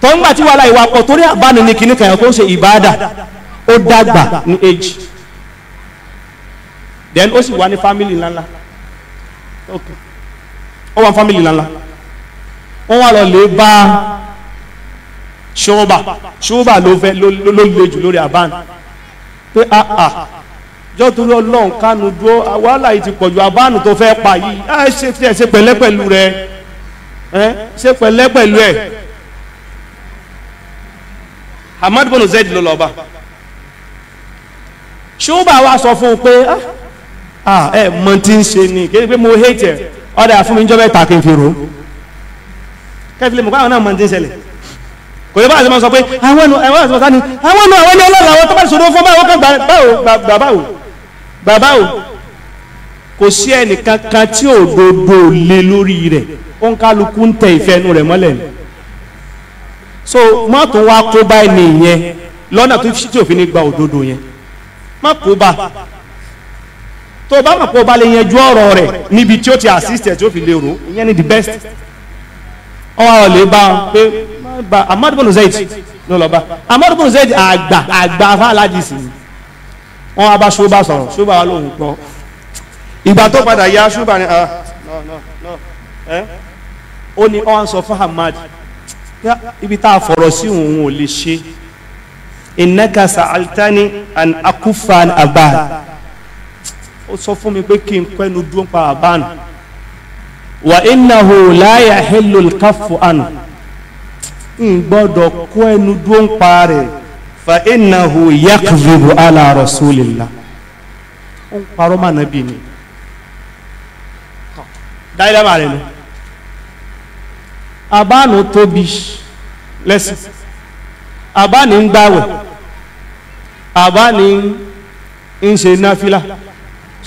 tó ń gbà tí wàhálà ìwà pọ̀ torí àbáni ni kìíní kan tó ń ṣe ìbáàdà ó dàgbà ní age then ó sì wà ní family ńláńlá okay ó wà ní family ńláńlá wọ́n wà lọ lè bá ṣọ́ọ́bà ṣọ́ọ́bà ló fẹ́ ló lè jù lórí àbáni pé ah ah jọ́túrú ọlọ́run kánú dúró wàhálà yìí ti pọ̀jù àbánu tó fẹ́ pa yìí ẹ ṣe tí ẹ ṣe pẹ̀lẹ́ pẹ̀lú rẹ ẹ ṣe pẹ̀lẹ́ pẹ̀lú ẹ. Ahmad bonu Zaid ló lọ bá ṣùgbọ́n àwa sọ fún un pé ah ẹ mọ tí ń ṣe ni kéde pé mo hate ẹ ọ̀dà àfúnmijọ́ bẹ́ẹ̀ ta kí n fi rò ó kẹ́fìlẹ̀ mọ̀ pé àwọn náà mọ tí ń ṣẹlẹ̀ kò lè bá àti máa sọ pé àwọn ẹ̀wọ̀n àti mọ̀tá ni àwọn ẹ̀wọ̀n ni ọlọ́run àwọn tó bá ṣòro fún báwọn kan gbà báwo bàbá o kò sí ẹnìkan kan tí òdodo lé lórí rẹ̀ ó ń kálukú ń tẹ ìfẹ́nu rẹ̀ mọ́lẹ̀ ni so má tó wá kó bá ẹni yẹn lọ́nà tó fi tí òfin ní gba òdodo yẹn má kó bá tó o bá mọ̀ pé o bá lè yanjú ọ̀rọ̀ rẹ̀ níbi tí ó ti assist ẹ̀ tí ó fi lè rò ìyẹn ni the best ọ̀rọ̀ lè bá pé amadu bonu zayid ló lọ amadu bonu zayid àgbà àgbà afáàlájì sí ni wọ́n wá bá ṣóbà sọ̀rọ̀ ṣóbà wà lóhùn gbọ́ ìgbà tó padà yá ṣóbà ni ah, eh? ó ní ọ́n sọ fún Hamad ibi tá a fọ̀rọ̀ sí òun ò lè ṣe innaka sa'altani an akufa an aban ó sọ fún mi pé kí n pẹ́nu dúró pa aban wa innahu la yahillu al-kaffu an n gbọ́dọ̀ kó ẹnu dúró pa rẹ̀ fa innahu yakzibu ala rasulillah ó ń parọ́ mọ́ ànábì ni dáìdámà rẹ̀ ni abáànù tóbi lẹ́sìn abáàní ń gbàwẹ̀ abáàní ń ṣe náfílà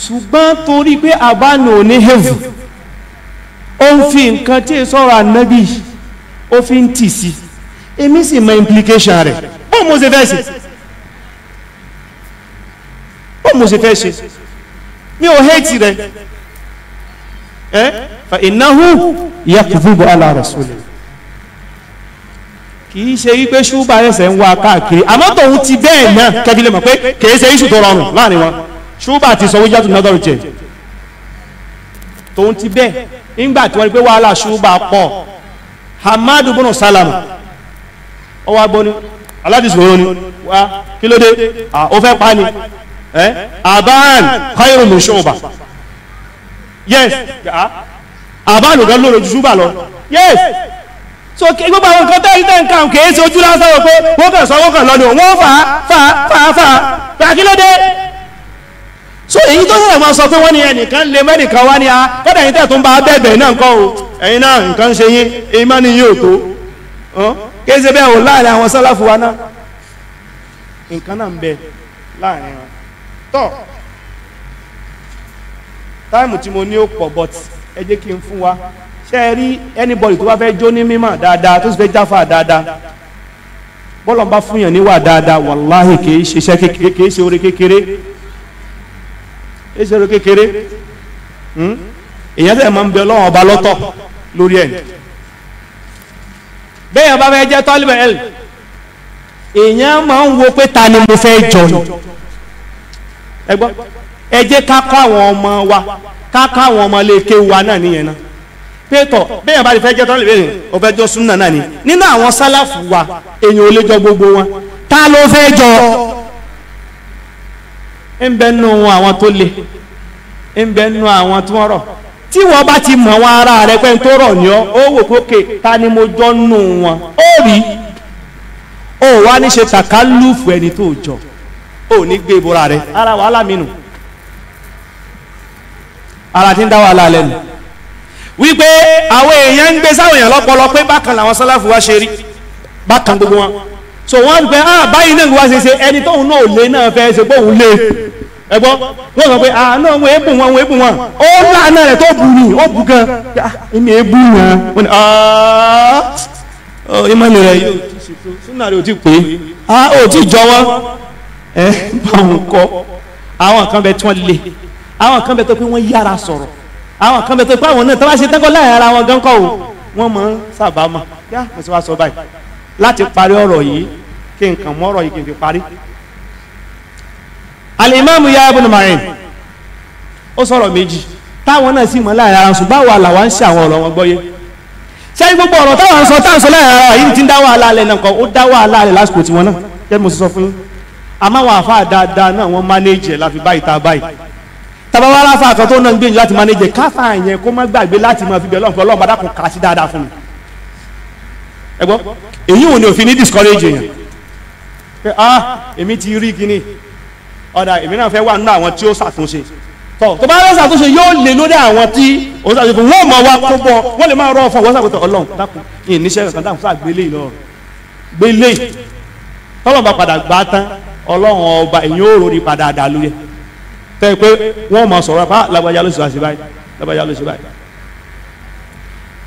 ṣùgbọ́n torí pé abáànù ò ní hẹ́vù ó ń fi nǹkan tí sọ̀rọ̀ ànábì ó fi ń tì sí èmi sì mọ implication rẹ̀ ó mú ṣe fẹ́ ṣe ó mú ṣe fẹ́ ṣe mi ò hẹ́ẹ̀tì rẹ̀ ẹ́ fa ìnáhù yakdhubu ala rasulih kìí ṣe wípé ṣúbà ẹsẹ̀ ń wá káàkiri àmọ́ tòun ti bẹ́ẹ̀ náà kẹfìlẹ̀ mọ̀ pé kìí ṣe iṣu tó rọrùn láàrin wọn ṣúbà ti sọ wíjáde nọ́dọ̀rù jẹ tòun ti bẹ́ẹ̀ nígbà tí wọ́n rí pé wàhálà ṣúbà pọ̀ Hamadu bùnú sálàmù ọwọ́ agbóni aládìsòro ni wá kí ló dé ó fẹ́ pa ni àbáàn khairun min shu'ba yes àbáàn ò fẹ́ lóore ju lọ yes so gbogbo àwọn nǹkan tẹ́yìn tẹ́yìn kan kìí ṣe ojú lásán wọ pé wọ́n kàn sọ wọ́n kàn lọ́nà wọ́n fà á fà fà fà kí ló dé so èyí tó sọ̀rọ̀ máa sọ pé wọ́n ní ẹnìkan lè mẹ́nìkan wá ní a kọ́dà yìí tẹ̀ tó ń bá bẹ́ẹ̀ bẹ́ẹ̀ náà ń kọ́ o náà nǹkan ṣe yín èyí má ní yín tó kìí ṣe bẹ́ẹ̀ o láàrin àwọn sálàfù wa náà nǹkan náà ń bẹ láàrin wọn tọ́ táìmù tí mo ní ó pọ̀ but ẹ jẹ́ kí n fún wa ṣe é rí anybody tó bá fẹ́ jó ní mímọ̀ dáadáa tó sì fẹ́ jáfa dáadáa bọ́lọ̀ bá fún yàn níwà dáadáa wàláhì kìí ṣiṣẹ́ kékeré kìí ṣe oore kékeré kìí ṣe oore kékeré hmm? èèyàn tẹ̀ máa ń bẹ ọlọ́run ọba lọ́tọ̀ lórí ẹ̀ bẹ́ẹ̀ bá fẹ́ jẹ́ tọ́líbẹ̀ ẹ̀lì èèyàn máa ń wo pé ta ẹ jẹ́ ká àwọn ọmọ wa ká àwọn ọmọ wa náà nìyẹn náà pétọ̀ bẹ́ẹ̀ bá fẹ́ jẹ́ ẹ̀lì fẹ́ jọ náà ni nínú àwọn wa ò lè jọ gbogbo wọn ta ló fẹ́ jọ ń tí wọ́n bá ti mọ̀ wọn ara rẹ̀ pé tó rọ̀ ní ọ́ ó wò kókè ta ni mo jọ nù wọn ó rí ó wá ní ṣe tàkálùfù ẹni tó jọ ó ní gbé ibora rẹ̀ ara wàhálà mi nù ara ti ń dá wàhálà lẹ́nu wípé àwọn èèyàn ń gbé sáwọn èèyàn lọ́pọlọ pé bákan làwọn sálàfù wá ṣe rí bákan gbogbo wọn so wọ́n ń ah báyìí náà wá ṣe ṣe ẹni tóun náà lé náà fẹ́ ṣe pé òun lé ẹgbọ́ wọ́n sọ pé àánú ah, àwọn èébù wọn àwọn èébù wọn ó láàánú rẹ̀ tó bù ní ó bù gan ẹni èébù wọn ó ní ọ́ ìmọ̀lẹ̀ rẹ̀ yóò ti ṣètò súnà rẹ̀ ò ti pè é ó ah, ti jọ wọ́n ẹ bá wọn kọ́ àwọn kan bẹ tí wọ́n lè àwọn kan bẹ tó pé wọ́n yára sọ̀rọ̀ àwọn kan bẹ tó pé àwọn náà tó bá ṣe tẹ́kọ̀ọ́ láàárín ara wọn gan kọ́ o wọ́n mọ̀ ń sábà mọ̀ yá mo ti wá sọ báyìí láti parí ọ̀rọ̀ yìí kí nǹkan mọ́ ọ̀rọ̀ yìí kì í fi parí alimami ya ibn ma'in ó sọ̀rọ̀ méjì táwọn náà sì mọ̀ láàrin ara ṣùgbọ́n àwọn àlàwà ń ṣe àwọn ọ̀rọ̀ wọn gbọ́yé sẹ́yìn gbogbo ọ̀rọ̀ táwọn sọ táwọn sọ láàrin ara yìí ti ń dá wàhálà alẹ́ náà kan ó dá wàhálà alẹ́ lásìkò tiwọn náà jẹ́ mo sọ fún yín àmọ́ àwọn àfáà dáadáa náà wọ́n mánéjì ẹ̀ láfi báyìí tá a báyìí tabawa aláfa àkàn tó náà ń gbìyànjú láti mánéjì káfà yẹn kó má gbàgbé láti máa fi bẹ̀ lọ́nà ọlọ́run bá dákun kàá sí dáadáa fún mi ẹ gbọ́ èyí ò ní òfin ní discourage yẹn pé ah èmi ti rí kíní ọ̀dà èmi náà fẹ́ wà nínú àwọn tí ó ṣàtúnṣe tọ́ tó bá rẹ́ ṣàtúnṣe yóò lè lórí àwọn tí ó ṣàtúnṣe wọ́n mọ̀ wá tó bọ̀ wọ́n lè máa rọ ọ̀fọ̀ wọ́n ṣàkóso ọlọ́run dákun yìí níṣẹ́ kan dákun sáà gbélé lọ gbélé tọ́lọ́ba padà gbá tán ọlọ́run ọba èyàn ó rori padà dà lóye tẹ́ pé wọ́n mọ̀ sọ̀rọ̀ pa lágbájá ló ṣe báyìí lágbájá ló ṣe báyìí.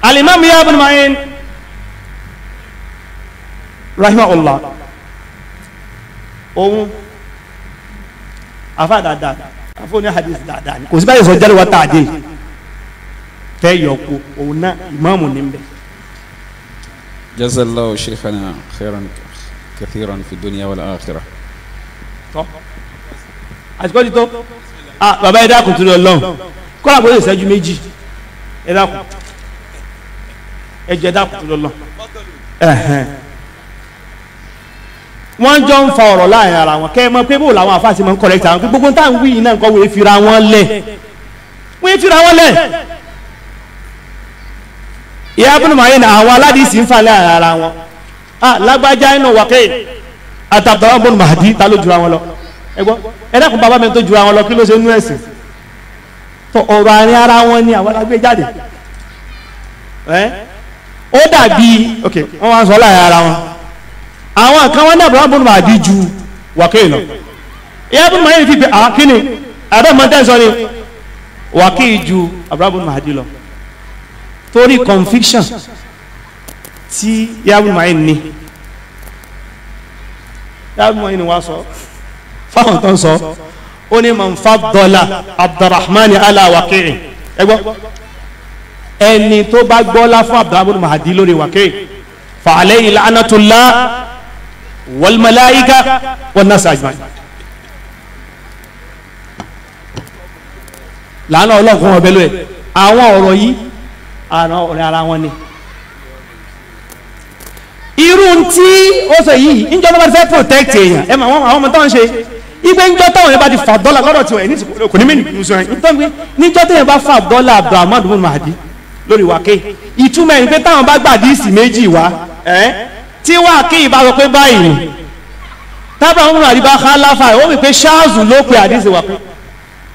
alimami ibn Ma'in rahimahullah òun afa dada afa oní hadith dada ni kò sí báyìí sọ jáde wa tá a dé tẹ yọ ko òun náà ìmáàmù ní bẹ. jazallahu sheikhana khairan kathiran fi dunya wal akhirah. tọ́ àtikọ́ ti tó ah baba yẹn dákun torí ọlọ́run kọ́lá bóyá ìṣẹ́jú méjì ẹ dákun ẹ jẹ́ dákun torí ọlọ́run wọ́n jọ ń fa ọ̀rọ̀ láàrin ara wọn kẹ́ ẹ mọ̀ pé bó làwọn àfáàsì máa ń correct àwọn pé gbogbo táwọn wí iná nǹkan wọ́n fira wọn lẹ̀ wọ́n fira wọn lẹ̀ ìyá abúlé màáyé na àwọn aládìsí ń fa láàrin ara wọn ah lágbájá iná wàkẹ́ àtàbùtàwọn bọ́ọ̀lù màdí ta ló jura wọn lọ ẹ gbọ́ ẹ dákun bàbá mi tó jura wọn lọ kí ló ṣe nú ẹ̀sìn tó ọ̀rọ̀ àárín ara wọn ni àwọn alágbé jáde ó dàbí ok wọ́n wá sọ láàrin ara wọn àwọn kan wọ́n ní Abraham bọ́nù máa díjú wàkíì lọ ìyá bọ́nù máa yẹn fi pé àkíní àbẹ́mọ̀tẹ́ sọ ni wàkíì ju Abraham bọ́nù máa dí lọ torí conviction tí ìyá bọ́nù máa yẹn ní ìyá bọ́nù máa yẹn ni wá sọ fáwọn tó ń sọ ó ní man faddala Abdurrahman ala wàkíì ẹgbọ́ ẹni tó bá gbọ́lá fún Abraham bọ́nù máa dí lórí wàkíì fàlẹ́ ìlànà tó lá والملائكة والناس أجمعين làánà ọlọ́kùnrin ọ̀bẹ lóye àwọn ọ̀rọ̀ yìí àwọn ọ̀rẹ́ ara wọn ni irú tí ó sọ yìí níjọ́ ló bá ti fẹ́ protect èèyàn ẹ̀ máa àwọn ọmọ tó ń ṣe igbe ńjọ́ táwọn yẹn bá ti fà dọ́là lọ́dọ̀ tiwọn ẹ̀ ní kò ní mẹ́rin ní sọ́yìn nítorí níjọ́ tó yẹn bá fà dọ́là Abdulhamid bin Mahdi lórí wákè ìtumọ̀ ẹ̀ ní pé táwọn bá gbàdí ìsì méjì wá ẹ̀ tí wà kí ìbá sọ pé báyìí ni tábà ń rà nípa halafa ó wí pé ṣáàzù ló pe àdìsí wà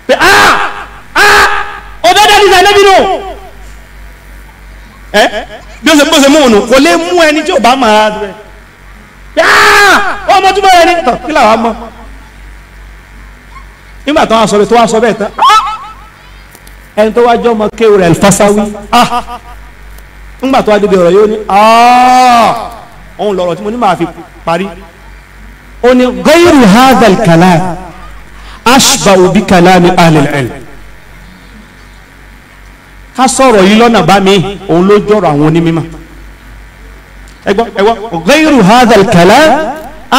pé a a ọ̀dẹ́dẹ́ àdìsí ẹlẹ́bí nù ẹ bí ó ṣe bó ṣe mú òun kò lè mú ẹni tí ò bá máa rẹ pé a ọmọ túbọ̀ rẹ ní tàn kí làwọn mọ nígbà tó wá sọ tó wá sọ bẹ́ẹ̀ tán ẹni tó wá ọmọ kéwù rẹ̀ fásáwí nígbà tó wá débi ọ̀rọ̀ yóò ní aaa òun lọ̀rọ̀ tí mo ní máa fi parí. ó ní gairu hadhal kalam ashba'u bi kalami ahlil ilm ká sọ̀rọ̀ yìí lọ́nà bá mi òun ló jọ̀rọ̀ àwọn onímọ̀ ẹgbọ́ ẹgbọ́ gairu hadhal kalam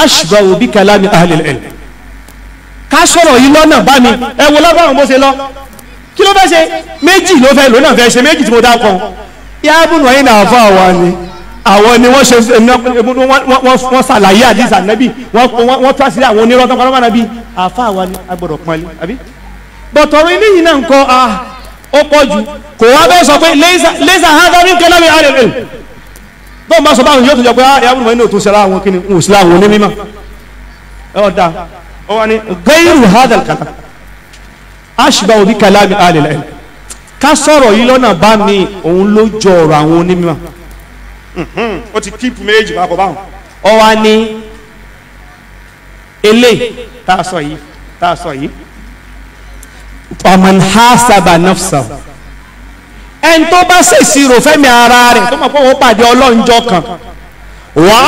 ashba'u bi kalami ahlil ilm ká sọ̀rọ̀ yìí lọ́nà bá mi ẹ wo lábàrún bó ṣe lọ kí ló fẹ́ ṣe méjì ló fẹ́ lónà fẹ́ ṣe méjì tí mo dá kan yáàbùnú ẹ̀yìn náà fọ́ àwọn ni àwọn ni wọ́n ṣe wọ́n ṣàlàyé àdìsá nẹ́bí wọ́n tásílẹ̀ àwọn onírọ́ tó kọ́lọ́mọ́ nàbí àfa àwa ni agbọ̀dọ̀ pọ́nlé àbí. bọ̀tọ̀rọ̀ eléyìí náà ń kọ́ a ah, ó pọ̀ jù kò wá bẹ́ẹ̀ sọ pé lẹ́sà hádárí ń kẹ́lá mi á rẹ̀ tó ń bá sọ báwọn yóò tó jọ pé a yà wúlò wọn ní òtún sẹ́lá àwọn kíni ń sílá àwọn onímọ̀ ọ̀dà ó wà ní gẹ́rù hádàl kàtà àṣìbá òbí kàlámi á rẹ̀ ká sọ̀rọ̀ yìí lọ́nà bá mi òun ló jọ ọ̀rọ̀ àwọn onímọ̀ ó ti kíìpù méjì bákọ̀ báwọn. ọ wá ní ele tá a sọ yìí tá a sọ yìí ọmọn hasaba nafsa ẹn tó bá ṣèṣirò fẹ́mi ara rẹ̀ tó mọ̀ pé òun pàdé ọlọ́njọ́ kan wa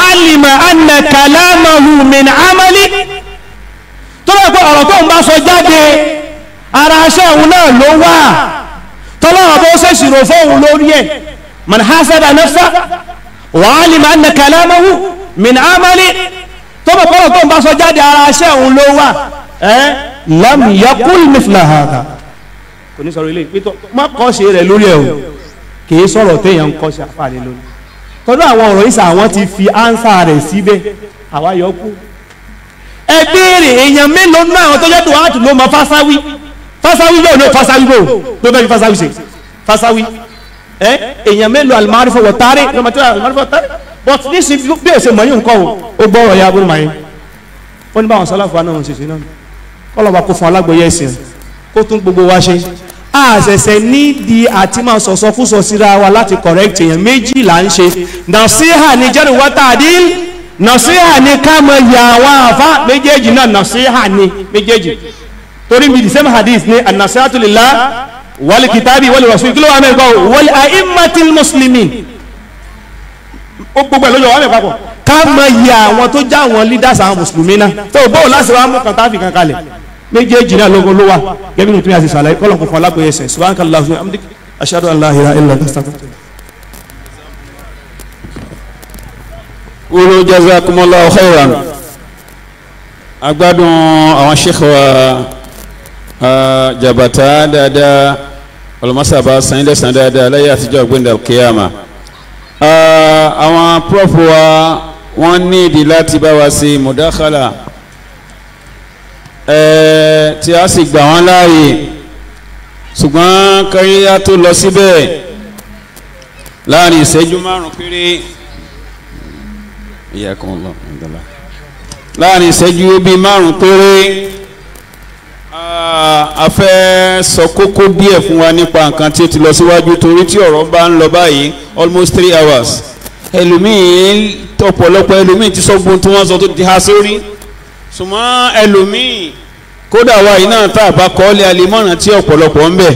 anna kalamahu min amali tó lọ pé ọ̀rọ̀ tó ń bá sọ jáde ara aṣẹ́ òun náà ló wà tọ́lọ́wọ́ bó ṣèṣirò fóun lórí ẹ̀ man hasaba nafsa wàhálì máa ń nà kàlámọ́wù min amali tó bọ̀ kọ́rọ̀ tó ń bá sọ jáde ara aṣẹ́ òun ló wà ẹ́ lam yakul mithla hada kò ní sọ̀rọ̀ ilé ìpítọ́ má kọ́ ṣe rẹ̀ lórí ẹ̀ o kì í sọ̀rọ̀ téèyàn ń kọ́ ṣe àfààní lórí tọ́jú àwọn ọ̀rọ̀ ìsà àwọn ti fi ánsà rẹ̀ síbẹ̀ àwa yọ kú ẹ béèrè èèyàn mélòó náà àwọn tó jẹ́ tó wàá tù ló mọ fásáwí fásáwí bò ló fásáwí bò ló fẹ́ fi fásáwí ṣe fásáwí Eh? èèyàn mélòó alimárifọ wọ tari lọmọtí alimárifọ tari but nísìnyí bí èsè mọ̀ yín nǹkan o ó gbọ́ ọ̀rọ̀ ya abúlé mayín ó ní báwọn sálàfà náà ṣe ṣe náà kọlọ́ba kó fún alágbèyẹ ẹ̀sìn kó tún gbogbo wa ṣe àṣẹ̀ṣẹ̀ nídìí àti máa sọ̀sọ́ fún sọ̀síra wa láti correct èèyàn méjì là ń ṣe nàṣíhà ni jẹ́rù wá tàdíl nàṣíhà ni ká mọ yà àfa méjèèjì náà nàṣíhà ni méjèèjì torí mi the same hadith ni ànàṣíhà tó lè la wal kitabi wal rasul kí ló wà mẹ́rin kọ́ wal a'immatil muslimin ó gbogbo ẹ̀ lójó wà mẹ́rin papọ̀ ká mọ iye àwọn tó já àwọn leaders àwọn mùsùlùmí náà tó o bóun láti wá mú kan kan kalẹ̀ méjèèjì náà lóko ló wà gẹ́gẹ́ bí mo tún yà sí sàlàyé kọ́lọ̀ kò fọ́ alágbèyẹ sẹ̀ subhanakallah amdik ashadu an la ilaha illa astaghfiruk. wúlò jazakumullahu khairan agbádùn àwọn sheikh wa. Uh, ah, jabata dáadáa olùmọ́sàbà sanyí lẹ́sàn dáadáa láyé àtijọ́ gbẹ̀ndà kíyàmà ah, àwọn prof wa wọ́n ní ìdí láti bá wa sí mùdákàlà eh, tí a sì gbà wọ́n láàyè ṣùgbọ́n káríyá tó lọ síbẹ̀ láàrin ìṣẹ́jú márùn-ún péré láàrin ìṣẹ́jú bíi márùn péré a fẹ́ sọ kókó díẹ̀ fún wa nípa nǹkan tí ó ti lọ síwájú torí tí ọ̀rọ̀ bá ń lọ báyìí almost three hours ẹlòmíì ọ̀pọ̀lọpọ̀ ẹlòmíì ti sọ tí wọ́n sọ tó ti há sórí ṣùgbọ́n ẹlòmíì kódà wa yìí náà tá a bá kọ́lé alimọ́ràn tí ọ̀pọ̀lọpọ̀ ń bẹ̀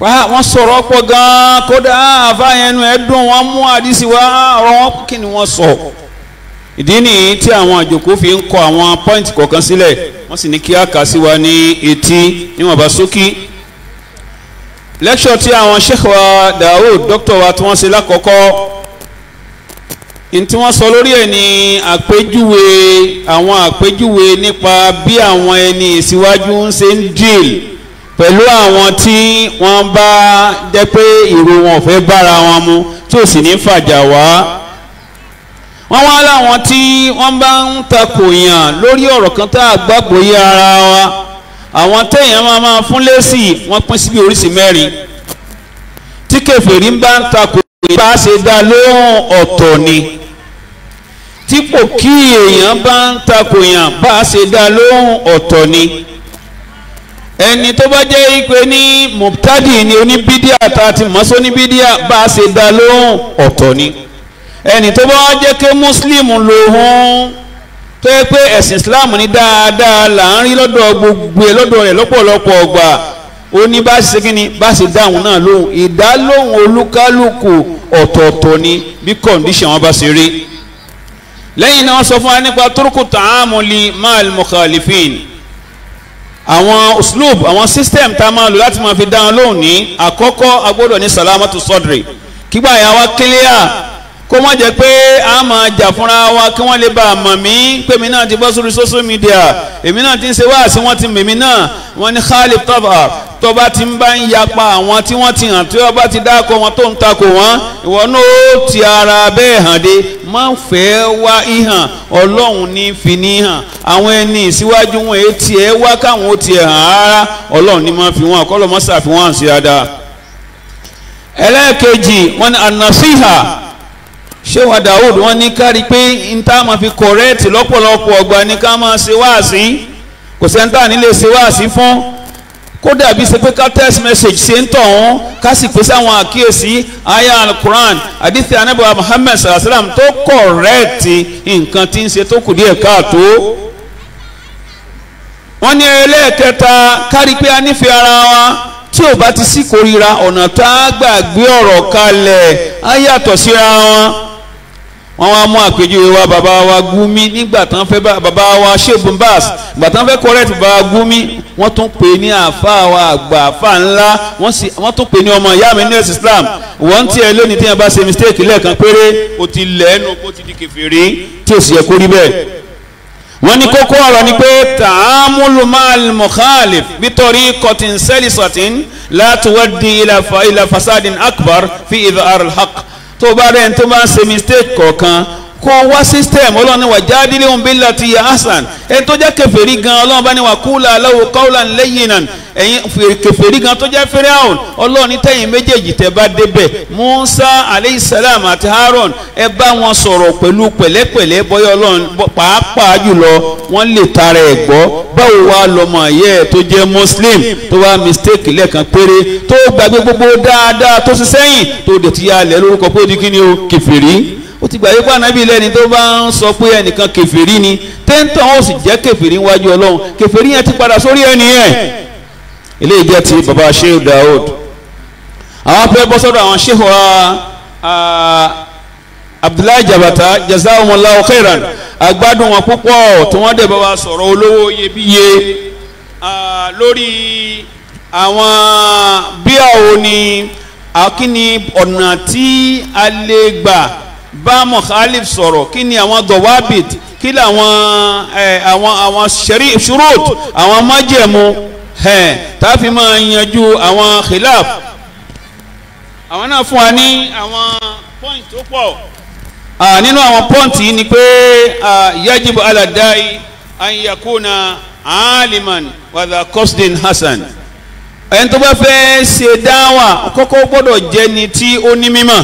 wọ́n sọ̀rọ̀ pọ̀ gan-an kódà àfáyẹnu ẹ̀ dùn wọ́n mú àdìsí wa ọ̀rọ̀ kí ni wọ́n sọ ìdí nìyí tí àwọn àjòkó fi ń kọ àwọn pọ́ìntì kọ̀ọ̀kan sílẹ̀ wọ́n sì ní kí á kà sí wa ní etí níwọ̀nba sókí lẹ́kṣọ̀ tí àwọn sheikh wa daoud dókítà wa tí wọ́n ṣe lákọ̀ọ́kọ́ ntí wọ́n sọ lórí ẹ̀ ní àpéjúwe àwọn àpéjúwe nípa bí àwọn ẹni ìsíwájú ń ṣe ń dìl pẹ̀lú àwọn tí wọ́n bá jẹ́ pé ìrò wọn ò fẹ́ bára wọn mu tí ò sì ní fàjà wá wọ́n wá láwọn tí wọ́n bá ń takò yàn lórí ọ̀rọ̀ kan tá a gbàgbọ́ yé ara wa àwọn téèyàn máa máa fún lésì wọ́n pín síbi oríṣìí mẹ́rin tí kèfèrí bá ń takò yàn bá a ṣe dá lóhùn ọ̀tọ̀ ni tí kò kí èèyàn bá ń takò yàn bá ṣe dá lóhùn ọ̀tọ̀ ni ẹni tó bá jẹ́ ipe ní mọ̀tádì ni oníbídíà tá a ti mọ̀ sóníbídíà bá ṣe dá lóhùn ọ̀tọ̀ ni ẹni tó bá jẹ́ pé muslim lòun tó yẹ pé ẹ̀sìn islam ní dáadáa là ń rí lọ́dọ̀ gbogbo ẹ̀ lọ́dọ̀ rẹ̀ lọ́pọ̀lọpọ̀ ọgbà ó ní bá ṣe kí ni bá ṣe dáhùn náà lóhùn ìdálóhùn olúkálùkù ọ̀tọ̀ọ̀tọ̀ ni bí kọ̀ǹdíṣàn wọn bá ṣe rí lẹ́yìn náà wọ́n sọ fún wa nípa turuku ta'amuli mal mukhalifin àwọn uslub àwọn system tá a máa lò láti máa fi dáhùn lóhùn ní àkọ́kọ́ agbọ́dọ̀ ní salamatu sodri kígbà yà wá kílíà kó má jẹ́ pé a máa jà fúnra wa kí wọ́n lè bá a mí pé mi náà ti bọ́ sórí social media èmi náà ti ń ṣe wáàsí wọ́n ti mèmí náà wọ́n ní khalif tọ́ba tọ́ba ti ń bá ń yapa àwọn tí wọ́n ti hàn tí wọ́n bá ti dáko wọn tó ń takò wọ́n ìwọ náà ó ti ara bẹ́ẹ̀ hàn dé má fẹ́ wá ìhàn ọlọ́run ní fi ní hàn àwọn ẹni ìsíwájú wọn èyí tiẹ̀ wá káwọn ó tiẹ̀ hàn rárá ọlọ́run ní má fi wọn kọ́ lọ́ mọ́ sàfihàn sí dáadáa ẹlẹ́ẹ̀kejì wọn ni ànàsíhà ṣé wọn Dawud wọn ní kárí pé n tá máa fi kọ̀rẹ́ẹ̀tì lọ́pọ̀lọpọ̀ ọgbà ni ká máa ṣe wáàsí kò sẹ́ńtà nílé ṣe wáàsí fún kódà bí ṣe pé ká text message ṣe ń tọ̀ wọ́n ká sì pèsè àwọn àkíyèsí aya alukuran àdìsí anábọ̀ Muhammad sallam tó kọ̀rẹ́ẹ̀tì nǹkan tí ń ṣe tó kù díẹ̀ káàtó wọ́n ní ẹlẹ́ẹ̀kẹta kárí pé a nífẹ̀ẹ́ ara wa tí ò bá ti sí kórìíra ọ̀nà tá a gbàgbé ọ̀rọ̀ kalẹ̀ á yàtọ̀ síra wọn wọ́n wá mú àpèjúwe wa bàbá wa Gumi nígbà tán fẹ́ bàbá wa ṣègùn bas ìgbà tán fẹ́ correct bàbá Gumi wọ́n tún pè ní àfa wa àgbà àfa ńlá wọ́n tún pè ní ọmọ ìyá mi nurse Islam wọ́n ti ẹ̀ lónìí tí yẹn bá ṣe mistake lẹ́ẹ̀kan péré o ti lẹ́ẹ̀nu kó ti di kèfèrí tí o sì yẹ kó rí bẹ́ẹ̀. wọ́n ní kókó ọ̀rọ̀ ni pé ta'amulu ma'al tó bá rẹ̀ ń tó bá ń ṣe mistake kọ̀ọ̀kan kó wá system ọlọ́run ní wà jáde léhùn bí láti yà hasan ẹni tó jẹ́ kẹfẹ́rí gan ọlọ́run bá ní wà kúlà aláwo kọ́ọ̀là lẹ́yìn náà ẹ̀yin kẹfẹ́rí gan tó jẹ́ fẹ́rẹ́hùn ọlọ́run tẹ̀yìn méjèèjì tẹ́ bá débẹ̀ musa aleyhisselam àti haron ẹ bá wọn sọ̀rọ̀ pẹ̀lú pẹ̀lẹ́pẹ̀lẹ́ bọ́yọ̀ ọlọ́run pàápàá jùlọ wọ́n lè tara ẹ̀ gbọ́ báwo wá lọmọ ayé ẹ tó jẹ́ muslim tó wá mistake lẹ́ẹ̀kan péré tó gbàgbé gbogbo dáadáa tó ṣe tó dẹ̀ ti yà á lẹ́ lórúkọ pé ó di kí ni o kẹfẹ́rí ó ti gbàgbé pé ànábì lẹ́ni tó bá ń sọ pé ẹnìkan kèfèrí ni téńtọ̀ ó sì jẹ́ kèfèrí wájú ọlọ́run kèfèrí yẹn ti padà sórí ẹni yẹn eléyìí jẹ́ ti baba sheikh daoud àwọn afẹ́ bọ́ sọ́dọ̀ àwọn sheikh wa abdullahi jabata jazakumullahu khairan agbádùn wọn púpọ̀ tí wọ́n dẹ̀ bá wa sọ̀rọ̀ olówó iyebíye lórí àwọn bí àwọn ni ọ̀nà tí a lè gbà bá mọ̀kálif sọ̀rọ̀ kí ni àwọn dọ̀wábìt kí ni àwọn àwọn àwọn ṣurut àwọn májẹ̀mú táàfin máa yanjú àwọn khilaf àwọn náà fún wa ní àwọn point tó pọ̀ nínú àwọn point yìí ni pé yajibu aladai an yakuna aliman wàdà kosdin hasan ẹni tó bá fẹ́ ṣe dáwà kọ́kọ́ gbọ́dọ̀ jẹ́ ni tí ó ní mímọ̀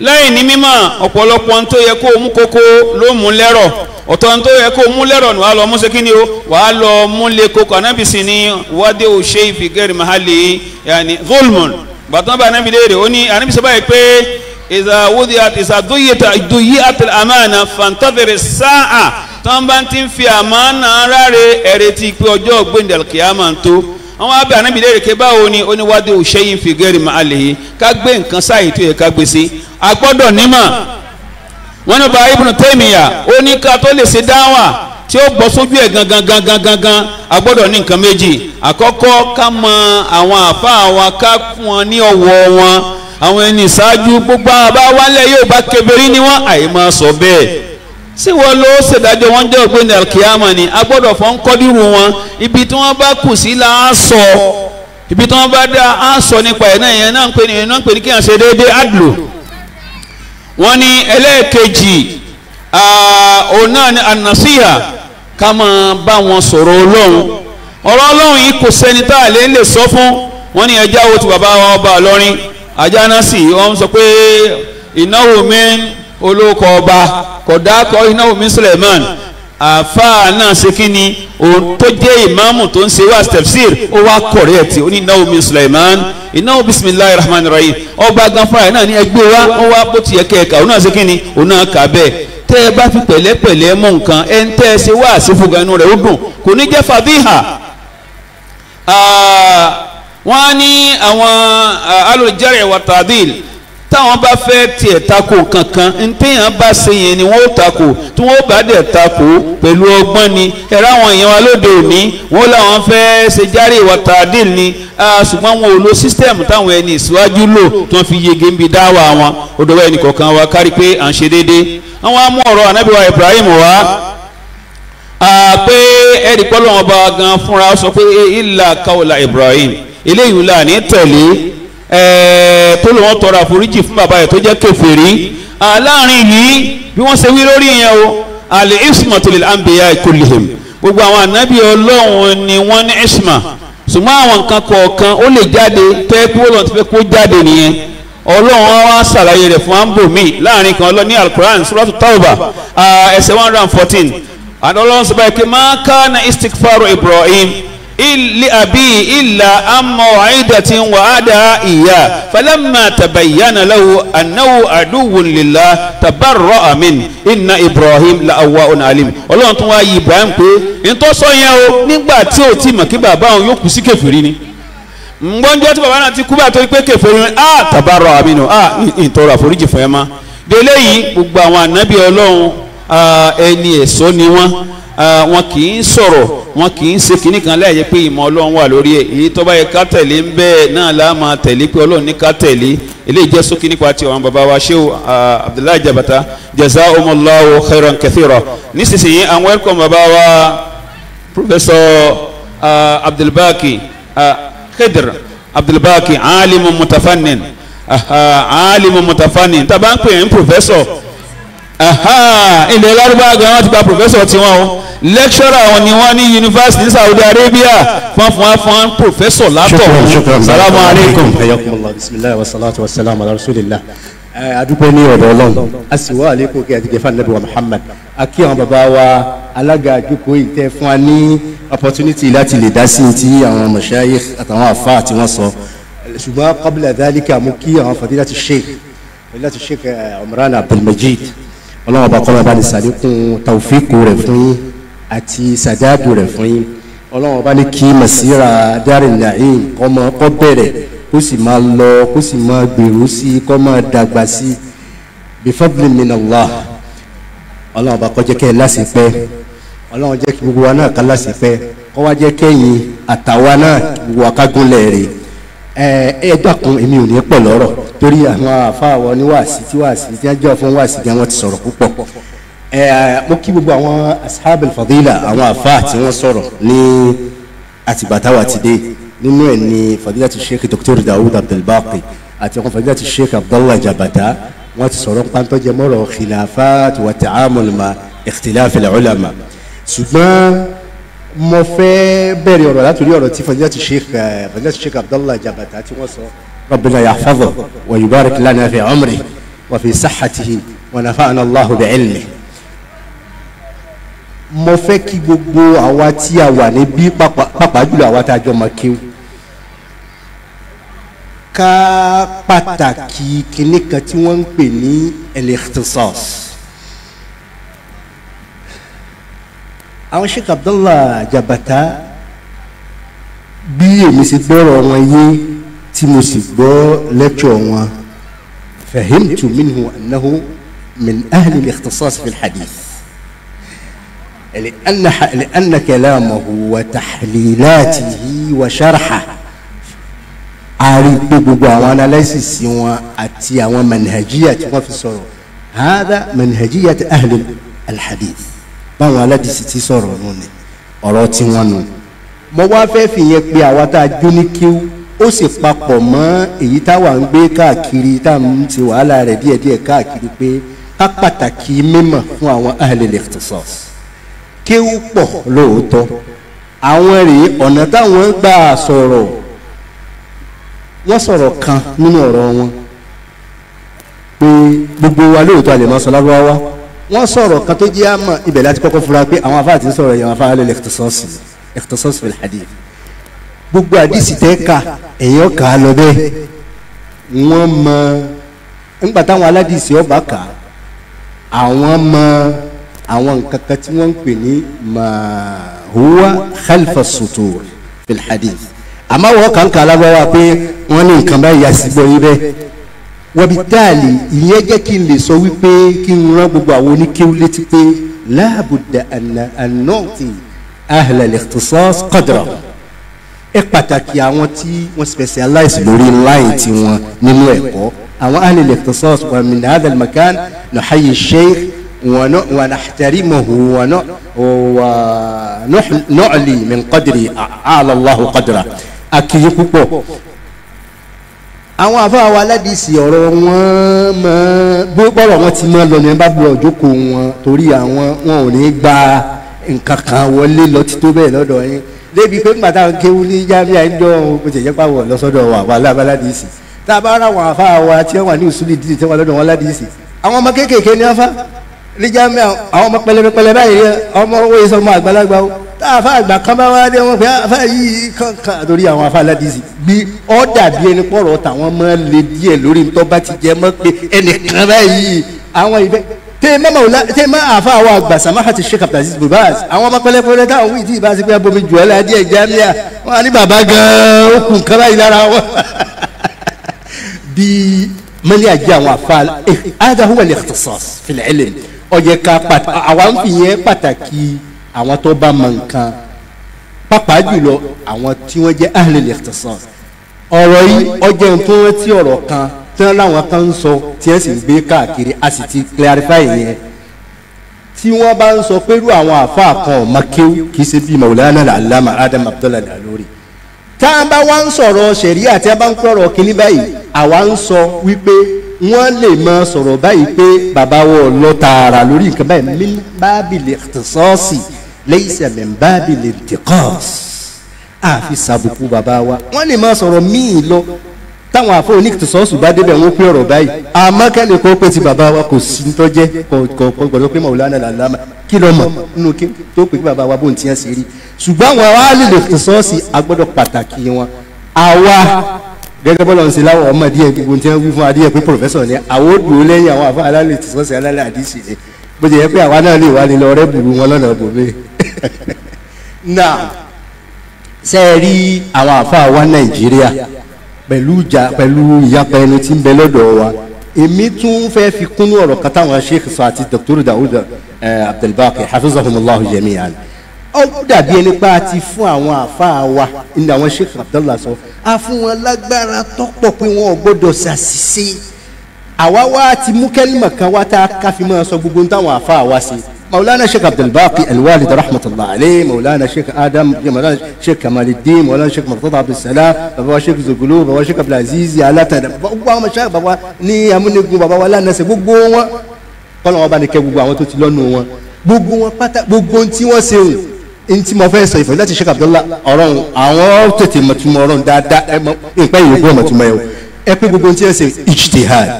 láì ní mímọ̀ ọ̀pọ̀lọpọ̀ ohun tó yẹ kó mú kókó ló mú lẹ́rọ̀ ọ̀tọ̀ ohun tó yẹ kó mú lẹ́rọ̀ ni wàá lọ mú sí kí ni o wàá lọ mú lé kókó anábì sí ni wádé o ìfìgẹ́rì mahali yanni zulmon gbàtàn bá anábì léèrè ó ní anábì sọ báyìí pé ìzàwódì àti ìzàdóyètà ìdòyí àti àmàna fantafere sáà tán bá ti ń fi àmàna ráre ẹ̀rẹ́tì pé ọjọ́ ògbéǹdàkìá máa ń tó àwọn abẹ́ ànábì léèrè ké báwo ni oníwádìí òṣèyìn fìgẹ́rì máa lè yí ká gbé nǹkan sáàyè tó yẹ ká gbé sí a gbọ́dọ̀ nímọ̀ wọn ní bá Ibn Taymiya ó ní ká tó lè ṣe dáwà tí ó bọ́ sójú ẹ̀ gangan gangan gangan a ní nǹkan méjì àkọ́kọ́ ká mọ àwọn àfáà wa ká fún wọn ní ọ̀wọ̀ wọn àwọn ẹni ìṣáájú gbogbo àbá yóò bá kebèrè ni wọ́n àyè máa sọ bẹ́ẹ̀ sí wọ́n ló ṣèdájọ́ wọn jẹ́ ògbéni alkiyama ni a gbọ́dọ̀ fọ́n kọ́dírù wọn ibi tí wọ́n bá kù sí la á sọ ibi tí wọ́n bá dá á sọ nípa ẹ̀ náà yẹn náà ń pè ní náà ń pè ní kí wọ́n ṣe déédéé adlu wọ́n ní ẹlẹ́ẹ̀kejì òun náà ní anasiha ká máa bá wọn sọ̀rọ̀ ọlọ́run ọ̀rọ̀ ọlọ́run yìí kò sẹ́ni tá a lè lè sọ fún wọ́n ní ẹja wo ti bàbá wa ọba ọlọ́rin ajá náà sì wọ́n sọ pé ìnáwó mi olóko ọba kọ̀dákọ iná omi Suleiman àfáà náà ṣe kí ni òun tó jẹ́ ìmáàmù tó ń ṣe wá tafsir ó wá kọ̀rẹ́ ẹ̀ tí ó ní ináwó mi Sulaiman ináwó bisimilahi rahman rahim ọba ganfara yìí náà ní ẹgbẹ́ wa ó wá bó ti yẹ kẹ́ẹ̀ka òun náà ṣe kí ni òun náà kà bẹ́ẹ̀ tẹ́ ẹ bá fi pẹ̀lẹ́pẹ̀lẹ́ mọ nǹkan ẹ ń tẹ́ ẹ ṣe wá àṣefúga inú rẹ̀ ó dùn kò ní jẹ́ fàdíhà wọ́n á ní àwọn alùjẹ́rẹ̀ wàtàdìl táwọn bá fẹ́ tiẹ̀ tako kankan ntẹ́yàn bá ṣe yẹn ni wọ́n ó tako tí wọ́n bá dẹ̀ tako pẹ̀lú ọgbọ́n ni ẹ̀rọ àwọn èèyàn wa lóde òní wọ́n làwọn fẹ́ ṣe járe ìwà tàdín ni ṣùgbọ́n wọn ò lo sísítẹ́ẹ̀mù táwọn ẹni ìṣíwájú lò tí wọ́n fi yege ń bi dáwà wọn òdòwọ́ ẹnì kọ̀ọ̀kan wa kárí pé à ń ṣe déédéé àwọn amú ọ̀rọ̀ Ànábì wa Ibrahim wa pé ẹ̀rí pọ́lọ́wọ́n bá gan fúnra sọ pé ilà kaula Ibrahim eléyìí là ní tẹ̀lé Eh, tó lò wọ́n tọrọ àforíjì fún bàbá yẹn tó jẹ́ kèfèrí láàrin yìí bí wọ́n ṣe wí lórí yẹn o àlè isma tó lè àǹbẹ̀yà kullihim gbogbo àwọn ànábì ọlọ́run ni wọ́n ní isma ṣùgbọ́n àwọn nǹkan kọ̀ọ̀kan ó lè jáde tẹ́ kó lọ́n ti fẹ́ kó jáde nìyẹn ọlọ́run wa ṣàlàyé rẹ̀ fún ambo mi láàrin kan ọlọ́ ní alukoran suratu tauba ẹsẹ̀ one hundred and fourteen àdọ́lọ́run sọ báyìí pé máa ká ibrahim ilé àbí ilà àmọ́ àìdàtí wà á dá ìyá falamma tabayyana lahu annahu aduwwun lillah tabarra'a min inna ibrahim la awwa'un alim ọlọ́run tún wá yí ibrahim pé ntọ́sọ yẹn o nígbà tí ò tí mọ̀ kí bàbá òun yóò kú sí kèfèrí ni ngbọ́njọ́ tí bàbá náà ti kú bá tó pé kèfèrí ni a ah, tabarra'a minhu ah, a ìtọrọ àforíjì fún ẹ ma délé yìí gbogbo àwọn ànábì ọlọ́run ah, ẹni ẹ̀sọ́ Ah, wọn kì í sọ̀rọ̀ wọn kì í ṣe kínní kan láàyè pé ìmọ̀ ọlọ́run wà lórí ẹ̀ èyí tó bá yẹ ká tẹ̀lé ń bẹ́ẹ̀ náà la máa tẹ̀lé pé ọlọ́run ní ká tẹ̀lé eléyìí jẹ́ sókè nípa ti àwọn baba wa sheu ah, abdullahi jabata jazakumullahu khairan kathira nísinsìnyí àwọn welcome baba wa professor ah, abdulbaki khidr abdulbaki alimu mutafannin alimu mutafannin tàbá ń pè é ń professor ilẹ̀ lárúbáwá gan wọ́n ti gba professor tiwọn o lecturer wọn ni wọ́n ní yunifásitì ní Saudi Arabia fún fún fún professor látọ̀ salamu alaykum. bisimilayi wa salatu wa salam ala rasulillah adúgbò ní ọ̀dọ̀ ọlọ́run a sì wá àlékún kí àtijọ́ fún anabi wa Muhammad a kí àwọn bàbá wa alága àjókòó ìtẹ́ fún wa ní opportunity láti lè dá sí ti àwọn mashayikh àtàwọn afa àti wọn sọ ṣùgbọ́n qabla dhalika mú kí àwọn fadilati sheikh fadilati sheikh Imran eh, Abdulmajid ọlọ́wọ́n bá kọ́lọ́ bá ní sàlékún tàwùfíìkù rẹ̀ fún yín àti sàdáàdù rẹ̀ fún yín ọlọ́wọ́n bá ní kí màsíra Darul Naim kọ́mọ kọ́ bẹ̀rẹ̀ kó sì máa lọ kó sì máa gbèrú sí i máa dàgbà sí i bi fadlin min Allah ọlọ́wọ́n bá kọ́ jẹ́ kẹ́ ẹ lásìpẹ́ ọlọ́wọ́n jẹ́ kí gbogbo wa náà ká lásìpẹ́ kọ́ wá jẹ́ kẹ́yìn àtàwa náà gbogbo wa ká rèé ẹ dákun èmi ò ní pọ̀ lọ́rọ̀ torí àwọn àfáàwọ̀ oníwàásí tí wàásí tí wọ́n jẹ́ fún wàásí gan wọ́n ti sọ̀rọ̀ púpọ̀ mo kí gbogbo àwọn ashab al-fadila àwọn àfáà tí wọ́n sọ̀rọ̀ ní àtìbátáwà ti dé nínú ẹ̀ ní fadilatu sheikh dr dawud abdulbaqi àti àwọn fadilatu sheikh abdullah jabata wọ́n ti sọ̀rọ̀ pàǹtọ́ khilafat wa ta'amul ma ikhtilaf al ṣùgbọ́n mo fẹ́ bẹ̀rẹ̀ ọ̀rọ̀ látòrí ọ̀rọ̀ tí fadilati sheikh eh, fadilati sheikh abdullahi jabata tí wọ́n sọ rabbina yahfazu wa yubarik lana fi umri wa fi sahatihi wa nafa'ana allahu bi ilmi. mo fẹ́ kí gbogbo àwa tí a wà níbí pàápàá jùlọ àwa tá a jọ máa kéwù ká pàtàkì kinní tí wọ́n ń pè ní al-ikhtisas. àwọn sheik abdullah jabata bí èmi sì gbọ́rọ̀ wọn yé tí mo sì gbọ́ lẹ́kṣọ̀ wọn fahimtu minhu annahu min ahli al-ikhtisas fi al-hadith لأن لأن كلامه وتحليلاته وشرحه àrí pé gbogbo àwọn analysis wọn àti àwọn manhajiya tí wọ́n fi sọ̀rọ̀ هذا منهجية أهل الحديث báwọn aládìsí ti sọ̀rọ̀ nù ni ọ̀rọ̀ tí wọ́n nù. mo wá fẹ́ fìyẹn pé àwa tá a jó ní kíw ó sì papọ̀ mọ́ èyí táwa ń gbé káàkiri tá à ń ti wàhálà rẹ̀ díẹ̀díẹ̀ káàkiri pé ká pàtàkì mímọ̀ fún àwọn ahlul ikhtisas kíw pọ̀ lóòótọ́ àwọn rèé ọ̀nà táwọn gbà sọ̀rọ̀ wọ́n sọ̀rọ̀ kan nínú ọ̀rọ̀ wọn pé gbogbo wa lóòótọ́ a máa sọ lárúbáwá wọ́n sọ̀rọ̀ kan tó jẹ́ àmọ́ ibẹ̀ láti kọ́kọ́ fura pé àwọn afáàtì sọ̀rọ̀ yẹn afáà lè lẹ́kítọ́sọ́ọ̀sì lẹ́kítọ́sọ́ọ̀sì fil hadith gbogbo àdìsí tẹ́ ka èèyàn kà á lọ bẹ́ẹ̀ wọ́n mọ nígbà táwọn aládìsí ọba kà àwọn mọ àwọn nǹkan kan tí wọ́n ń pè ní mahuwa khalfa sutur fil hadith àmọ́ wọ́n kàn kà á lábọ́ wa pé wọ́n ní nǹkan báyìí yà sí gbọ́ bẹ́ẹ̀ wabitali ìyẹn jẹ́ kí n lè sọ wípé kí n rán gbogbo àwọn oníkéwú létí pé láàbùdà ànáǹtì ahlal ikhtisas qadra ẹ pàtàkì àwọn tí wọ́n specialize lórí line tiwọn nínú ẹ̀kọ́ àwọn ahlal ikhtisas wa min hadha al-makan nuhayyi sheikh wa nahtarimuhu wa nu'li min qadri a'la Allahu qadra akiyi púpọ̀ àwọn àfáà wa aládìsí ọ̀rọ̀ wọn mọ bí bọ́rọ̀ wọn ti mọ lọ ní bá gbọ́ ọ̀jókòó wọn torí àwọn wọn ò ní gba nǹkan kan wọlé lọ ti tó bẹ́ẹ̀ lọ́dọ̀ yín débi pé nígbà táwọn kéwú ní jámíà ń dán o tẹ̀ yẹ́ pàwọ̀ lọ́sọ́dọ̀ wà wà lábá aládìsí tá a bá ra àwọn àfáà wa tí wọ́n wà ní ìsúlì dídì tí wọ́n lọ́dọ̀ wọn aládìsí àwọn ọmọ kéékèèké ní afá ní jámíà àwọn ọmọ pẹlẹbẹpẹlẹ báyìí ọmọ owó tá a fa àgbà kan bá wá dé wọn pé a fa yìí kankan torí àwọn afaládìsí bí ọ dàbí ẹni pọ̀rọ̀ tàwọn máa le díẹ̀ lórí ntọ́ bá ti jẹ́ mọ́ pé ẹnìkan báyìí àwọn ìfẹ́ tẹ mẹ́mọ̀ ọ̀la tẹ mẹ́ àfa àwọn àgbà samahati sheikh abdulaziz bubaz àwọn ọmọ pẹlẹpẹlẹ táwọn wíìtì ìbá sí pé abomi jù ọ́ la díẹ̀ jámíà wọn á ní gan-an ó kù nǹkan lára wọn. bí mẹ́lẹ́ àjẹ́ àwọn àfa ẹ̀ eh, adahu wal ikhtisas fil ilm ó jẹ́ ká àwa pàtàkì àwọn tó bá mọ nǹkan pàápàá jùlọ àwọn tí wọ́n jẹ́ ahlul ikhtisas ọ̀rọ̀ yìí ọjọ́ tó ń rántí ọ̀rọ̀ kan tí wọ́n láwọn kan ń sọ tí wọ́n sì ń gbé káàkiri a sì ti clarify yẹn tí wọ́n bá ń sọ pé àwọn àfáà kan ò mọ kì í ṣe bíi maulana alama adam abdullahi alori tá a bá wá ń sọ̀rọ̀ ṣẹ̀ríà tí a bá ń kọ̀rọ̀ kínní báyìí àwa ń sọ wípé wọ́n lè máa sọ̀rọ̀ báyìí pé bàbá lọ tààrà lórí nǹkan báyìí min babil ikhtisasi laysa min babi liltiqas àfi sàbùkù bàbá wa wọ́n lè máa sọ̀rọ̀ míì lọ táwọn àfọ oníkìtìsọ́ọ̀sù bá débẹ̀ wọ́n pé ọ̀rọ̀ báyìí àmọ́ kẹ́lẹ́ kó pé ti bàbá wa kò sí ní tọ́jẹ́ kò gbọ́dọ̀ pé màwùlánà làlámà kí lọ mọ̀ nínú kí tó pè kí bàbá wa bóun ti yẹn ṣe rí ṣùgbọ́n àwọn aráàlú oníkìtìsọ́ọ̀sì agbọ́dọ̀ pàtàkì wọn àwa gẹ́gẹ́ bọ́lá ń ṣe láwọn ọmọ díẹ̀ gbogbo tí wọ́n wí fún adíyẹ pé pòfẹ́sọ̀ ni àwọn ò dùn lẹ́yìn bó ti yẹ pé àwa náà lè wá ní lọ rẹ́bùrú wọn lọ́nà bòbí na ṣe é rí àwọn àfáà wa nàìjíríà pẹ̀lú ìjà pẹ̀lú ìyapa ẹnu tí ń bẹ lọ́dọ̀ wa èmi tún fẹ́ fi kúnnú ọ̀rọ̀ kan táwọn sheikh sọ àti dr dawud eh, abdulbaki hafizahumullahu jami'an ó dàbí ẹni pé a ti fún àwọn àfáà wa ní àwọn sheikh abdullah sọ a fún wọn lágbára tọ́pọ̀ pé wọn ò gbọ́dọ̀ ṣàṣìṣe àwa wá ti mú kẹ́límà kan wá tá a fi máa sọ gbogbo táwọn àfa wa sí. مولانا شيخ عبد الباقي الوالد رحمة الله عليه مولانا شيخ آدم مولانا شيخ كمال الدين مولانا شيخ مرتضى عبد السلام بابا شيخ زغلول بابا شيخ عبد العزيز يا لا بابا مشايخ بابا ní amúnigun bàbá wa lánàṣẹ gbogbo wọn kọ́lọ́wọ́ bá ní kẹ́ gbogbo àwọn tó ti lọ́nu wọn gbogbo wọn pátá gbogbo ohun tí wọ́n ṣe òun ohun tí mo fẹ́ sọ ìfẹ́ láti Sheikh Abdullah ọ̀rọ̀ àwọn tètè mọ̀túmọ̀ ọ̀rọ̀ dáadáa ẹ̀ pẹ́ ìwé gbọ́ mọ̀túmọ̀ ẹ̀ pé gbogbo tí wọ́n ṣe ijtihad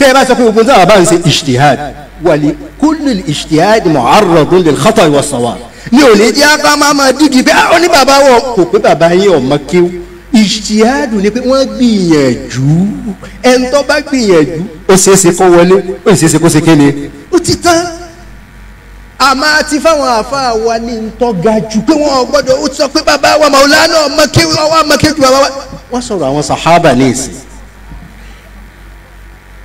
tẹ́ ẹ bá sọ pé gbogbo tí àwọn bá ń ṣe ijtihad wàlẹ̀ kullu ijtihad mu'arradun lil khata wa sawa ni ò ní jẹ́ apá máa ma dídì pé ah, ó ní bàbá wọ̀ kò pé bàbá yín ọ̀mọ kéw ijtihad ni pé wọ́n gbìyànjú ẹni tó bá gbìyànjú ó ṣeé ṣe kó wọlé ó ṣeé ṣe kó ṣe kéne ó ti tán àmọ́ àti fáwọn àfáà wa ní ntọ́ga jù pé wọ́n gbọ́dọ̀ ó sọ pé bàbá wa màwùlánà ọmọ kéw ọmọ kéw ju bàbá wa wọ́n sọ̀rọ̀ àwọn sàhábà ní ìsìn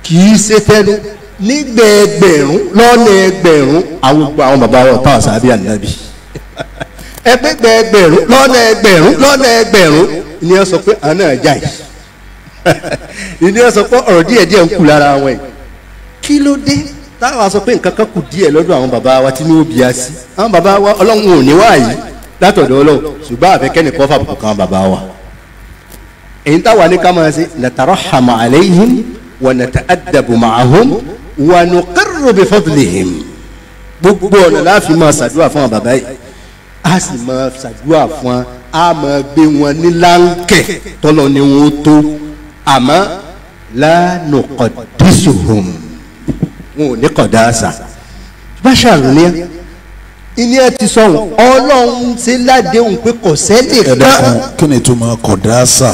kì í ṣe tẹnu nígbà ẹgbẹ̀rún lọ́nà ẹgbẹ̀rún àwọn gbogbo àwọn bàbá wọn táwọn sábẹ́ ànábì ẹgbẹgbẹ ẹgbẹ̀rún lọ́nà ẹgbẹ̀rún lọ́nà ẹgbẹ̀rún ni wọ́n sọ pé àná ẹja yìí ni wọ́n sọ pé ọ̀rọ̀ díẹ̀ díẹ̀ ń kú lára wọn yìí kí ló dé táwa sọ pé nǹkan kan kù díẹ̀ lọ́dọ̀ àwọn bàbá wa tí ní ó bí a àwọn bàbá wa ọlọ́run ò ní wá látọ̀dọ̀ ọlọ́run ṣùgbọ́n àfẹ́kẹ́ni kọ́ fàbùkù kan bàbá wa èyí táwa ní ká máa ṣe lẹ́tàrọ̀ hàmà àlẹ́ yìí ونتأدب معهم ونقر بفضلهم gbogbo ọ̀nà láàfin máa ṣàdúrà fún bàbá yìí a sì máa ṣàdúrà fún a máa gbé wọn ní láńkẹ̀ tọ́lọ̀ ni wọ́n tó àmọ́ lánàkọ̀dísùhùn wọn ò ní kọ̀dá àṣà báṣà ní ilé ẹ ti sọ̀rọ̀ ọlọ́run ṣe ládéhùn pé kò sẹ́lẹ̀ kan. kí ni tó máa kọ̀dá àṣà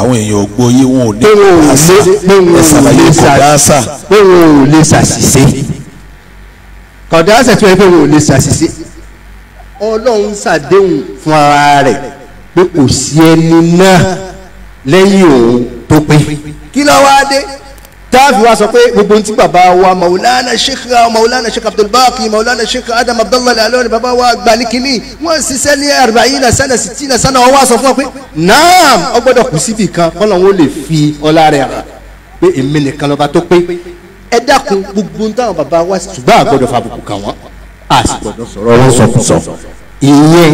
àwọn èèyàn ògbóyè wọn ò ní ẹsàlàyé kọdáàsà. pé wọn ò lè ṣàṣìṣe kọdáàsà tí wọn pé wọn ò lè ṣàṣìṣe ọlọ́run ṣàdéhùn fún ara rẹ̀ pé kò sí ẹni náà lẹ́yìn òun tó pé kí ló wá dé táàfì wa sọ pé gbogbo ntí bàbá wa maulana sheikh maulana sheikh abdulbaki maulana sheikh adam abdallah alayhi bàbá wa gbalikini wọn ṣiṣẹ́ ní arba'ina sana sitina sana wọn wá sọ fún ọ pé naam ọ gbọ́dọ̀ kù síbi kan kọlọ wọn lè fi ọlá rẹ̀ hàn pé èmi nìkan lọba tó pé ẹ dákun gbogbo ń táwọn bàbá wa ṣùgbọ́n àgbọ́dọ̀ fàbùkù kàn wọ́n a sì gbọ́dọ̀ sọ̀rọ̀ wọn sọkúsọ ìyẹn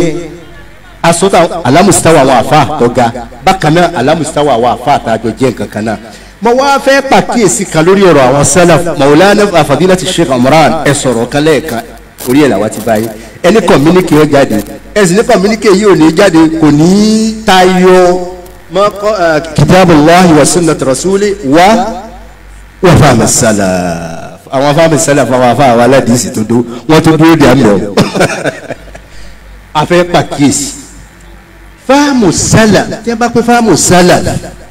asọ́tà alámùsítáwà àwọn àfa àtọ́ga bákan náà alámùsítáwà àwọn àfa àtàjọ jẹ́ nǹkan náà mo wá fẹ́ pàkíyèsí kan lórí ọ̀rọ̀ àwọn salaf maulana afadilati sheikh amran ẹ sọ̀rọ̀ kan lẹ́ẹ̀kan orí ẹ̀ làwa ti báyìí ẹni kọ̀míníkì yóò jáde ẹ̀sìn ní kọ̀míníkì yìí ò ní jáde kò ní í tayọ mọ́kọ́ kitabullahi wa sunnat rasuli wa wa fahmi salaf àwọn fahmi salaf àwọn afa àwọn aládìsí tó dó wọ́n tó dúró dé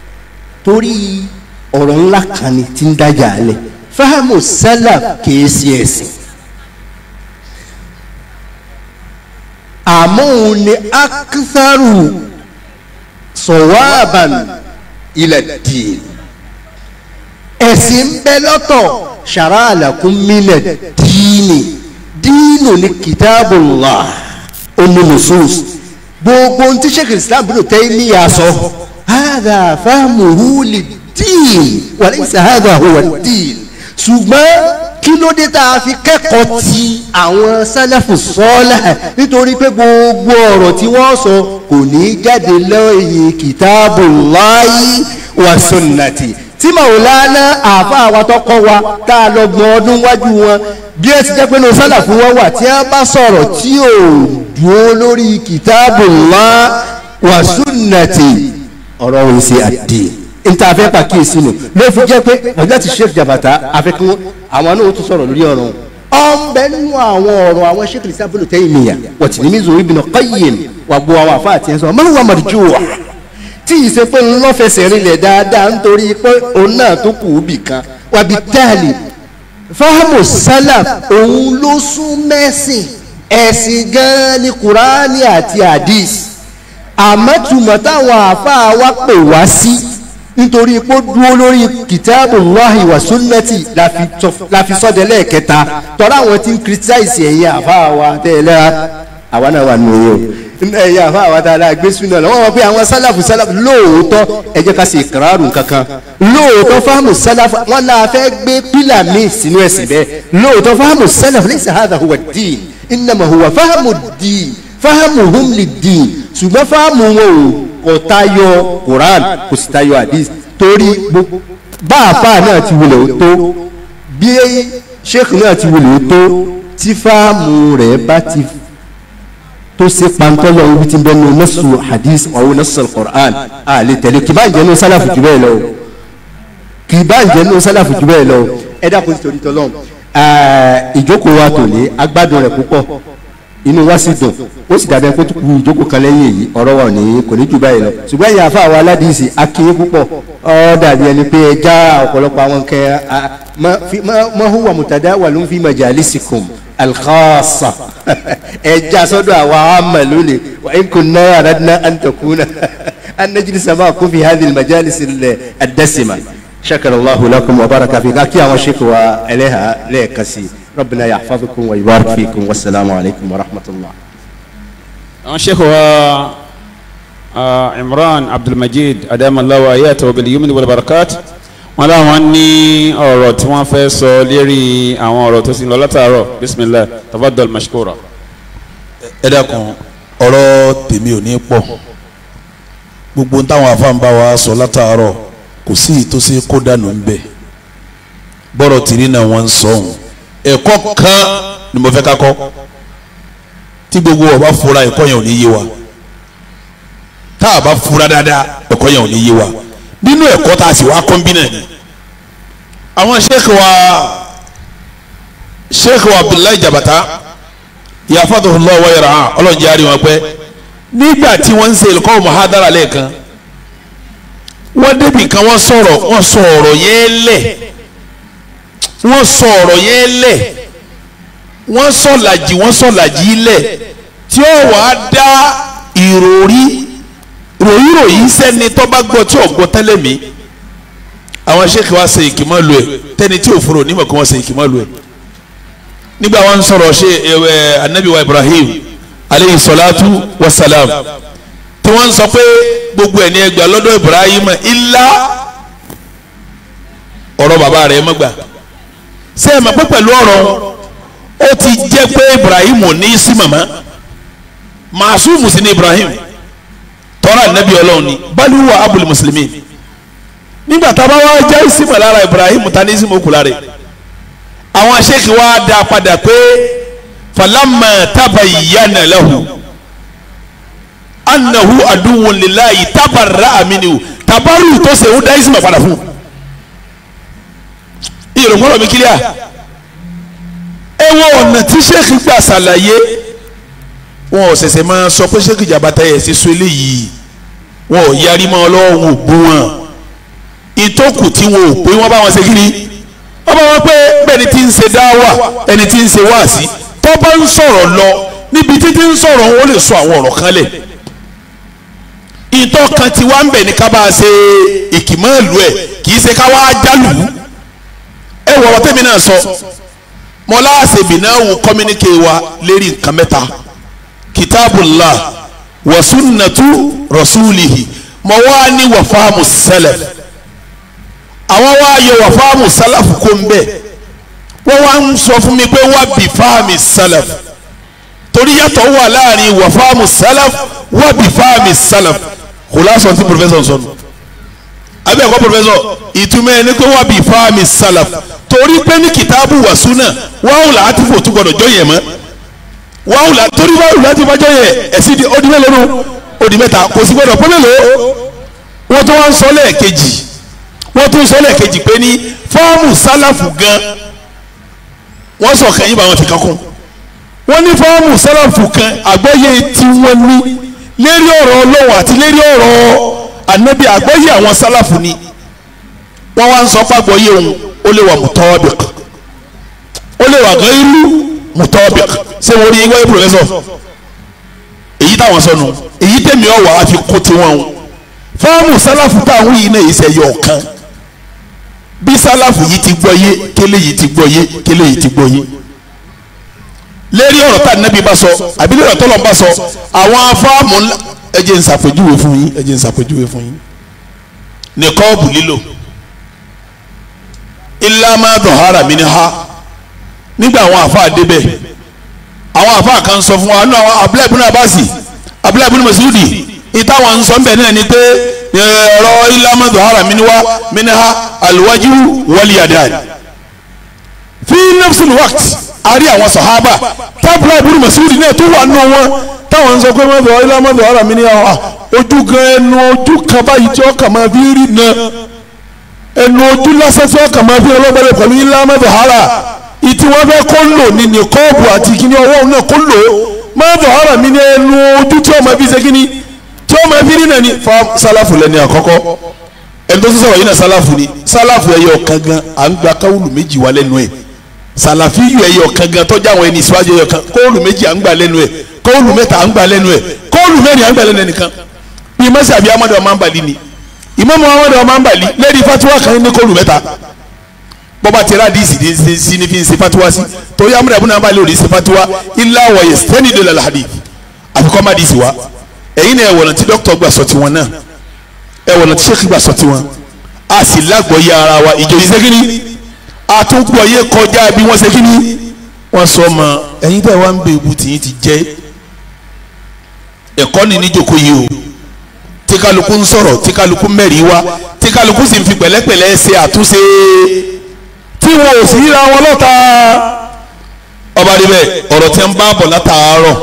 torí ọ̀rọ̀ ńlá kan ni ti ń dájà alẹ̀ fahamu salaf kìí ṣe ẹ̀sìn àmọ́ òun ni akitharu sọ̀wáàbàn ilẹ̀ dìín ẹ̀sìn ń bẹ lọ́tọ̀ ṣàrá àlàkùn mílẹ̀ dìínì dìínì ní kitabullah onímùsùlùmí gbogbo ohun tí sheikh islam bin Taymiyyah sọ hàdà fáàmù húlì dìínì díìn wàlẹ́ ìsàhàdà huwa díìn ṣùgbọ́n kí ló dé tá a fi kẹ́kọ̀ọ́ ti àwọn sálẹ́fù sọ́ọ́lá nítorí pé gbogbo ọ̀rọ̀ tí wọ́n sọ kò ní jáde lóye kitabullahi wa sunnati tí màwòlánà àfa àwa tọkọ wa tá a lọ gbọ́n ọdún wájú wọn bí ẹ ti jẹ́ pé ní sálàfù wọn wà tí a bá sọ̀rọ̀ tí ò dúró lórí kitabullahi wa sunnati ọ̀rọ̀ òun ṣe àdìyẹ níta afẹ́ pàkíyèsí nù ló fi jẹ́ pé ọjọ́ ti Sheikh Jabata àfikún àwọn náà ó tún sọ̀rọ̀ lórí ọ̀rọ̀ ọ̀nbẹ nínú àwọn ọ̀rọ̀ àwọn Sheikh Islam ibn Taymiyyah wọ́n ti ní mí zòwí ibn Qayyim wà gbọ́ àwọn àfa àti ẹ̀sán máa ń wà marjuwa tí ì pé ń lọ́fẹsẹ̀ rinlẹ̀ dáadáa nítorí pé òun náà tó kù ú bì kan wà bí táàlì fahamu salaf òun ló sún mẹ́sìn ẹ̀sìn gan-an ní kuraani àti hadith àmọ́tumọ̀ táwọn àfa wa pè wá sí nítorí pé dúró lórí kitabullahi wa sunnati la fi sọ́dẹ̀ lẹ́ẹ̀kẹta tọ́lá àwọn tí ń criticize ẹ̀yin àfa wa tẹ́lẹ̀ àwa náà wà nù yìí o ẹ̀yin àfa wa tá a la gbé sunna lọ wọ́n mọ̀ pé àwọn sálàfù sálàfù lóòótọ́ ẹ jẹ́ ká ṣe ìkàràrùn kankan lóòótọ́ fáàmù sálàfù wọn là fẹ́ gbé pílà míì sínú ẹ̀sìn bẹ́ẹ̀ lóòótọ́ fáàmù sálàfù laysa hadha huwa ad-din innama huwa fáàmù ad fáàmù hum lid ṣùgbọ́n fáàmù wọn ò kò tayọ Quran kò sì tayọ hadith torí bá àfa náà ti wulẹ̀ ó tó bí sheikh náà ti wulẹ̀ ó tó tí fáàmù rẹ̀ bá ti tó ṣe pantọ́lọ̀ ibi tí bẹ́ẹ̀ ní nasu hadith ọ̀hún nasu al-Qur'an a lè tẹ̀lé kì bá ń jẹnu sálàfù jù bẹ́ẹ̀ lọ kì bá ń jẹnu sálàfù jù bẹ́ẹ̀ lọ o ẹ dákun torí tọ́lọ́ ìjókòó wa tòní agbádùn rẹ̀ púpọ̀ inú wa sì dùn ó sì dàbẹ́ kótó kù ìjókòó kan lẹ́yìn èyí ọ̀rọ̀ wa ní kò ní jù báyìí lọ ṣùgbọ́n ẹ̀yìn àfa àwọn aládìsí akéwé púpọ̀ ọ dàbí ẹni pé ẹ já ọ̀pọ̀lọpọ̀ àwọn kẹ mọ́húwà mùtàdá wà ló ń fi majalisikum alkhasa ẹ já sọ́dọ̀ àwa àmà wà ń náà àràdínà àǹtàkùnà ànájìlì sábà kó fi hadhihi majalisi ad-dasima shakara Allahu lakum wa baraka kí àwọn ṣèkò wa ẹlẹ́hà lẹ́ẹ̀kan ربنا يحفظكم ويبارك فيكم والسلام عليكم ورحمة الله الشيخ عمران عبد المجيد أدام الله وآياته باليمن والبركات wọ́n láwọn ní ọ̀rọ̀ tí wọ́n fẹ́ sọ lérí àwọn ọ̀rọ̀ tó sì ń lọ látàárọ̀ bisimilah tafadol mashkura. ẹ dákun ọ̀rọ̀ tèmi ò ní pọ̀ gbogbo táwọn afáǹbá wa sọ látàárọ̀ kò sí ìtòsí kó dànù ń bẹ̀ bọ́rọ̀ tìrínà wọn ń sọ òun ẹ̀kọ́ kan ni mo fẹ́ ká kọ́ tí gbogbo wa bá fura ẹ̀kọ́ yẹn ò ní yé wa tá a bá fura dáadáa ẹ̀kọ́ yẹn ò ní yé wa nínú ẹ̀kọ́ tá a sì wá kọ́ńbínà ni àwọn sheikh wa sheikh wa abdullahi jabata yafadullah wa yẹra hàn ọlọ́njẹ́ àrí wọn pẹ́ nígbà tí wọ́n ń ṣe ẹ̀kọ́ muhadara lẹ́ẹ̀kan wọ́n débi kan wọ́n sọ̀rọ̀ wọ́n sọ̀rọ̀ yẹn lẹ́ẹ̀ wọ́n sọ ọ̀rọ̀ yẹn lẹ̀ wọ́n sọ̀làjì wọ́n sọ̀làjì lẹ̀ tí ó wàá dá ìròrí ròyìnròyìn sẹ́ni tó bá gbọ́ tí ò gbọ́ tẹ́lẹ̀ mí àwọn sèkì wa ṣe ìkìmọ̀ lu ẹ̀ tẹ́ni tí ò fúnra onímọ̀ kí wọ́n ṣe ìkìmọ̀ lu ẹ̀ nígbà wọn sọ̀rọ̀ ṣe ẹ̀ anabi wa Ibrahim aleyhi salatu wa salam tí wọ́n sọ pé gbogbo ẹ̀ ní ẹgbàá lọ́dọ̀ Ibrahim ilá ọ̀rọ̀ bàbá rẹ̀ mọ́gbà ṣé ẹ mọ̀ pé pẹ̀lú ọ̀rọ̀ ó ti jẹ́ pé Ibrahim ò ní sí màmá màsúùmù sí ní Ibrahim tọ́ra nẹ́bí ọlọ́run ni balùwà abul muslimin nígbà tábà wá jẹ́ ìsìnmọ̀ lára Ibrahim tanisi mokula rẹ̀ àwọn sheikh wa dá padà pé falamma tabayyana lahu annahu aduwwun lillahi tabarra'a minhu tabaru tó ṣe ó dá ìsìnmọ̀ padà fún un ìrògbọ́nà mi kílíà ẹ wo ọ̀nà tí sheikh gbà ṣàlàyé wọn ò ṣẹ̀ṣẹ̀ máa sọ pé sheikh jàbàtà yẹ̀ ṣe so eléyìí wọn ò yarí mọ́ ọlọ́wọ́ wọn ò bú wọn ìtòkù tí wọn ò pé wọn bá wọn ṣe kíni wọn bá wọn pé bẹ́ẹ̀ni tí ń ṣe dáwà ẹni tí ń ṣe wáàsí tó bá ń sọ̀rọ̀ lọ níbi títí ń sọ̀rọ̀ ó lè sọ àwọn ọ̀rọ̀ kan lẹ̀ ìtọ́kan tí wá ń bẹ̀ ní ká bá ṣe ìkìmọ̀ọ́lù ẹ̀ kì í ṣe ká wá jálù ẹ wọ̀rọ̀ tẹ́mi náà sọ mọ́láàsì bìnáwó kọ́míníkè wa lérí nǹkan mẹ́ta kitabullah wa sunnatu rasulihi mọ wá ní wàfáàmù salaf àwọn wá yọ wàfáàmù salaf kó ń bẹ wọ́n wá ń sọ fún mi pé wá bí fáàmì salaf torí yàtọ̀ wà láàrin wàfáàmù salaf wá bí fáàmì salaf kò lásán tí pòfẹ́sọ̀ sọnù abẹ́ ẹ̀kọ́ pọfẹ́sọ̀ ìtumọ̀ ẹni pé wà bí fáàmì sálàf torí pé ní kìtàbù wà súnà wàhùn láti fò tó gbọdọ̀ jọ yẹn mọ́ wàhùn láti torí wàhùn láti fò jọ yẹn ẹ̀sì di odi mẹ́lẹ̀ odi mẹ́ta kò sí gbọdọ̀ pé mélòó wọ́n tó wá ń sọ lẹ́ẹ̀kejì wọ́n tó ń sọ lẹ́ẹ̀kejì pé ní fáàmù sálàfù gan wọ́n sọ kẹ́yìn bá wọn fi kankun wọ́n ní fáàmù sálàfù kan àgbọ́yé tiwọn ní lérí ọ̀rọ̀ ọlọ́wọ̀ àti lérí ọ̀rọ̀ ànábì àgbọ́yé àwọn sálàfù ni wọ́n wá ń sọ fàgbọ́yé òun ó lè wà mùtọ́ọ̀bìk ó lè wà gẹ́rú mùtọ́ọ̀bìk ṣé wọ́n rí wáyé pòfẹ́sọ̀ èyí táwọn sọnù èyí tẹ̀mí ọ̀wà àfi kó tiwọn o fọ́ọ̀mù sálàfù táwọn yìí náà yìí ṣe yọ ọ̀kan bí sálàfù yìí ti gbọ́ yé kélé yìí ti gbọ́ yé kélé yìí ti gbọ́ yé lérí ọ̀rọ̀ tá ànábì bá sọ àbí lérí bá sọ àwọn fọ́ọ̀mù ẹ jẹ́ n ṣàpèjúwe fún yín ẹ jẹ́ n ṣàpèjúwe fún yín nìkọ́ọ̀bù lílò ilá máa dùn hara mi ni ha nígbà àwọn àfáà débẹ̀ àwọn àfáà kan sọ fún wa nínú àwọn Abdullahi ibn Abbas Abdullahi ibn Mas'ud nbẹ náà ni pé ọ̀rọ̀ ilá máa hara mi ni wa mi ni ha alwaju wal yadan fi nafsul waqt a rí àwọn sàhábà tábìlì àbúrò mọ̀síwìrì náà tó wà nù wọn táwọn ń sọ pé mọ́tò ọ̀rẹ́lá mọ́tò ọ̀rọ̀ mi ni ah, ojú gan ẹnu ojú kan báyìí tí ọkàn máa fi rí na ẹnu ojú lásán tí ọkàn máa fi ọlọ́gbẹ́lẹ̀ pẹ̀lú ilá mọ́tò ọ̀rọ̀ ìtí wọ́n fẹ́ kó lò ní ní kọ́ọ̀bù àti kíní ọwọ́ náà kó lò mọ́tò ọ̀rọ̀ mi ni ẹnu ojú tí ọmọ fi ṣe kíní tí ọmọ fi rí náà ni fa sálàfù lẹ́ni àkọ́kọ́ ẹni tó sọ̀rọ̀ yìí náà sálàfù ni sálàfù ẹ̀yọ kan gan à ń gba káwùlù méjì wá lẹ́nu ẹ̀ sàlàfíyù ẹyọ kan gan tọ́jú àwọn ẹni ìsíwájú ẹyọ kan kóòlù méjì à ń gbà lẹ́nu ẹ̀ kóòlù mẹ́ta à ń gbà lẹ́nu ẹ̀ kóòlù mẹ́rin à ń gbà lẹ́nu ẹnìkan bí mọ́sí àbí amadu ọmọ àǹbàlí ni ìmọ̀mọ́ amadu ọmọ àǹbàlí lẹ́ẹ̀dí fatiwa kan ní kóòlù mẹ́ta bọ́ba ti ra díìsì díìsì sí ní fi ń ṣe fatiwa sí torí amadu ọmọ àǹbàlí ò ní ṣe fatiwa ilá wọ̀nyẹ sẹ́ni de lala àfikọ́ wa ẹ̀yin náà ẹ̀wọ̀n tí dókítà gbà sọ tiwọn náà ẹ̀wọ̀n tí sẹ́kì gbà sọ tiwọn a sì lágbọ̀ọ́yé àtúngbọ̀yé kọjá bí wọ́n ṣe kí ni wọ́n sọ ma ẹ̀yin tẹ̀ wá ń bẹ ewu tìyín ti jẹ́ ẹ̀kọ́ ni níjòkó yìí o tí kálukú ń sọ̀rọ̀ tí kálukú mẹ́rin wá tí kálukú sì ń fi pẹ̀lẹ́pẹ̀lẹ́ ṣe àtúnṣe tí wọn ò sì ríra wọn lọ́ta ọba níbẹ̀ ọ̀rọ̀ tí ń bá bọ̀ látàárọ̀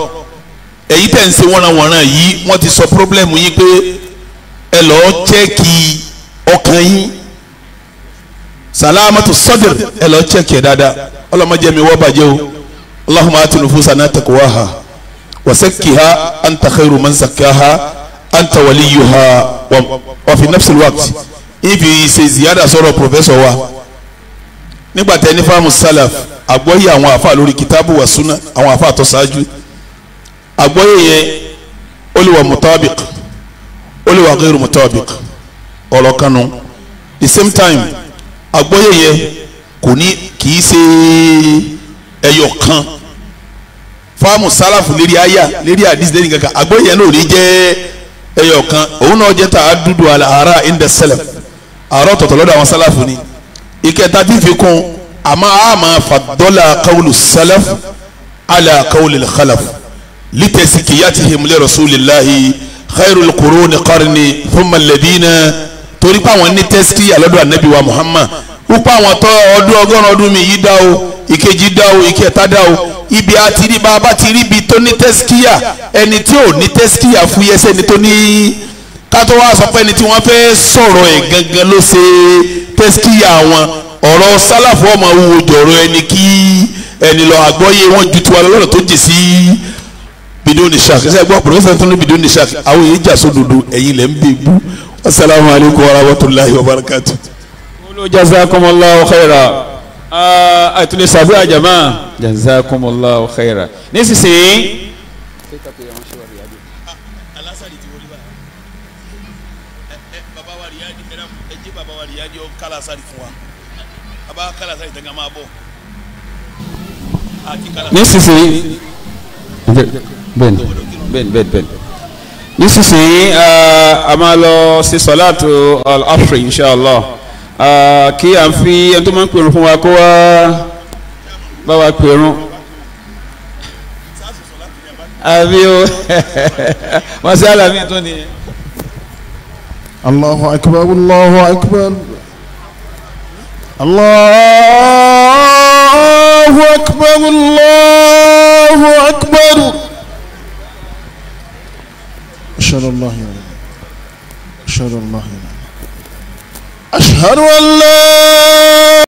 ẹ̀yin tẹ̀ ń ṣe wọ́nranwọ̀nran yìí wọ́n ti sọ pírọ́blẹ́mù yín pé ẹ lọ́ọ́ chẹ́ẹ̀kì ọkàn yín salamatu sadir ẹ lọ chẹ́kì ẹ̀ dáadáa ọlọ́mọdé mi wọ́ o allahumma ati nufusana taqwaha wa zakkiha anta khairu man zakkaha anta waliyuha wa fi nafsi alwaqt ibi ṣe ziyada sọ̀rọ̀ professor wa nígbà tẹ ní fáwọn salaf àgbọ́yé àwọn afa lórí kitabu wa sunna àwọn afa tó ṣáájú àgbọ́yé yẹn ó lè wà mutabiq ó lè the same time àgbọ́yé yẹn kò ní kì í ṣe ẹyọ kan fáàmù sálàfù lérí àyà lérí àdìsí lẹ́yìn kankan àgbọ́yé yẹn náà ò ní jẹ́ ẹyọ kan òun náà jẹ́ ta'addudu àlà àrà inda salaf àárọ̀ tọ̀tọ̀ lọ́dọ̀ àwọn sálàfù ni ìkẹta tí fi kún àmọ́ àmọ́ fàdọ́là qawlu salaf àlà qawli al lítẹ̀sí kìyàtìhìm li rasulillahi khairul quruni qarni thumma alladhina torí pé àwọn ní tẹ́síkì àlọ́dọ̀ ànábì wa Muhammad púpọ̀ àwọn tọ́ ọdún ọgọ́rùn ọdún mi yìí dá o ìkejì dá o ìkẹta dá o ibi àti rí bàbá ti rí ibi tó ní tẹ́síkìyà ẹni tí ò ní tẹ́síkìyà fúyẹ́sẹ́ ni tó ní kátó wá sọ pé ẹni tí wọ́n fẹ́ sọ̀rọ̀ ẹ̀ gangan ló ṣe tẹ́síkìyà wọn ọ̀rọ̀ sálàfù ọmọ owó jọ̀rọ̀ ẹni kí ẹni lọ àgbọ́yé wọn ju tiwa lọ́rọ̀ tó jì sí bidon nishak ṣe é gbọ́ pọ̀lọ́sẹ̀ asalaamu alaykum wa rahmatulahi wa barakatu. olu jazakumullahu khaira ah, àtúnlẹ̀ sàbí àjàmá jazakumullahu khaira nísinsìnyí. nísinsìnyí bẹ́ẹ̀ni bẹ́ẹ̀ni bẹ́ẹ̀ni nísinsìnyí a máa lọ sí sọláàtù al-afri inshallah kí à ń fi ẹni tó máa ń pèrún fún wa kó wá bá wa pèrún. àbí o wọ́n sí àlàmì tó ni. Allahu akbar Allahu akbar Allahu akbar Allahu akbar. أشهد الله يا رب أشهد الله يا رب أشهد الله